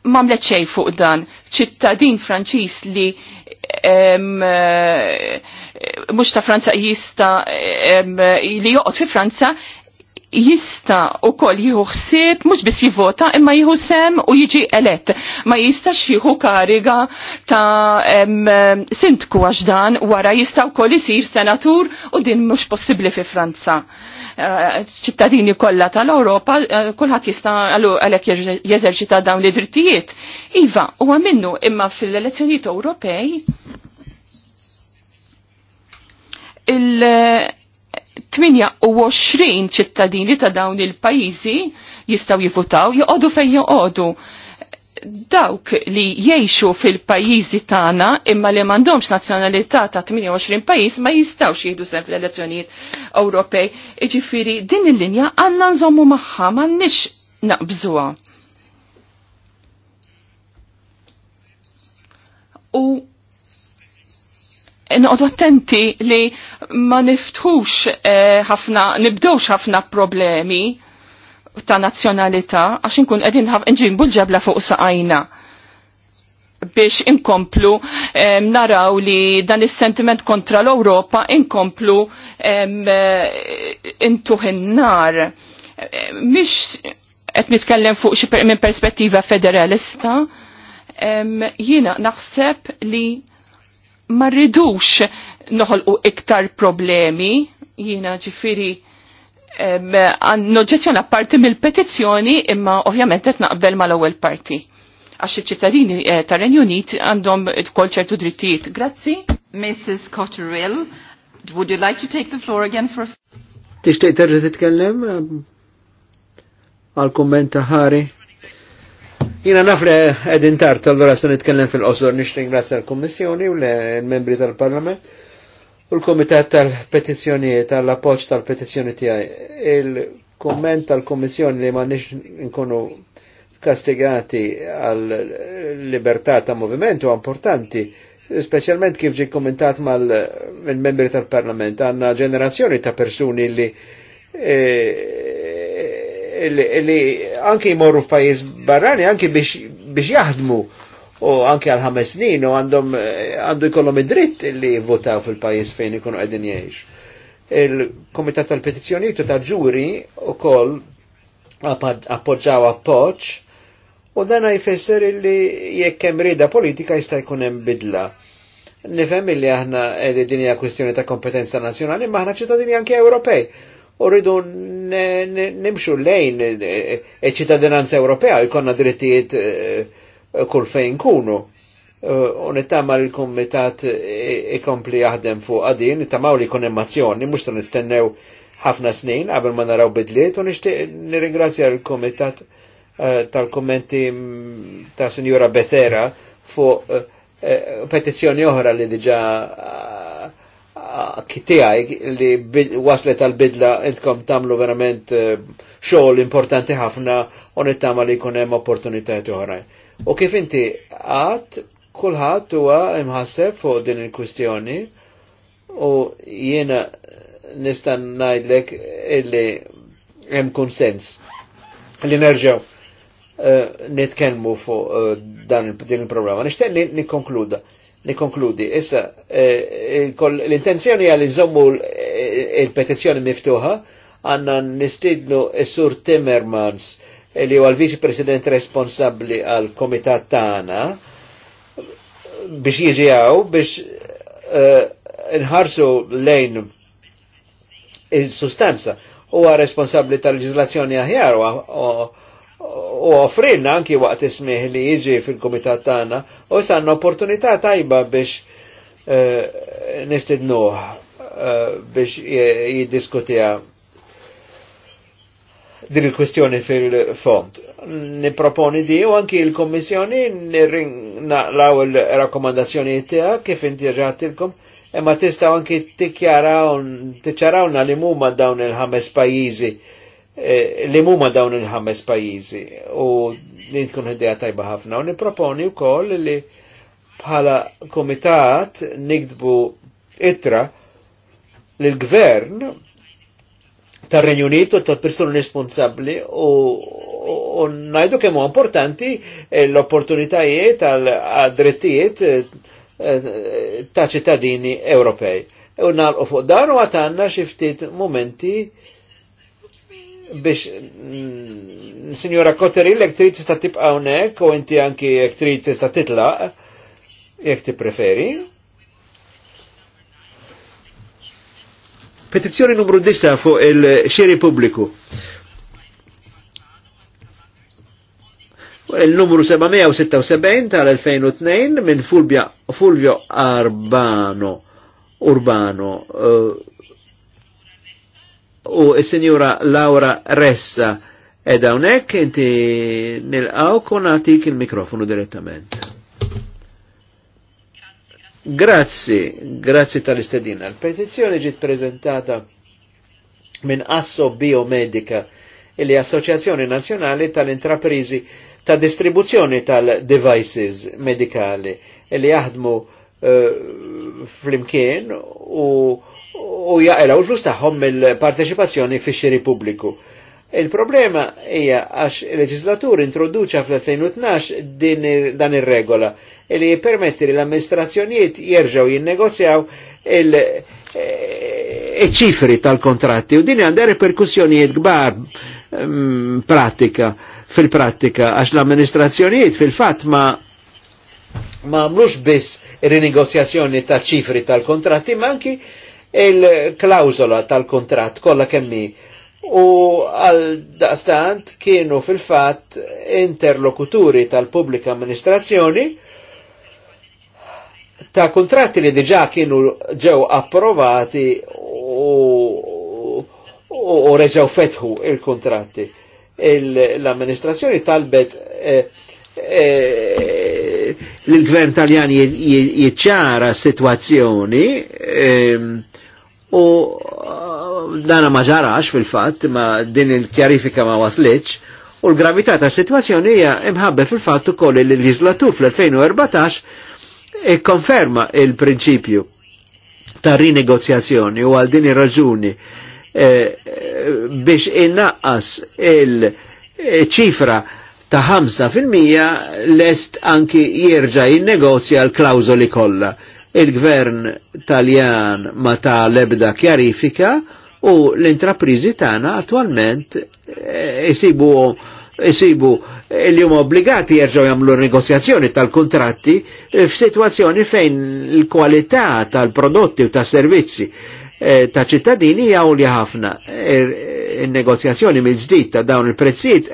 ma xej fuq dan ċittadin Franċiż li em, mux ta' Franza jista li joqgħod fi Franza jista u koll jihu xsib, mux bis jivota, imma jihu sem u jiġi elett. Ma jistax jieħu kariga ta' sindku għax għaxdan wara jista u koll jisir senatur u din mux possibli fi Franza eh, ċittadini kollha tal-Ewropa eh, kulħadd jista' għalhekk jeżerċita dawn l-drittijiet. Iva, huwa minnu imma fil-elezzjonijiet Ewropej il-28 ċittadini ta' dawn il-pajizi jistaw jifutaw, joqodu fejn joqodu dawk li jiexu fil-pajizi tagħna imma li m'għandhomx nazzjonalità ta' 28 pajjiż ma jistgħux jieħdu sen fl-elezzjonijiet Ewropej. Jiġifieri din il-linja għandna nżommu magħha m'għandniex naqbżuwa. U noqgħdu attenti li ma niftħux eh, ħafna, eh, nibdewx ħafna problemi ta' nazzjonalità għax inkun qegħdin nġimbu l-ġebla fuq saqajna biex inkomplu eh, naraw li dan is-sentiment kontra l-Ewropa inkomplu eh, intuħ in-nar. Mhix qed nitkellem fuq xi minn perspettiva federalista, jiena naħseb li ma rridux noħolqu iktar problemi, jina ġifiri noġġezzjoni parti mill-petizzjoni imma ovvjament qed naqbel mal-ewwel parti. Għax iċ-ċittadini eh, tar-Renju Unit għandhom kol ċertu drittijiet. Grazzi. Mrs. Cotterill, would you like to take the floor again for a Tixtieq terġa' titkellem għal kumment ta' ħari. Jina nafre qegħdin tart, allora se nitkellem fil-qosor nix l-Kommissjoni u l-membri tal-Parlament u l-Komitat tal-Petizzjonijiet tal appoġġ tal-petizzjoni tiegħi. Il-komment tal komissjoni li nix nkunu kastigati għal libertà ta' movimentu importanti, specialment kif ġi kommentat mal-membri tal-Parlament, għanna ġenerazzjoni ta' persuni e, li li anki jmorru f'pajjiż barrani anki biex jaħdmu u anke għal ħames snin u għandhom eh, għandu jkollhom id-dritt li jivvotaw fil-pajjiż fejn ikunu qegħdin jgħix. Il-Komitat tal-Petizzjonijiet ta' ġuri wkoll appoġġaw appoġġ u dan jfisser li jekk hemm rieda politika jista' jkun hemm bidla. Nifhem li aħna li din hija kwestjoni ta' kompetenza nazzjonali, ma aħna ċittadini anke Ewropej Uridu nimxu lejn eh, eh, ċittadinanza Ewropea jkollna drittijiet Eh, kull fejn kunu. Eh, u nittama li l-komitat ikompli jaħdem fuq għadin, nittama li kun emazzjoni, mux ta' nistennew ħafna snin qabel ma naraw bidliet u nixtieq nirringrazzja l-komitat eh, tal-kommenti ta' Sinjura Bethera fuq petizzjoni oħra li diġa kitijaj li waslet tal-bidla intkom tamlu verament xogħol importanti ħafna u nittama li jkun hemm opportunitajiet oħrajn. U kif inti għat, kullħat huwa imħasseb fuq din il-kwistjoni u jiena nista' ngħidlek illi hemm konsens li nerġaw nitkenmu eh, nitkellmu fuq eh, dan din il-problema. li nikkonkluda. Nikonkludi, issa eh, l-intenzjoni għal iżommu il-petizjoni miftuħa għanna nistidnu s-sur Timmermans li huwa l-Viċi President responsabbli għal komitat tagħna biex jiġi għaw biex eh, inħarsu nħarsu lejn il-sustanza huwa responsabbli tal-leġislazzjoni aħjar u offrinna anki waqt ismih li jiġi fil-komitat tagħna u sanna opportunità tajba biex eh, nistidnuħ eh, biex jiddiskutija din il-kwestjoni fil-fond. Niproponi di u anki il-Kommissjoni naqlaw il-rakkomandazzjoni tija kif inti ġatilkom, imma tista' anki tiċċarawna li mumma dawn il-ħames pajjiżi eh, li muma dawn il-ħames pajjiżi u din tkun idea tajba ħafna u niproponi wkoll li bħala komitat nikdbu itra l gvern tar-Renju Unit u tal-persuni responsabli u najdu kemmu importanti eh, l-opportunitajiet għal-drittijiet eh, eh, ta' ċittadini Ewropej. U nalqu fuq dan u għatanna xiftit momenti biex mm, signora Kotteri, l trid tista' tibqa' hawnhekk u inti anki jek trid tista' titlaq jekk ti preferi. Petizzjoni numru 10 fuq il-xiri pubbliku. Il-numru 776 tal-2002 minn Fulvio, Fulvio Arbano, Urbano eh, u il senjura Laura Ressa. Ed hawnhekk inti nilqgħu konatik il-mikrofonu direttament. Grazzi, grazzi tal-istedina. L-petizjoni ġiet prezentata minn Asso Biomedica, illi Assoċjazzjoni Nazzjonali tal-Intraprizi ta' distribuzzjoni tal-devices medikali, illi jaħdmu uh, flimkien u, u jaqelaw ġlus taħħom il-parteċipazzjoni fi xiri pubbliku. Il-problema hija għax il-leġislatur introduċa fl-2012 dan ir-regola il li jipermetti li l-amministrazzjonijiet jerġaw jinnegozjaw il-ċifri eh, tal-kontratti u din għandha reperkussjonijiet gbar mm, pratika fil-prattika għax l-amministrazzjonijiet fil-fatt ma ma mlux biss rinegozjazzjoni ta' ċifri tal-kontratti, ma anki il-klausola tal kontratt kolla kemmi u għal daqstant kienu fil-fat interlokuturi tal-pubblika amministrazzjoni ta' kontratti li diġa kienu ġew approvati u, u, u reġaw fetħu il-kontratti. Il kontratti l amministrazzjoni talbet eh, eh, l-gvern taljan jiċċara situazzjoni ehm, u eh, dana ma ġarax fil-fatt ma din il-kjarifika ma waslitx u l-gravità ta' situazzjoni hija imħabbe fil-fatt ukoll il legislatur fl-2014 e konferma il-prinċipju ta' rinegozjazzjoni u għal din ir-raġuni eh, eh, biex innaqqas il-ċifra eh, ta' 5% lest anki jirġa jinnegozja l-klawżoli kollha. Il-gvern taljan ma ta' lebda kjarifika u l-intrapriżi tagħna attualment jisibu eh, jisibu eh, li huma obbligati jerġgħu jagħmlu negozjazzjoni tal-kuntratti eh, f'sitwazzjoni fejn il-kwalità tal-prodotti u tas-servizzi eh, ta' ċittadini hija li ħafna. Er, Il-negozjazzjoni mill-ġdid ta' dawn il-prezzijiet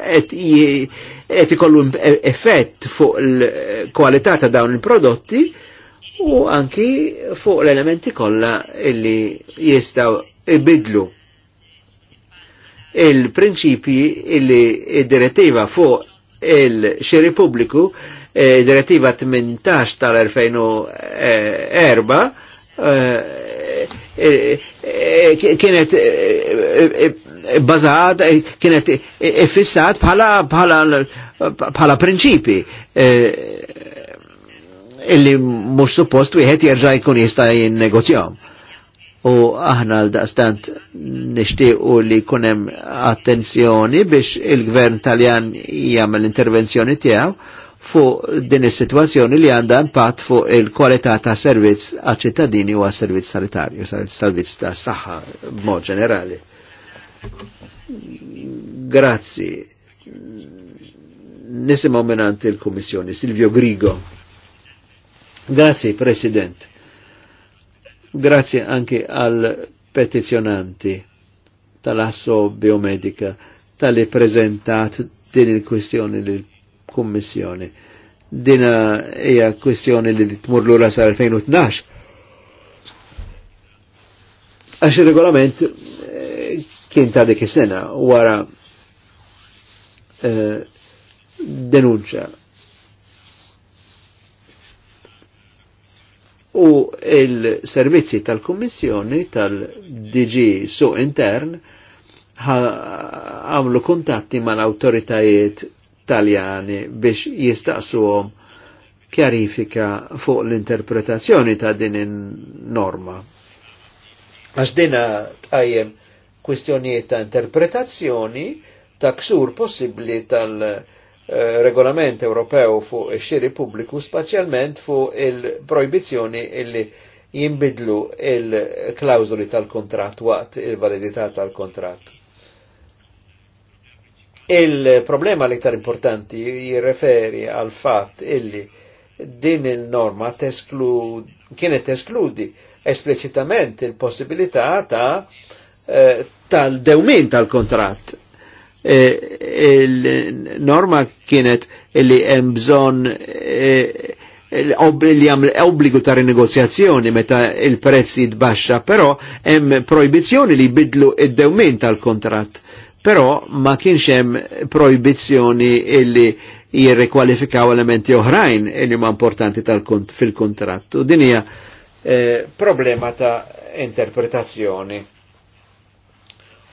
qed ikollu e, effett fuq il-kwalità ta' dawn il-prodotti u anki fuq l-elementi kollha illi jistgħu ibidlu il-prinċipji illi id-direttiva fuq il-xeri pubbliku, eh, direttiva 18 tal-2004, eh, eh, kienet bazat, kienet fissat bħala prinċipi illi mux suppost wieħed jerġa' jkun jista' jinnegozjahom u aħna l-daqstant nishtiqu li kunem attenzjoni biex il-gvern taljan l intervenzjoni tijaw fuq din is-sitwazzjoni li għandha impatt fuq il-kwalità ta' servizz għal ċittadini u għas servizz sanitarju, servizz ta' saħħa b'mod ġenerali. Grazzi. Nisimgħu minant il-Kummissjoni, Silvio Grigo. Grazzi, President Grazie anche al petizjonanti tal-asso biomedika tal-li prezentat din il-kwistjoni l-Kummissjoni. Dina hija kwistjoni li tmur lura sa' 2012. Għax il-regolament kien eh, ta' dik sena wara eh, denunċa u il-servizzi tal-Kummissjoni tal-DG su intern għamlu kontatti mal-autoritajiet taljani biex jistaqsuhom kjarifika fuq l-interpretazzjoni ta' din norma. Għax dina tajem kwistjonijiet ta' interpretazzjoni ta' ksur possibbli tal- Eh, regolament Ewropew fuq ix-xiri pubbliku, speċjalment fuq il-projbizzjoni illi jimbidlu il-klawżoli tal-kontratt waqt il-validità tal-kontratt. Il-problema li tar importanti jirreferi għal fatt illi din il-norma kienet eskludi esplicitament il-possibilità ta' eh, tal-dewmin tal-kontratt il-norma e, e, kienet li hemm bżonn e, li għam obbligu ta' rinegozjazzjoni meta il-prezz jitbaxxa, però hemm proibizjoni li jbidlu id-dewmin tal-kontratt. Però ma kienx hemm proibizjoni illi jirrekwalifikaw elementi oħrajn li ma importanti fil kontrat U din hija problema ta' interpretazzjoni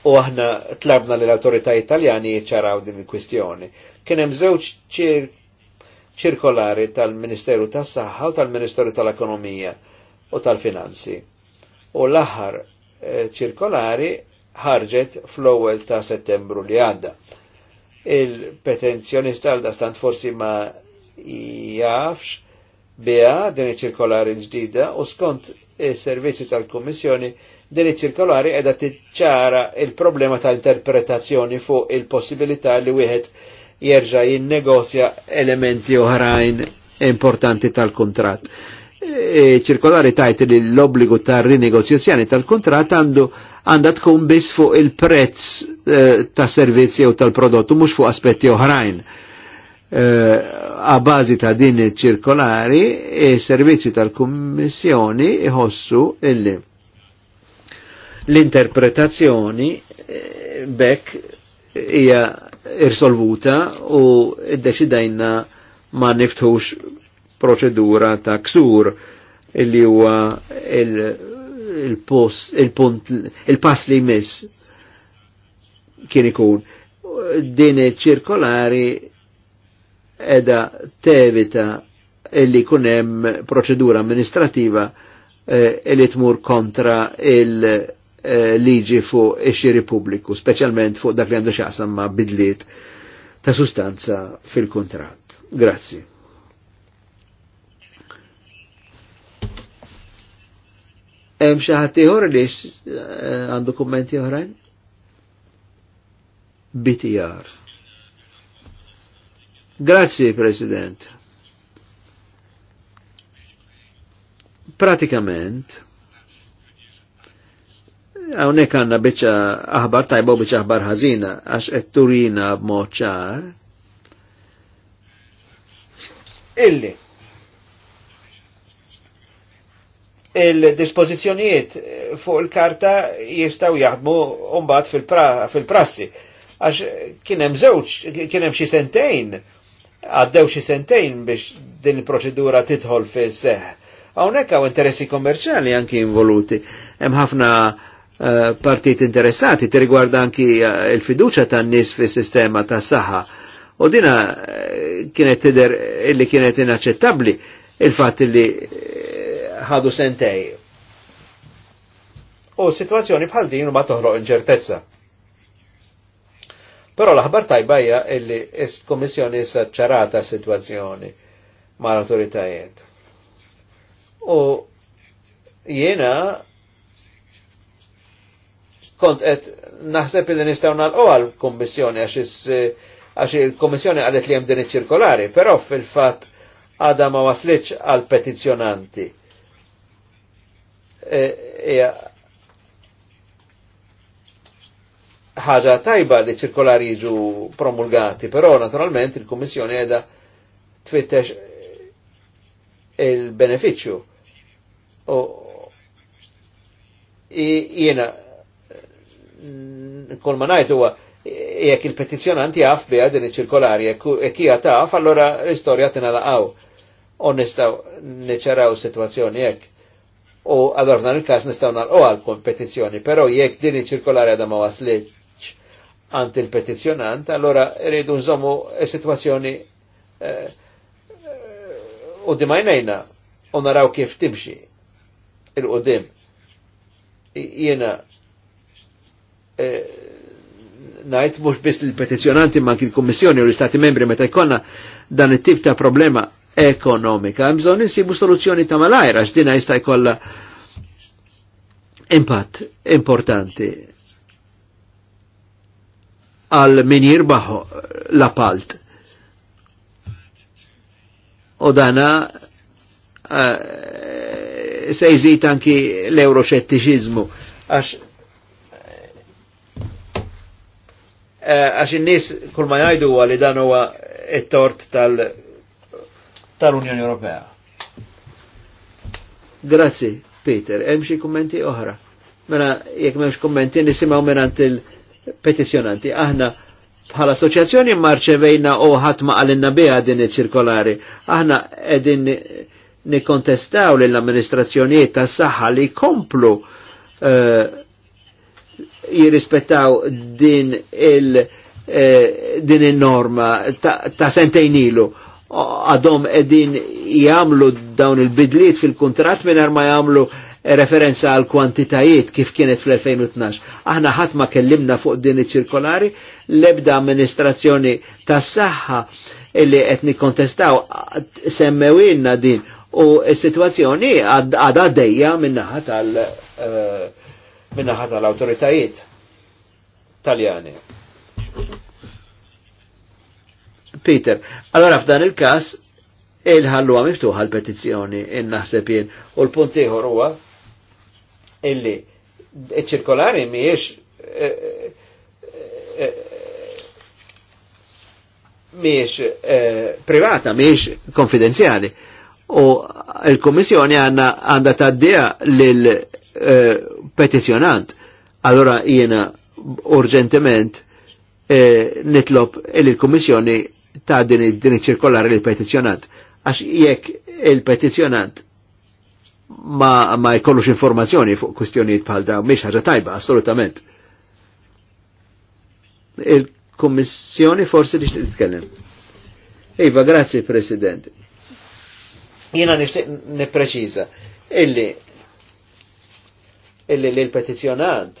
u aħna tlabna l autorità italjani ċaraw din il-kwistjoni. Kien hemm żewġ ċirkolari tal-Ministeru tas-Saħħa u tal-Ministeru tal-Ekonomija u tal-Finanzi. U l-aħħar eh, ċirkolari ħarġet fl-ewwel ta' Settembru li għadda. Il-petenzjonista għal stant forsi ma jafx biha din iċ-ċirkolari ġdida u skont il-servizzi tal-Kommissjoni din iċ-ċirkolari edha tiċċara il-problema tal interpretazzjoni fuq il-possibilità li wieħed jerġa' jinnegozja elementi oħrajn importanti tal-kontratt. E, ċirkolari tajt li l-obbligu ta' rinegozjazzjoni tal-kontratt għandu għandha tkun biss fuq il-prezz eh, ta' servizzi u tal-prodottu mhux fuq aspetti oħrajn Eh, bazi ta' din ċirkolari e servizi tal-Kummissjoni iħossu illi l-interpretazzjoni eh, bekk hija irsolvuta u id-deċidajna ma niftux proċedura ta' ksur illi huwa il-punt il il-pass li jmiss kien ikun din ċirkolari edha tevita illi kunem proċedura amministrativa eh, illi tmur kontra il-liġi eh, fuq ix-xiri pubbliku, speċjalment fuq dak li għandu xaqsam ma' bidliet ta' sustanza fil-kontrat. Grazzi. Hemm xi ħadd ieħor li eh, għandu kummenti oħrajn? BTR. Grazzi, President. Pratikament, għonek għanna bieċa aħbar tajba bieċa aħbar ħazina, għax etturina moċar. Illi, il-dispozizjonijiet fuq il-karta jistaw jaħdmu umbat fil-prassi. Għax kienem zewċ, kienem xie sentejn għaddew xi sentejn biex din il-proċedura tidħol fis seħ. Hawnhekk hawn interessi kommerċjali anki involuti. Hemm ħafna eh, partit interessati tirrigwarda anki eh, il-fiduċa tan-nies fis-sistema tas-saħħa. U dina eh, kienet tider illi kienet inaċċettabbli il-fatt illi ħadu sentej. U situazzjoni bħal din ma toħroq inċertezza. Però l-aħbar tajba hija illi s-Komissjoni issa ċarata s-sitwazzjoni mal-autoritajiet. U jiena kont qed naħseb li nistgħu nagħlqu għall-Kummissjoni għax għax il-Kommissjoni għalet li hemm din iċ-ċirkolari, però fil-fatt għadha ma waslitx għal petizzjonanti. Hija e, e ħaġa tajba li ċirkolari jiġu promulgati, però naturalment il-Kummissjoni edha twittex il-beneficju. U jiena mm, kol ma najtu huwa jekk il petizzjonanti jaf biha din iċ-ċirkolari, jekk hija taf, allora l-istorja tingħalaqgħu. U nistgħu niċċaraw sitwazzjoni hekk. U allora f'dan il-każ nistgħu nagħlqu għal petizzjoni, però jekk din iċ-ċirkolari għadha ma waslit għant il-petizjonant, allora rridu nżommu situazzjoni eh, u dimajnejna u naraw kif timxi il-qudim. Jena eh, najt mux bis il-petizjonanti ma il-Kommissjoni u l-Istati membri meta jkonna dan it-tip ta' problema ekonomika, bżon insibu soluzzjoni ta' malajra, x'dina jista' jkollha impatt importanti għal min jirbaħ l-appalt. U dana eh, se jżid anki l-euroxettiċizmu. Għax eh, għax in-nies kull ma jgħidu li dan huwa it-tort tal- tal-Unjoni Ewropea. Grazzi, Peter. Hemm xi kummenti oħra. Mela jekk m'hemmx kummenti nisimgħu minn il- petizjonanti. Aħna bħala assoċjazzjoni marċevejna u ħatma għalinna biha din iċ-ċirkolari. Aħna qegħdin nikkontestaw lill amministrazzjonijiet tas-saħħa li komplu uh, eh, jirrispettaw din il- eh, din il-norma ta', ta sentejnilu għadhom edin jamlu dawn il-bidliet fil-kontrat minn ma jamlu referenza għal kwantitajiet kif kienet fl-2012. Aħna ħadd ma kellimna fuq din iċ-ċirkolari l-ebda amministrazzjoni tas-saħħa illi qed nikkontestaw semmewilna din u s-sitwazzjoni għadha dejja min tal eh, tal-awtoritajiet taljani. Peter, allora f'dan il-kas il ħallu miftuħa l-petizzjoni in-naħseb jien u l-punt ieħor huwa illi ċirkolari miex eh, eh, eh, miex privata, miex konfidenziali. U il komissjoni għanna għanda taddija l petizjonant Allora jiena urġentement nitlob il komissjoni ta' din ċirkolari l petizjonant Għax jekk il-petizjonant ma, ma jkollux informazzjoni fuq kwistjonijiet bħal dawn, mhix ħaġa tajba, assolutament. Il-Kummissjoni forsi li titkellem. Iva, grazzi President. Jiena nixtieq nippreċiża illi illi li l-petizjonant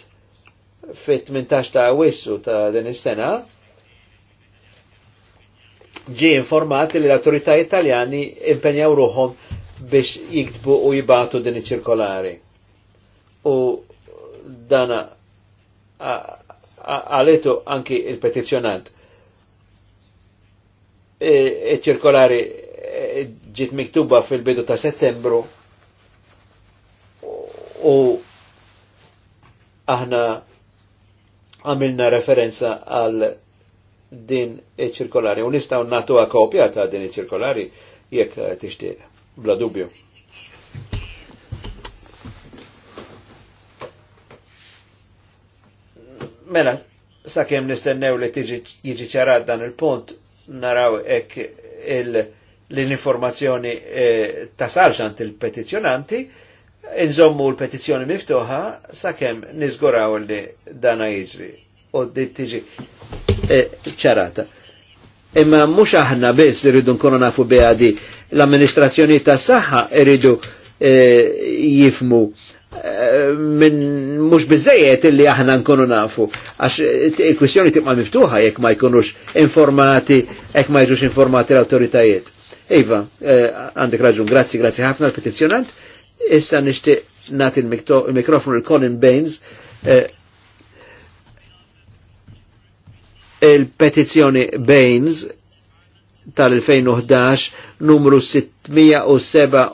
fit-18 ta' wissu ta' din is-sena ġi informat li l awtorità italjani impenjaw ruħom biex jiktbu u jibatu din iċirkolari. ċirkolari U dana għaletu anki il-petizjonant. E, iċ-ċirkolari e, ġit miktuba fil-bidu ta' settembru u aħna għamilna referenza għal din iċ-ċirkolari u nistaw natuha kopja ta' din iċ-ċirkolari jekk tixtieq bla dubju. Mela, sa' kem nistennew li tiġi ċarat dan il-punt, naraw ek l-informazzjoni eh, ta' tasalxant il-petizjonanti, nżommu l-petizjoni miftuħa sa' kem nizguraw li dana jiġri u di tiġi eh, ċarata. Imma mux aħna biss irridu nkunu nafu beha di l-amministrazzjoni tas saħħa iridu eh, jifmu eh, minn mhux biżejjed illi aħna nkunu nafu għax eh, il-kwistjoni tibqa' miftuħa jekk ma jkunux informati jekk ma jġux informati l-awtoritajiet. Iva, għandek raġun, grazzi, grazzi ħafna l-petizjonant. Issa nixtieq nagħti il-mikrofonu il l-Colin Baines il-petizjoni Baines tal-2011 numru 647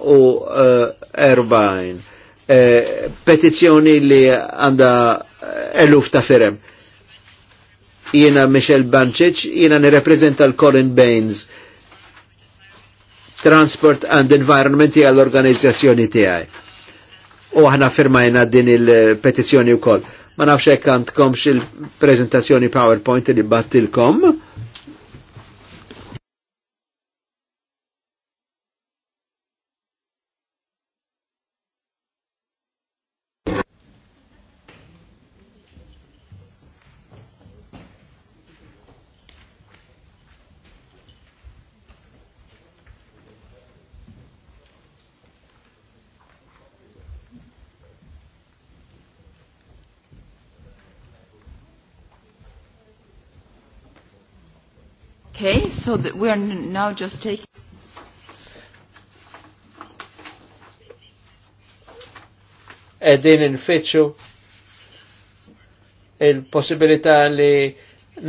uh, eh, eh, petizjoni li għanda eh, eluf ta' firem. Jena Michel Bancic, jena nirreprezenta l-Colin Baines, Transport and Environment għall organizzazzjoni tiegħi. U aħna firmajna din il-petizjoni u koll. Ma nafx hekk għandkomx il-prezentazzjoni PowerPoint li battilkom. So that we are now just taking... Edin nfittxu il-possibilità li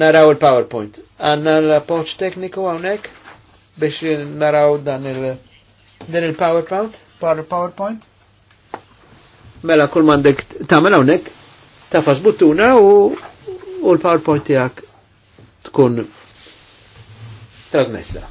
naraw il-PowerPoint. Għanna l approach tekniku għawnek biex naraw dan il- din il-PowerPoint? PowerPoint? Mela kull mandek tamel hawnhekk tafas buttuna u, u l-PowerPoint tiegħek tkun trasmessa.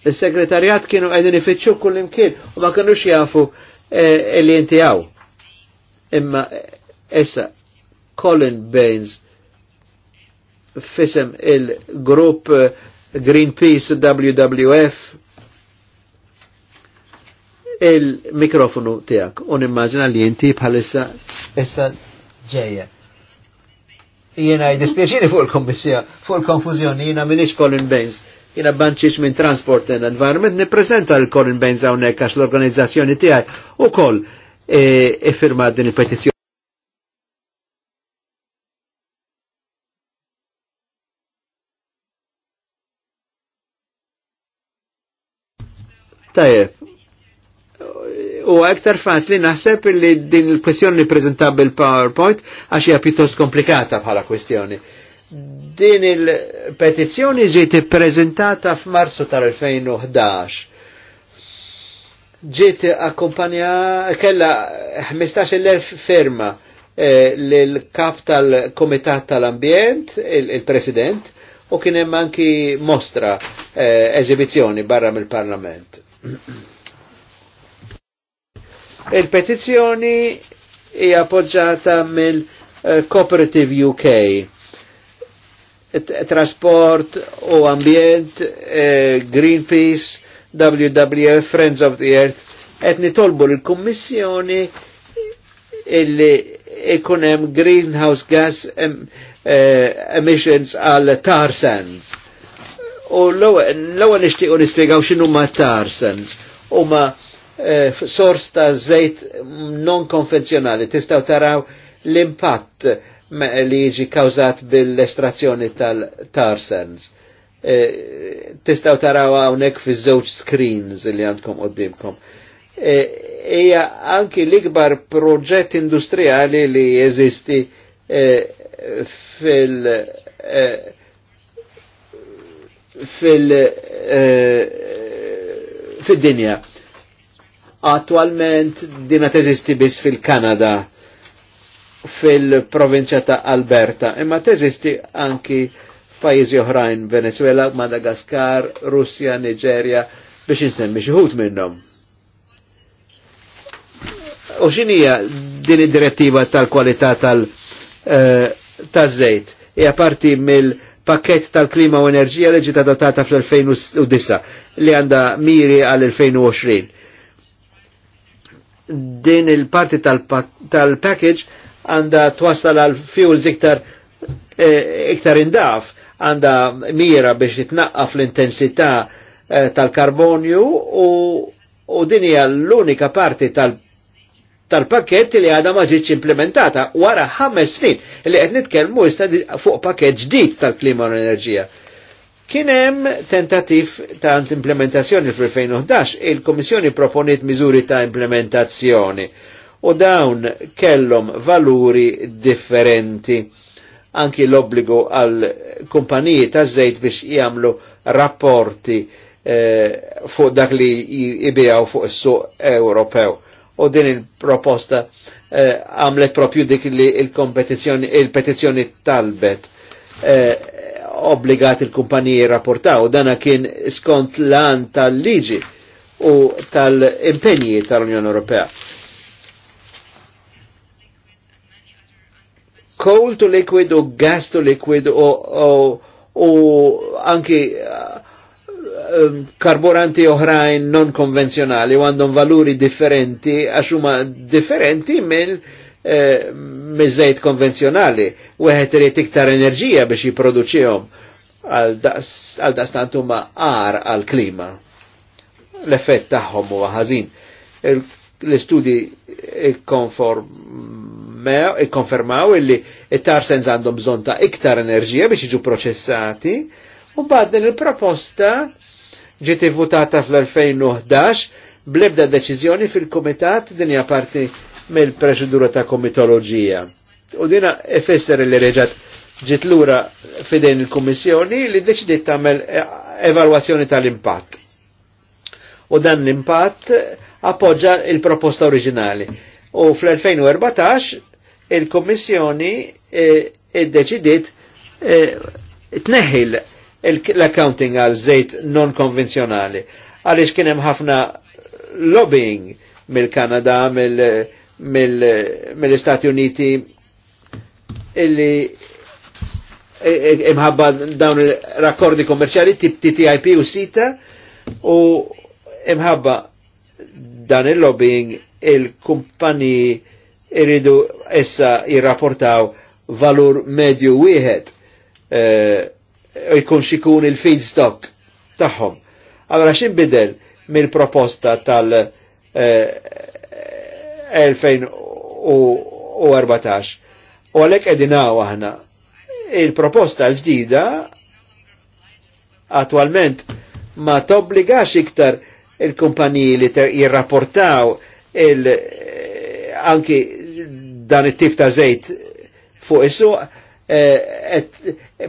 Il-segretarjat kienu għedin ifitxu kull imkien u ma kienu jafu eh, il-jinti għaw. Imma essa eh, Colin Baines fisem il-grupp eh, Greenpeace, WWF, il-mikrofonu tijak, un-immaġina li jinti bħalissa issa ġeja. Jena jdispieċini fuq il-kommissija, fuq il-konfuzjoni, jena minix Colin Baines, jena banċiċ minn Transport and Environment, niprezenta l-Colin Baines għawnek għax l-organizzazzjoni tijak u koll e, e firma din il-petizjoni. Tajjeb, u aktar faċli naħseb li din il-kwestjoni prezentab bil-PowerPoint għax hija pjuttost komplikata bħala kwestjoni. Din il-petizzjoni ġiet ippreżentata f'Marzu tal-2011. Ġiet akkompanja kella 15.000 firma eh, l-kap tal-Komitat tal-Ambjent, il-President, u kien hemm anki mostra eh, eżibizzjoni barra mill-Parlament Il-petizzjoni hija appoġġata mill-Cooperative eh, UK. Trasport u Ambient, eh, Greenpeace, WWF, Friends of the Earth, et nitolbu l-Kommissjoni illi ikunem greenhouse gas eh, emissions għal tar sands U l-ewwel nixtiequ nispjegaw xinu ma tarsens huma ma eh, sors ta' żejt non konvenzjonali. testaw taraw l-impatt li jiġi kawzat bil-estrazzjoni tal-tarsens. Eh, taraw hawnhekk fi żewġ screens li għandkom qoddimkom. Eh, Ija e, anki l-ikbar proġett industrijali li jeżisti eh, fil- Eh, fil-dinja. Attualment dina teżisti biss fil-Kanada, fil-provinċja ta' Alberta, imma teżisti anki f'pajjiżi oħrajn, Venezuela, Madagaskar, Russja, Nigeria, biex insemmi xi ħud minnhom. U xinija din id-direttiva tal-kwalità tal-żejt? Eh, Hija parti mill- pakket tal-klima u enerġija li ġiet adottata fl-2009 li għandha miri għal-2020. Din il-parti tal-package għandha twassal għal fuels iktar eh, iktar indaf għandha mira biex jitnaqqaf fl-intensità eh, tal-karbonju u, u din hija l-unika parti tal tal-pakket li għada ma ġietx implementata wara ħames snin li qed nitkellmu jista fuq pakket ġdid tal-klima u l-enerġija. Kien hemm tentativ ta' implementazzjoni fil-2011, il-Komissjoni proponiet miżuri ta' implementazzjoni u dawn kellhom valuri differenti anki l-obbligu għal kumpaniji ta' żejt biex jagħmlu rapporti eh, fuq dak li jibijaw fuq is-suq Ewropew u din il-proposta eh, għamlet propju dik li il-kompetizjoni il-petizjoni talbet eh, obbligat il-kumpaniji rapportaw dana kien skont lan tal-liġi u tal-impenji tal-Unjoni Ewropea. Coal to liquid u gas to liquid u, u anki uh, Um, karburanti oħrajn non konvenzjonali u għandhom valuri differenti għax huma differenti mill eh, mizzejt konvenzjonali u għed irrit iktar enerġija biex jiproduċihom għal daqstant huma għar għal klima. L-effett tagħhom huwa ħażin. L-istudi ikkonfermaw illi it-tarsens għandhom bżonn ta' iktar enerġija biex jiġu proċessati U bad din il-proposta ġiet votata fl-2011 blebda deċiżjoni fil-komitat dinja parti mill preċedura ta' komitoloġija. U dina effesser li reġat ġiet lura fidejn il-Kummissjoni li deċidiet tagħmel eh, evalwazzjoni tal-impatt. U dan l-impatt appoġġa il-proposta oriġinali. U fl-2014 il komissjoni eh, id-deċidiet eh, tneħil l-accounting għal zejt non konvenzjonali. Għaliex kien hemm ħafna lobbying mill-Kanada, mill-Istati mil, mil Uniti illi imħabba dawn il-rakkordi kommerċali tip TTIP u sita u imħabba dan il-lobbying il-kumpani iridu essa jirrapportaw valur medju wieħed. Eh, jkun xikun il-feedstock tagħhom. Allora xin bidel mill-proposta tal-2014 eh, u għalek edina aħna il-proposta l-ġdida attualment ma tobbligax iktar il-kumpaniji li jirrapportaw il eh, anki dan it-tip ta' zejt fuq is-suq Eh,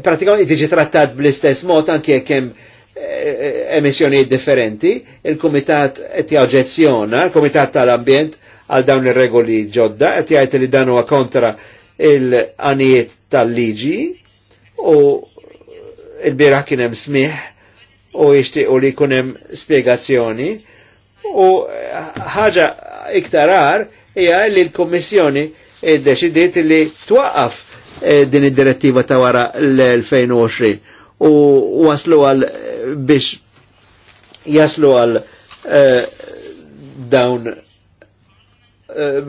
pratikament tiġi trattat bl-istess mod anke jekk hemm eh, emissjonijiet differenti, il-Kumitat qed jaġġezzjona, il-Kumitat tal-Ambjent għal dawn ir-regoli ġodda, qed jgħid li dan huwa kontra il-għanijiet tal-liġi u il kien hemm smiħ u jishtiqu li jkun hemm spjegazzjoni, u ħaġa għar hija li l kummissjoni id-deċidiet li twaqqaf Eh, din id-direttiva ta' wara l-2020 u waslu għal eh, biex jaslu għal eh, dawn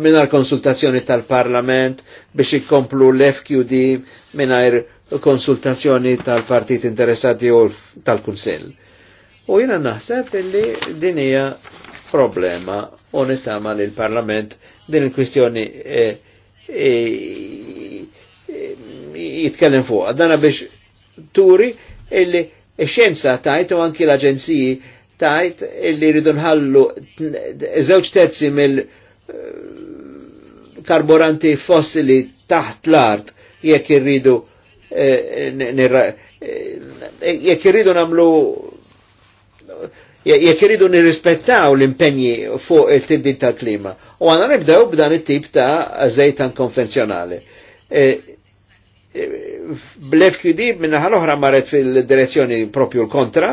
minar konsultazzjoni tal-parlament biex ikkomplu l-FQD minar konsultazzjoni tal-partit interessati u tal-Kunsell. U jina naħseb illi din hija problema u nitama li l-Parlament din il-kwistjoni jitkellem fuq. Dana biex turi illi xjenza tajt u anki l-aġenziji tajt illi rridu nħallu żewġ terzi mill eh, karburanti fossili taħt l-art jekk irridu eh, eh, jekk irridu namlu jekk irridu nirrispettaw l impegni fuq il-tibdil tal-klima. U għana nibdew b'dan it-tip ta' zejtan konvenzjonali. Blefqd minna ħal ohra marret fil-direzzjoni propju l-kontra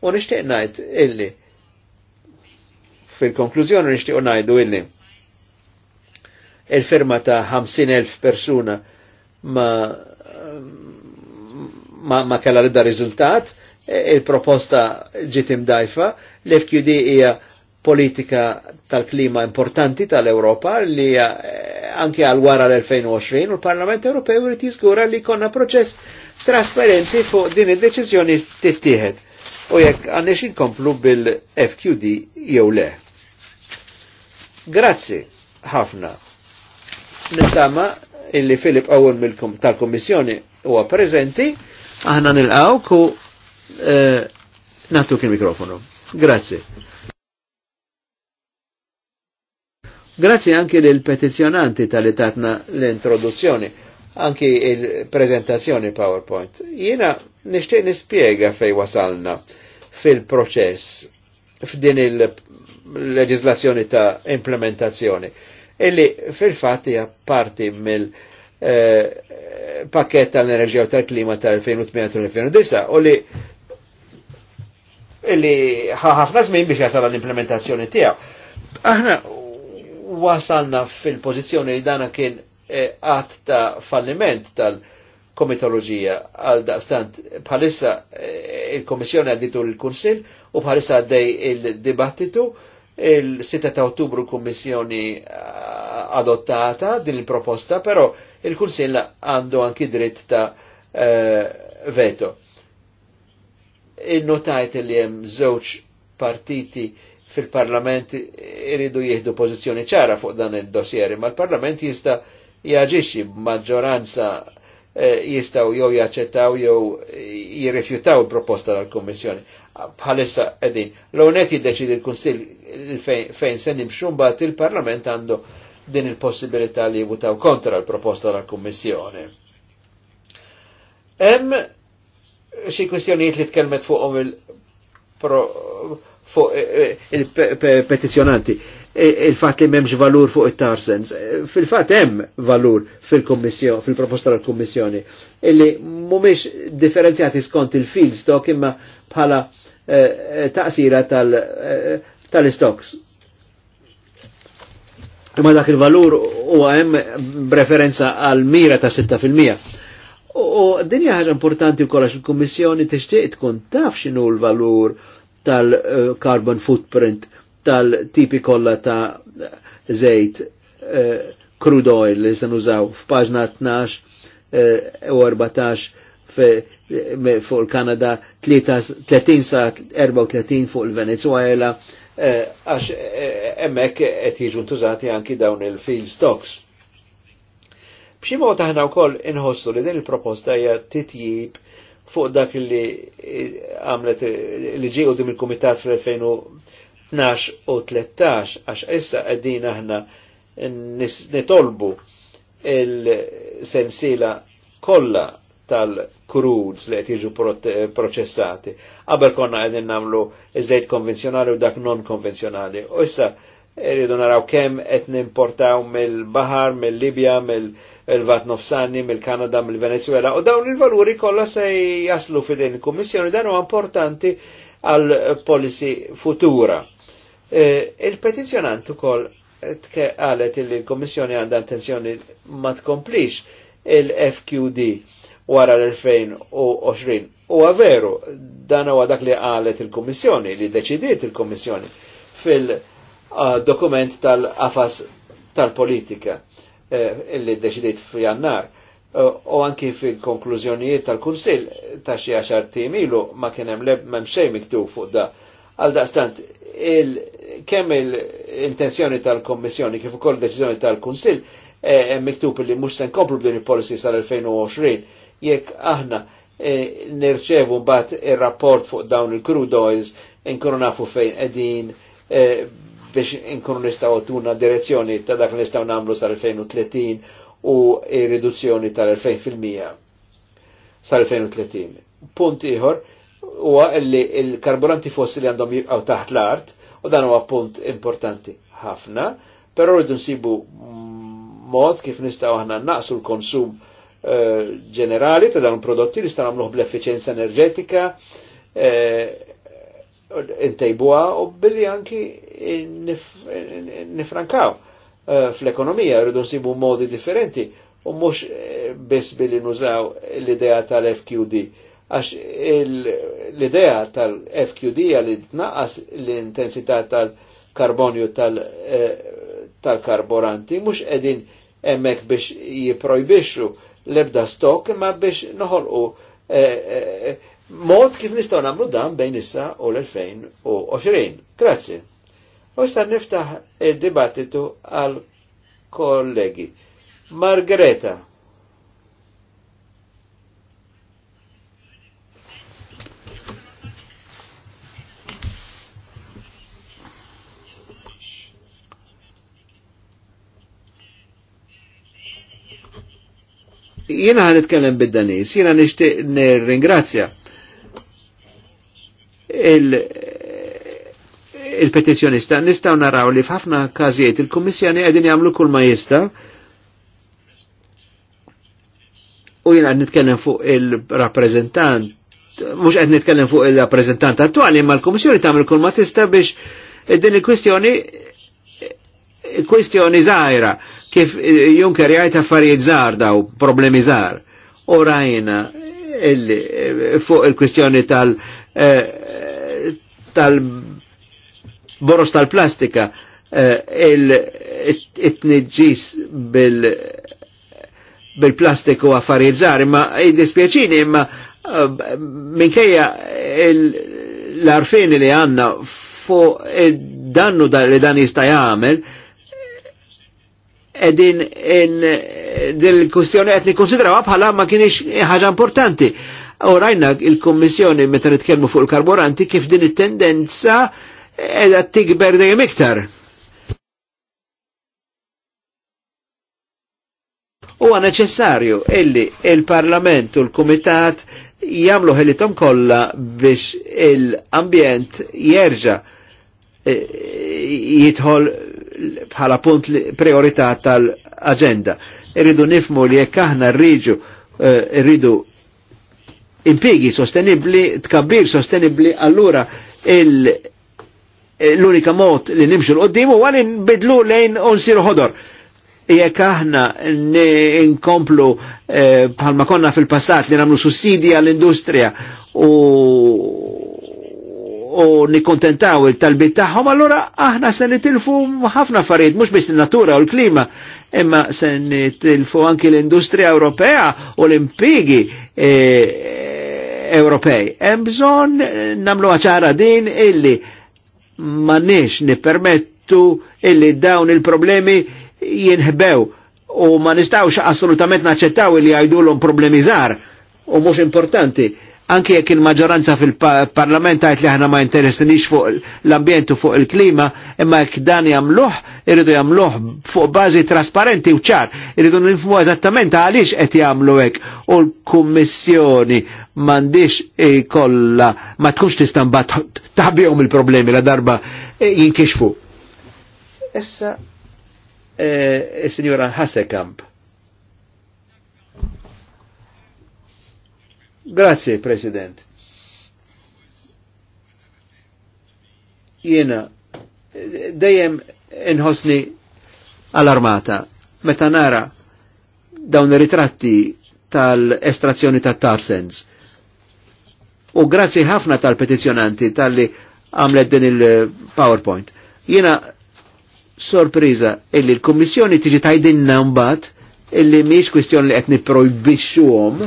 u nishtiq najt illi fil-konklużjoni nishtiq najdu illi il-firma ta' 50.000 persuna ma ma, ma kalla l-da rizultat il-proposta ġitim dajfa l-FQD hija politika tal-klima importanti tal-Europa li eh, anke għal wara l-2020 u l-Parlament Ewropew rrit jizgura li konna proċess trasparenti fuq din id-deċiżjoni tittieħed u jekk għandniex inkomplu bil-FQD jew le. Grazzi ħafna. Nittama illi Filip Owen tal-Kommissjoni huwa preżenti, aħna nilqawk u eh, natu kien mikrofonu. Grazzi. Grazzi anche del petizjonanti tal-itatna l-introduzzjoni, anki il-prezentazzjoni PowerPoint. Jena nishtiq nispiega fej wasalna fil-proċess f'din il-leġislazzjoni ta' implementazzjoni, illi fil fatti hija parti mill- eh, pakket tal-enerġija u tal-klima tal-2008-2009 u li illi ħafna żmien biex jasal l-implementazzjoni tiegħu. Aħna wasalna fil-pozizjoni li dana kien għat eh, ta' falliment tal-komitologija għal daqstant bħalissa eh, il-Komissjoni għadditu l-Kunsil u bħalissa għaddej il-dibattitu il-6 ta' ottubru Komissjoni eh, adottata din il-proposta, però il-Kunsil għandu anki dritt ta' veto. Il-notajt e li hemm żewġ partiti fil-parlament iridu jihdu pozizjoni ċara fuq dan il-dossier, ma l-parlament jista jaġixi maġġoranza eh, jistaw jew jaċċettaw jew jirrifjutaw il-proposta tal-Kommissjoni. Bħalissa edin, l-onet jiddeċidi l-Kunsil fejn se nimxu mbagħad il-Parlament għandu din il-possibilità li jivutaw kontra l-proposta tal-Kommissjoni. Hemm xi kwistjonijiet li tkellmet fuqhom il fuq eh, eh, il-petizjonanti e, il-fat li memx valur fuq it-tarsens. Eh, fil-fat hemm valur fil-kommissjoni, fil-proposta tal-kommissjoni, illi mumiex differenzjati skont il-field stock imma bħala taqsira tal-stocks. Imma dak il-valur huwa hemm preferenza għal mira ta' 6%. U dinja ħaġa importanti wkoll għax il-Kummissjoni tixtieq tkun taf x'inhu l-valur tal-carbon footprint tal-tipi kollha ta' zejt eh, crude oil li se nużaw f'paġna 12 eh, u 14 fuq il-Kanada 30 sa 34 fuq il-Venezuela eh, għax emmek qed jiġu ntużati anki dawn il-field stocks. B'xi mod aħna wkoll inħossu li din il-proposta hija titjib fuq dak li eh, għamlet eh, li ġiju dim il-komitat fl-2012 u 13 għax issa għedin aħna nitolbu il-sensila kolla tal-crudes li qed jiġu proċessati. Qabel konna qegħdin nagħmlu żejt konvenzjonali u dak non konvenzjonali. U issa rridu naraw kemm qed nimportaw mill-baħar, mill-Libja, mill-, -Libja, mill il-vat nofsani mill-Kanada, mill-Venezuela, u dawn il-valuri kollha se jaslu fidejn il-Kummissjoni, dan huwa importanti għal policy futura. E, il-petizjonant ukoll qalet il l-Kummissjoni għandha intenzjoni ma tkomplix il-FQD wara l-2020. U veru, dan huwa dak li qalet il-Kummissjoni, li deċidiet il-Kummissjoni fil-dokument tal-afas tal-politika Eh, illi deċidiet f'jannar. Eh, u anki fil-konklużjonijiet tal-Kunsill ta' xi għaxar tim ilu ma kien hemm m'hemm xejn miktub fuq da. Għal daqstant, kemm il-intenzjoni tal-Kommissjoni kif ukoll deċiżjoni tal-Kunsill eh, hemm miktub li mhux se nkomplu b'din il-policy sal-2020 jekk aħna nirċevu mbagħad ir-rapport fuq dawn il-crude oils inkunu nafu fejn qegħdin biex inkunu nistaw tuna direzzjoni ta' dak li nistaw namlu sal-2030 u riduzzjoni tal-2000% sal-2030. Punt iħor huwa li il-karburanti fossili għandhom jibqaw taħt l-art u dan huwa punt importanti ħafna, però rridu nsibu mod kif nistaw aħna naqsu l-konsum eh, ġenerali ta' dawn prodotti li nistgħu nagħmluh bl-effiċenza enerġetika, eh, intejbuha u billi anki nifrankaw eh, fl-ekonomija, rridu nsibu modi differenti u mux eh, biss billi nużaw l-idea tal-FQD. Għax l-idea tal-FQD li tnaqqas l-intensità tal-karbonju tal-karboranti tal mux edin emmek biex jiprojbixxu l-ebda stok ma biex noħolqu eh, eh, mod kif nistaw namlu dan bejn issa u l-2020. Grazzi. U issa niftaħ il dibattitu għal kollegi. Margareta. Jena għan nitkellem bid-danis, jena nishtiq nir-ringrazzja il-petizjonista il nistaw naraw li f'ħafna każijiet il-Kummissjoni qegħdin jagħmlu kull ma jista' u jina għed nitkellem fuq il-rappreżentant mhux qed nitkellem fuq il-rappreżentant attuali, ma l-Kummissjoni tamlu kull ma tista' biex din il-kwistjoni il-kwistjoni zaħira kif Junker jgħajt affarijiet zaħar daw problemi zaħar u rajna fuq il kwistjoni tal Eh, tal-boros tal-plastika eh, il-tniġis bil-plastiku affarijiet imma jiddispjaċini imma eh, minkejja l arfini li għanna fuq dannu li dan jistaj għamil, edin din il-kustjoni qed nikkonsidrawha bħala ma kienix ħaġa importanti U rajna il-Kommissjoni meta nitkellmu fuq il-karburanti kif din it-tendenza edha tikber dejjem iktar. Huwa neċessarju illi il-Parlament u l-Kumitat jagħmlu ħelitom kollha biex l-ambjent jerġa' e, jidħol bħala punt priorità tal aġenda Irridu nifmu li jekk aħna rriġu rridu e, impigi sostenibli, tkabbir sostenibli, allura eh, l-unika mod li nimxu l-qoddim u għalin bidlu lejn unsir ħodor. Jekk aħna nkomplu eh, bħalma konna fil-passat li namlu sussidi għall-industrija u u nikontentaw il-talbit tagħhom, allura aħna se nitilfu ħafna affarijiet, mhux biss in-natura u l-klima, imma se nitilfu anki l industria Ewropea u l-impigi eh, Ewropej. Hemm bżonn nagħmlu ċara din illi m'għandniex nippermettu illi dawn il-problemi jinħbew u ma nistawx assolutament naċċettaw li għajdulhom problemi żgħar u mhux importanti anke jekk il-maġġoranza fil-parlament għajt li ħana ma interessinix fuq l-ambjent u fuq il-klima, imma jekk dan jagħmluh, irridu jagħmluh fuq bażi trasparenti u ċar, irridu nifmu eżattament għaliex qed jagħmlu hekk u l-Kummissjoni m'għandix kollha ma tkunx tista' mbagħad taħbihom il-problemi la darba jinkixfu. Issa, eh, is-Sinjora Hasekamp. Grazie, President. Jena, dejjem inħosni alarmata. meta nara dawn ritratti tal-estrazzjoni ta' Tarsens. U grazzi ħafna tal-petizjonanti tal-li għamlet din il-PowerPoint. Jena sorpriza illi l-Kommissjoni tiġi tajdinna mbagħad illi miex kwistjoni li qed nipprojbixxuhom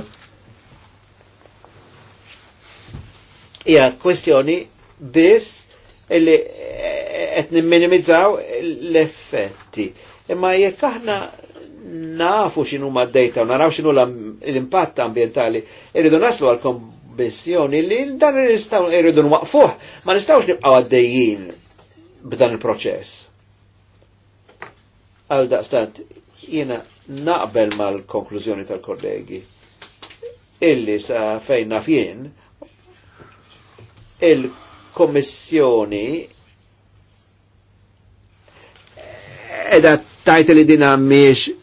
hija kwestjoni biss illi eh, qed nimminimizzaw l-effetti. Imma jekk aħna nafu x'inhu ma d-dejta u naraw x'inhu l-impatt ambientali, irridu naslu għal kombissjoni li dan nistgħu irridu nwaqfuh, ma nistgħux nibqgħu għaddejjin b'dan il-proċess. Għal daqstant jiena naqbel mal-konklużjoni tal-kollegi illi sa fejn nafjien il-Kommissjoni edha tajt li dina miex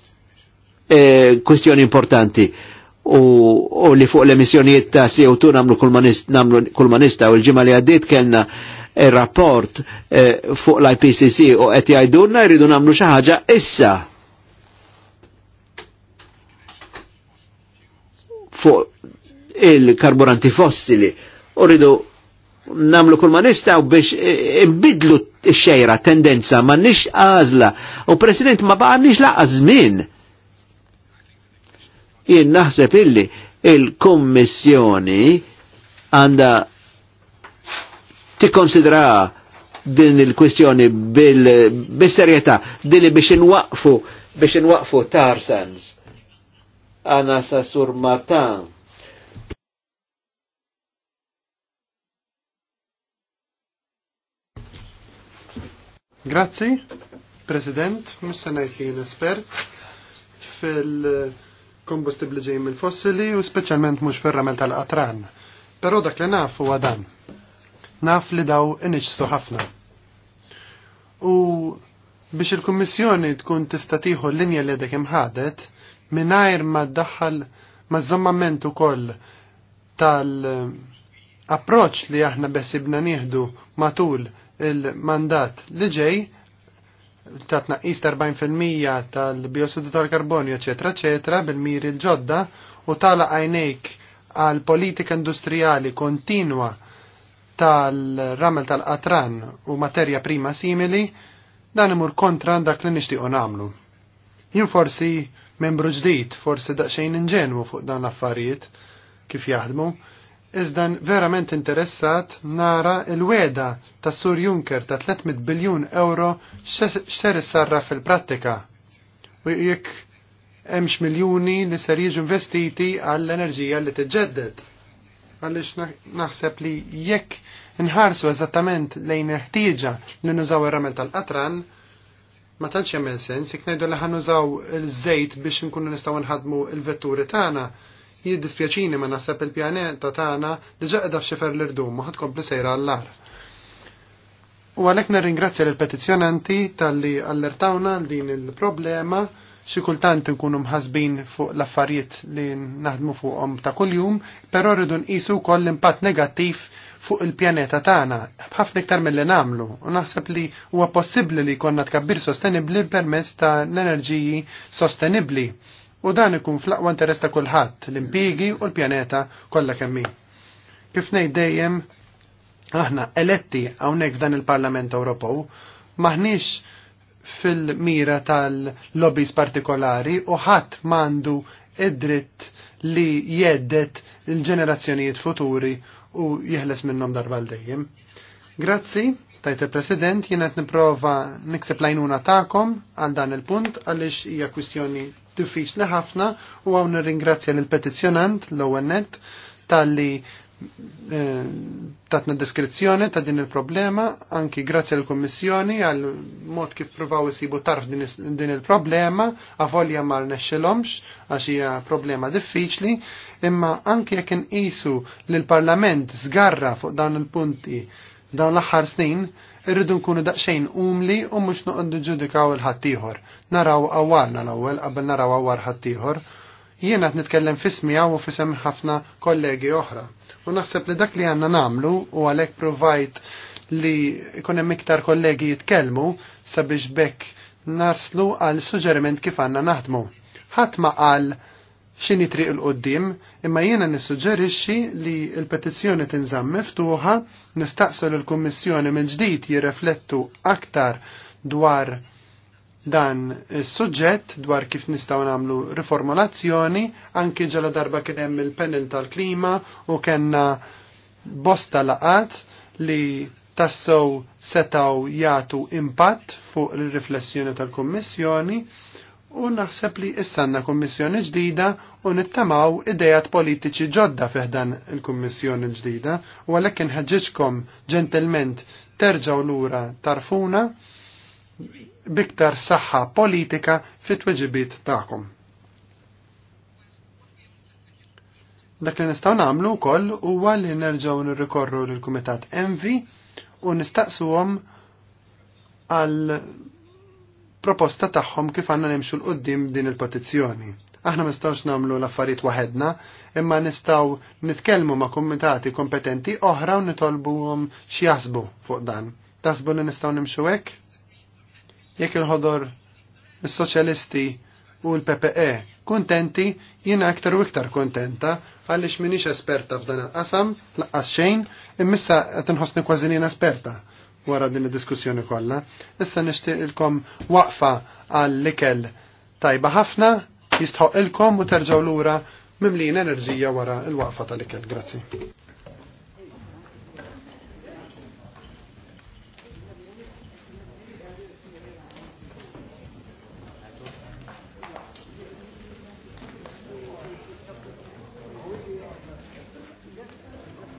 eh, kustjoni importanti u, u li fuq l-emissjonijiet ta' CO2 namlu kulmanista u l ġimali għaddit kellna il-rapport eh, e, eh, fuq l-IPCC u għet jajdunna jridu namlu xaħġa issa fuq il-karburanti fossili u rridu namlu kull ma nistaw biex e, e, imbidlu xejra tendenza ma nix għazla u president ma baqa nix laqaz min jien naħseb illi il-kommissjoni għanda tikkonsidra din il-kwestjoni bil serjeta dili biex inwaqfu biex inwaqfu tarsans għana sa sur matan Grazzi, President, mis-sanajt li espert fil-kombustibli ġej mill-fossili u speċjalment mhux fir-ramel tal-qatran. Però dak li naf u dan. Naf li daw iniġsu ħafna. U biex il-Kummissjoni tkun tista' tieħu l-linja li dak imħadet mingħajr ma ma maż-żommament ukoll tal-approċ li aħna besibna nieħdu matul il-mandat li ġej ta' tnaqqis ta' 40% tal-biossidu tal-karbonju, eċetera, eċetera, bil-miri l-ġodda u tala għajnejk għal politika industrijali kontinwa tal-ramel tal-qatran u materja prima simili, dan imur kontra dak li nixtiequ nagħmlu. Jien forsi membru ġdid, forsi daqsxejn inġenwu fuq dan l-affarijiet kif jaħdmu, iżda verament interessat nara il-weda ta' Sur Juncker ta' 300 biljun euro xser sarra fil-prattika. U jekk hemmx miljuni li ser jiġu investiti għall-enerġija li tiġġedded. Għaliex naħseb li jekk inħarsu eżattament lejn ħtieġa li nużaw ir-ramel tal-qatran, ma tantx jagħmel sens jekk ngħidu li ħanużaw il-żejt biex nkunu nistgħu nħadmu il-vetturi tagħna jiddispjaċini ma naħseb il-pjaneta tagħna diġa qiegħda f'xifer l-irdum ma ħadkompli sejra għall-ar. U għalhekk nirringrazzja l-petizzjonanti talli allertawna għal din il-problema xi kultant nkunu mħasbin fuq l-affarijiet li naħdmu fuqhom ta' kuljum, però rridu nqisu wkoll l-impatt negattiv fuq il-pjaneta tagħna ħafna iktar mill-li nagħmlu u naħseb li huwa possibbli li jkollna tkabbir sostenibbli permezz ta' l-enerġiji sostenibbli u dan ikun fl-aqwa interess ta' kulħadd, l-impigi u l-pjaneta kollha kemm min. Kif ngħid dejjem aħna eletti hawnhekk f'dan il-Parlament Ewropew maħniex fil-mira tal-lobbies partikolari u ħadd m'għandu id-dritt li jeddet il-ġenerazzjonijiet futuri u jeħles minnhom darba l dejjem. Grazzi, tajt il-President, qed niprofa nikseb lajnuna ta'kom għal dan il-punt għaliex hija kwistjoni diffiċli ħafna u għaw nirringrazzja l-petizjonant l-ONET tal-li eh, tatna deskrizzjoni ta' din il-problema, anki grazzi l kommissjoni għal mod kif provaw jisibu tarf din il-problema, għavolja ma rnexxelomx għax hija problema diffiċli, imma anki jekk inqisu l-Parlament zgarra fuq dawn il-punti dawn l-aħħar snin, irridu nkunu daqsxejn umli u mhux noqogħdu ġudikaw il-ħaddieħor. Naraw awwarna l-ewwel qabel naraw awwar ħaddieħor. Jiena qed nitkellem fismi u fisem ħafna kollegi oħra. U naħseb li dak li għandna nagħmlu u għalhekk provajt li hemm iktar kollegi jitkellmu sabiex bekk narslu għal suġġeriment kif għandna naħdmu. Ħadd ma qal xini triq il-qoddim, imma jiena nissuġġerixxi li l-petizzjoni tinżamm miftuħa, nistaqsel il-Kummissjoni minn ġdid jirreflettu aktar dwar dan is-suġġett dwar kif nistgħu nagħmlu riformulazzjoni, anki ġala darba kien hemm il-panel tal-klima u kellna bosta laqat li tassew setaw jagħtu impatt fuq ir riflessjoni tal-Kummissjoni u naħseb li issanna kummissjoni ġdida u nittamaw idejat politiċi ġodda fiħdan il-kummissjoni ġdida u għalhekk inħeġġiġkom ġentilment terġaw lura tarfuna biktar saħħa politika fit tweġibiet tagħkom. Dak li nistgħu nagħmlu wkoll huwa li nerġgħu nirrikorru lill-Kumitat Envi u nistaqsuhom għal proposta tagħhom kif għandna nimxu l-qoddim din il-petizzjoni. Aħna nistgħux nagħmlu l-affarijiet waħedna, imma nistgħu nitkellmu ma' kumitati kompetenti oħra u nitolbuhom xi fuq dan. Taħsbu li nistgħu nimxu hekk? Jekk il-ħodor is-soċjalisti u l-PPE kontenti, jiena aktar u iktar kontenta għaliex minix esperta f'dan il-qasam, laqqas xejn, immissa qed inħossni kważi esperta wara din id-diskussjoni kollha. Issa nixtieqilkom waqfa għall-ikel tajba ħafna jistħoq u terġgħu lura mimlin enerġija wara l-waqfa tal-ikel. Grazzi.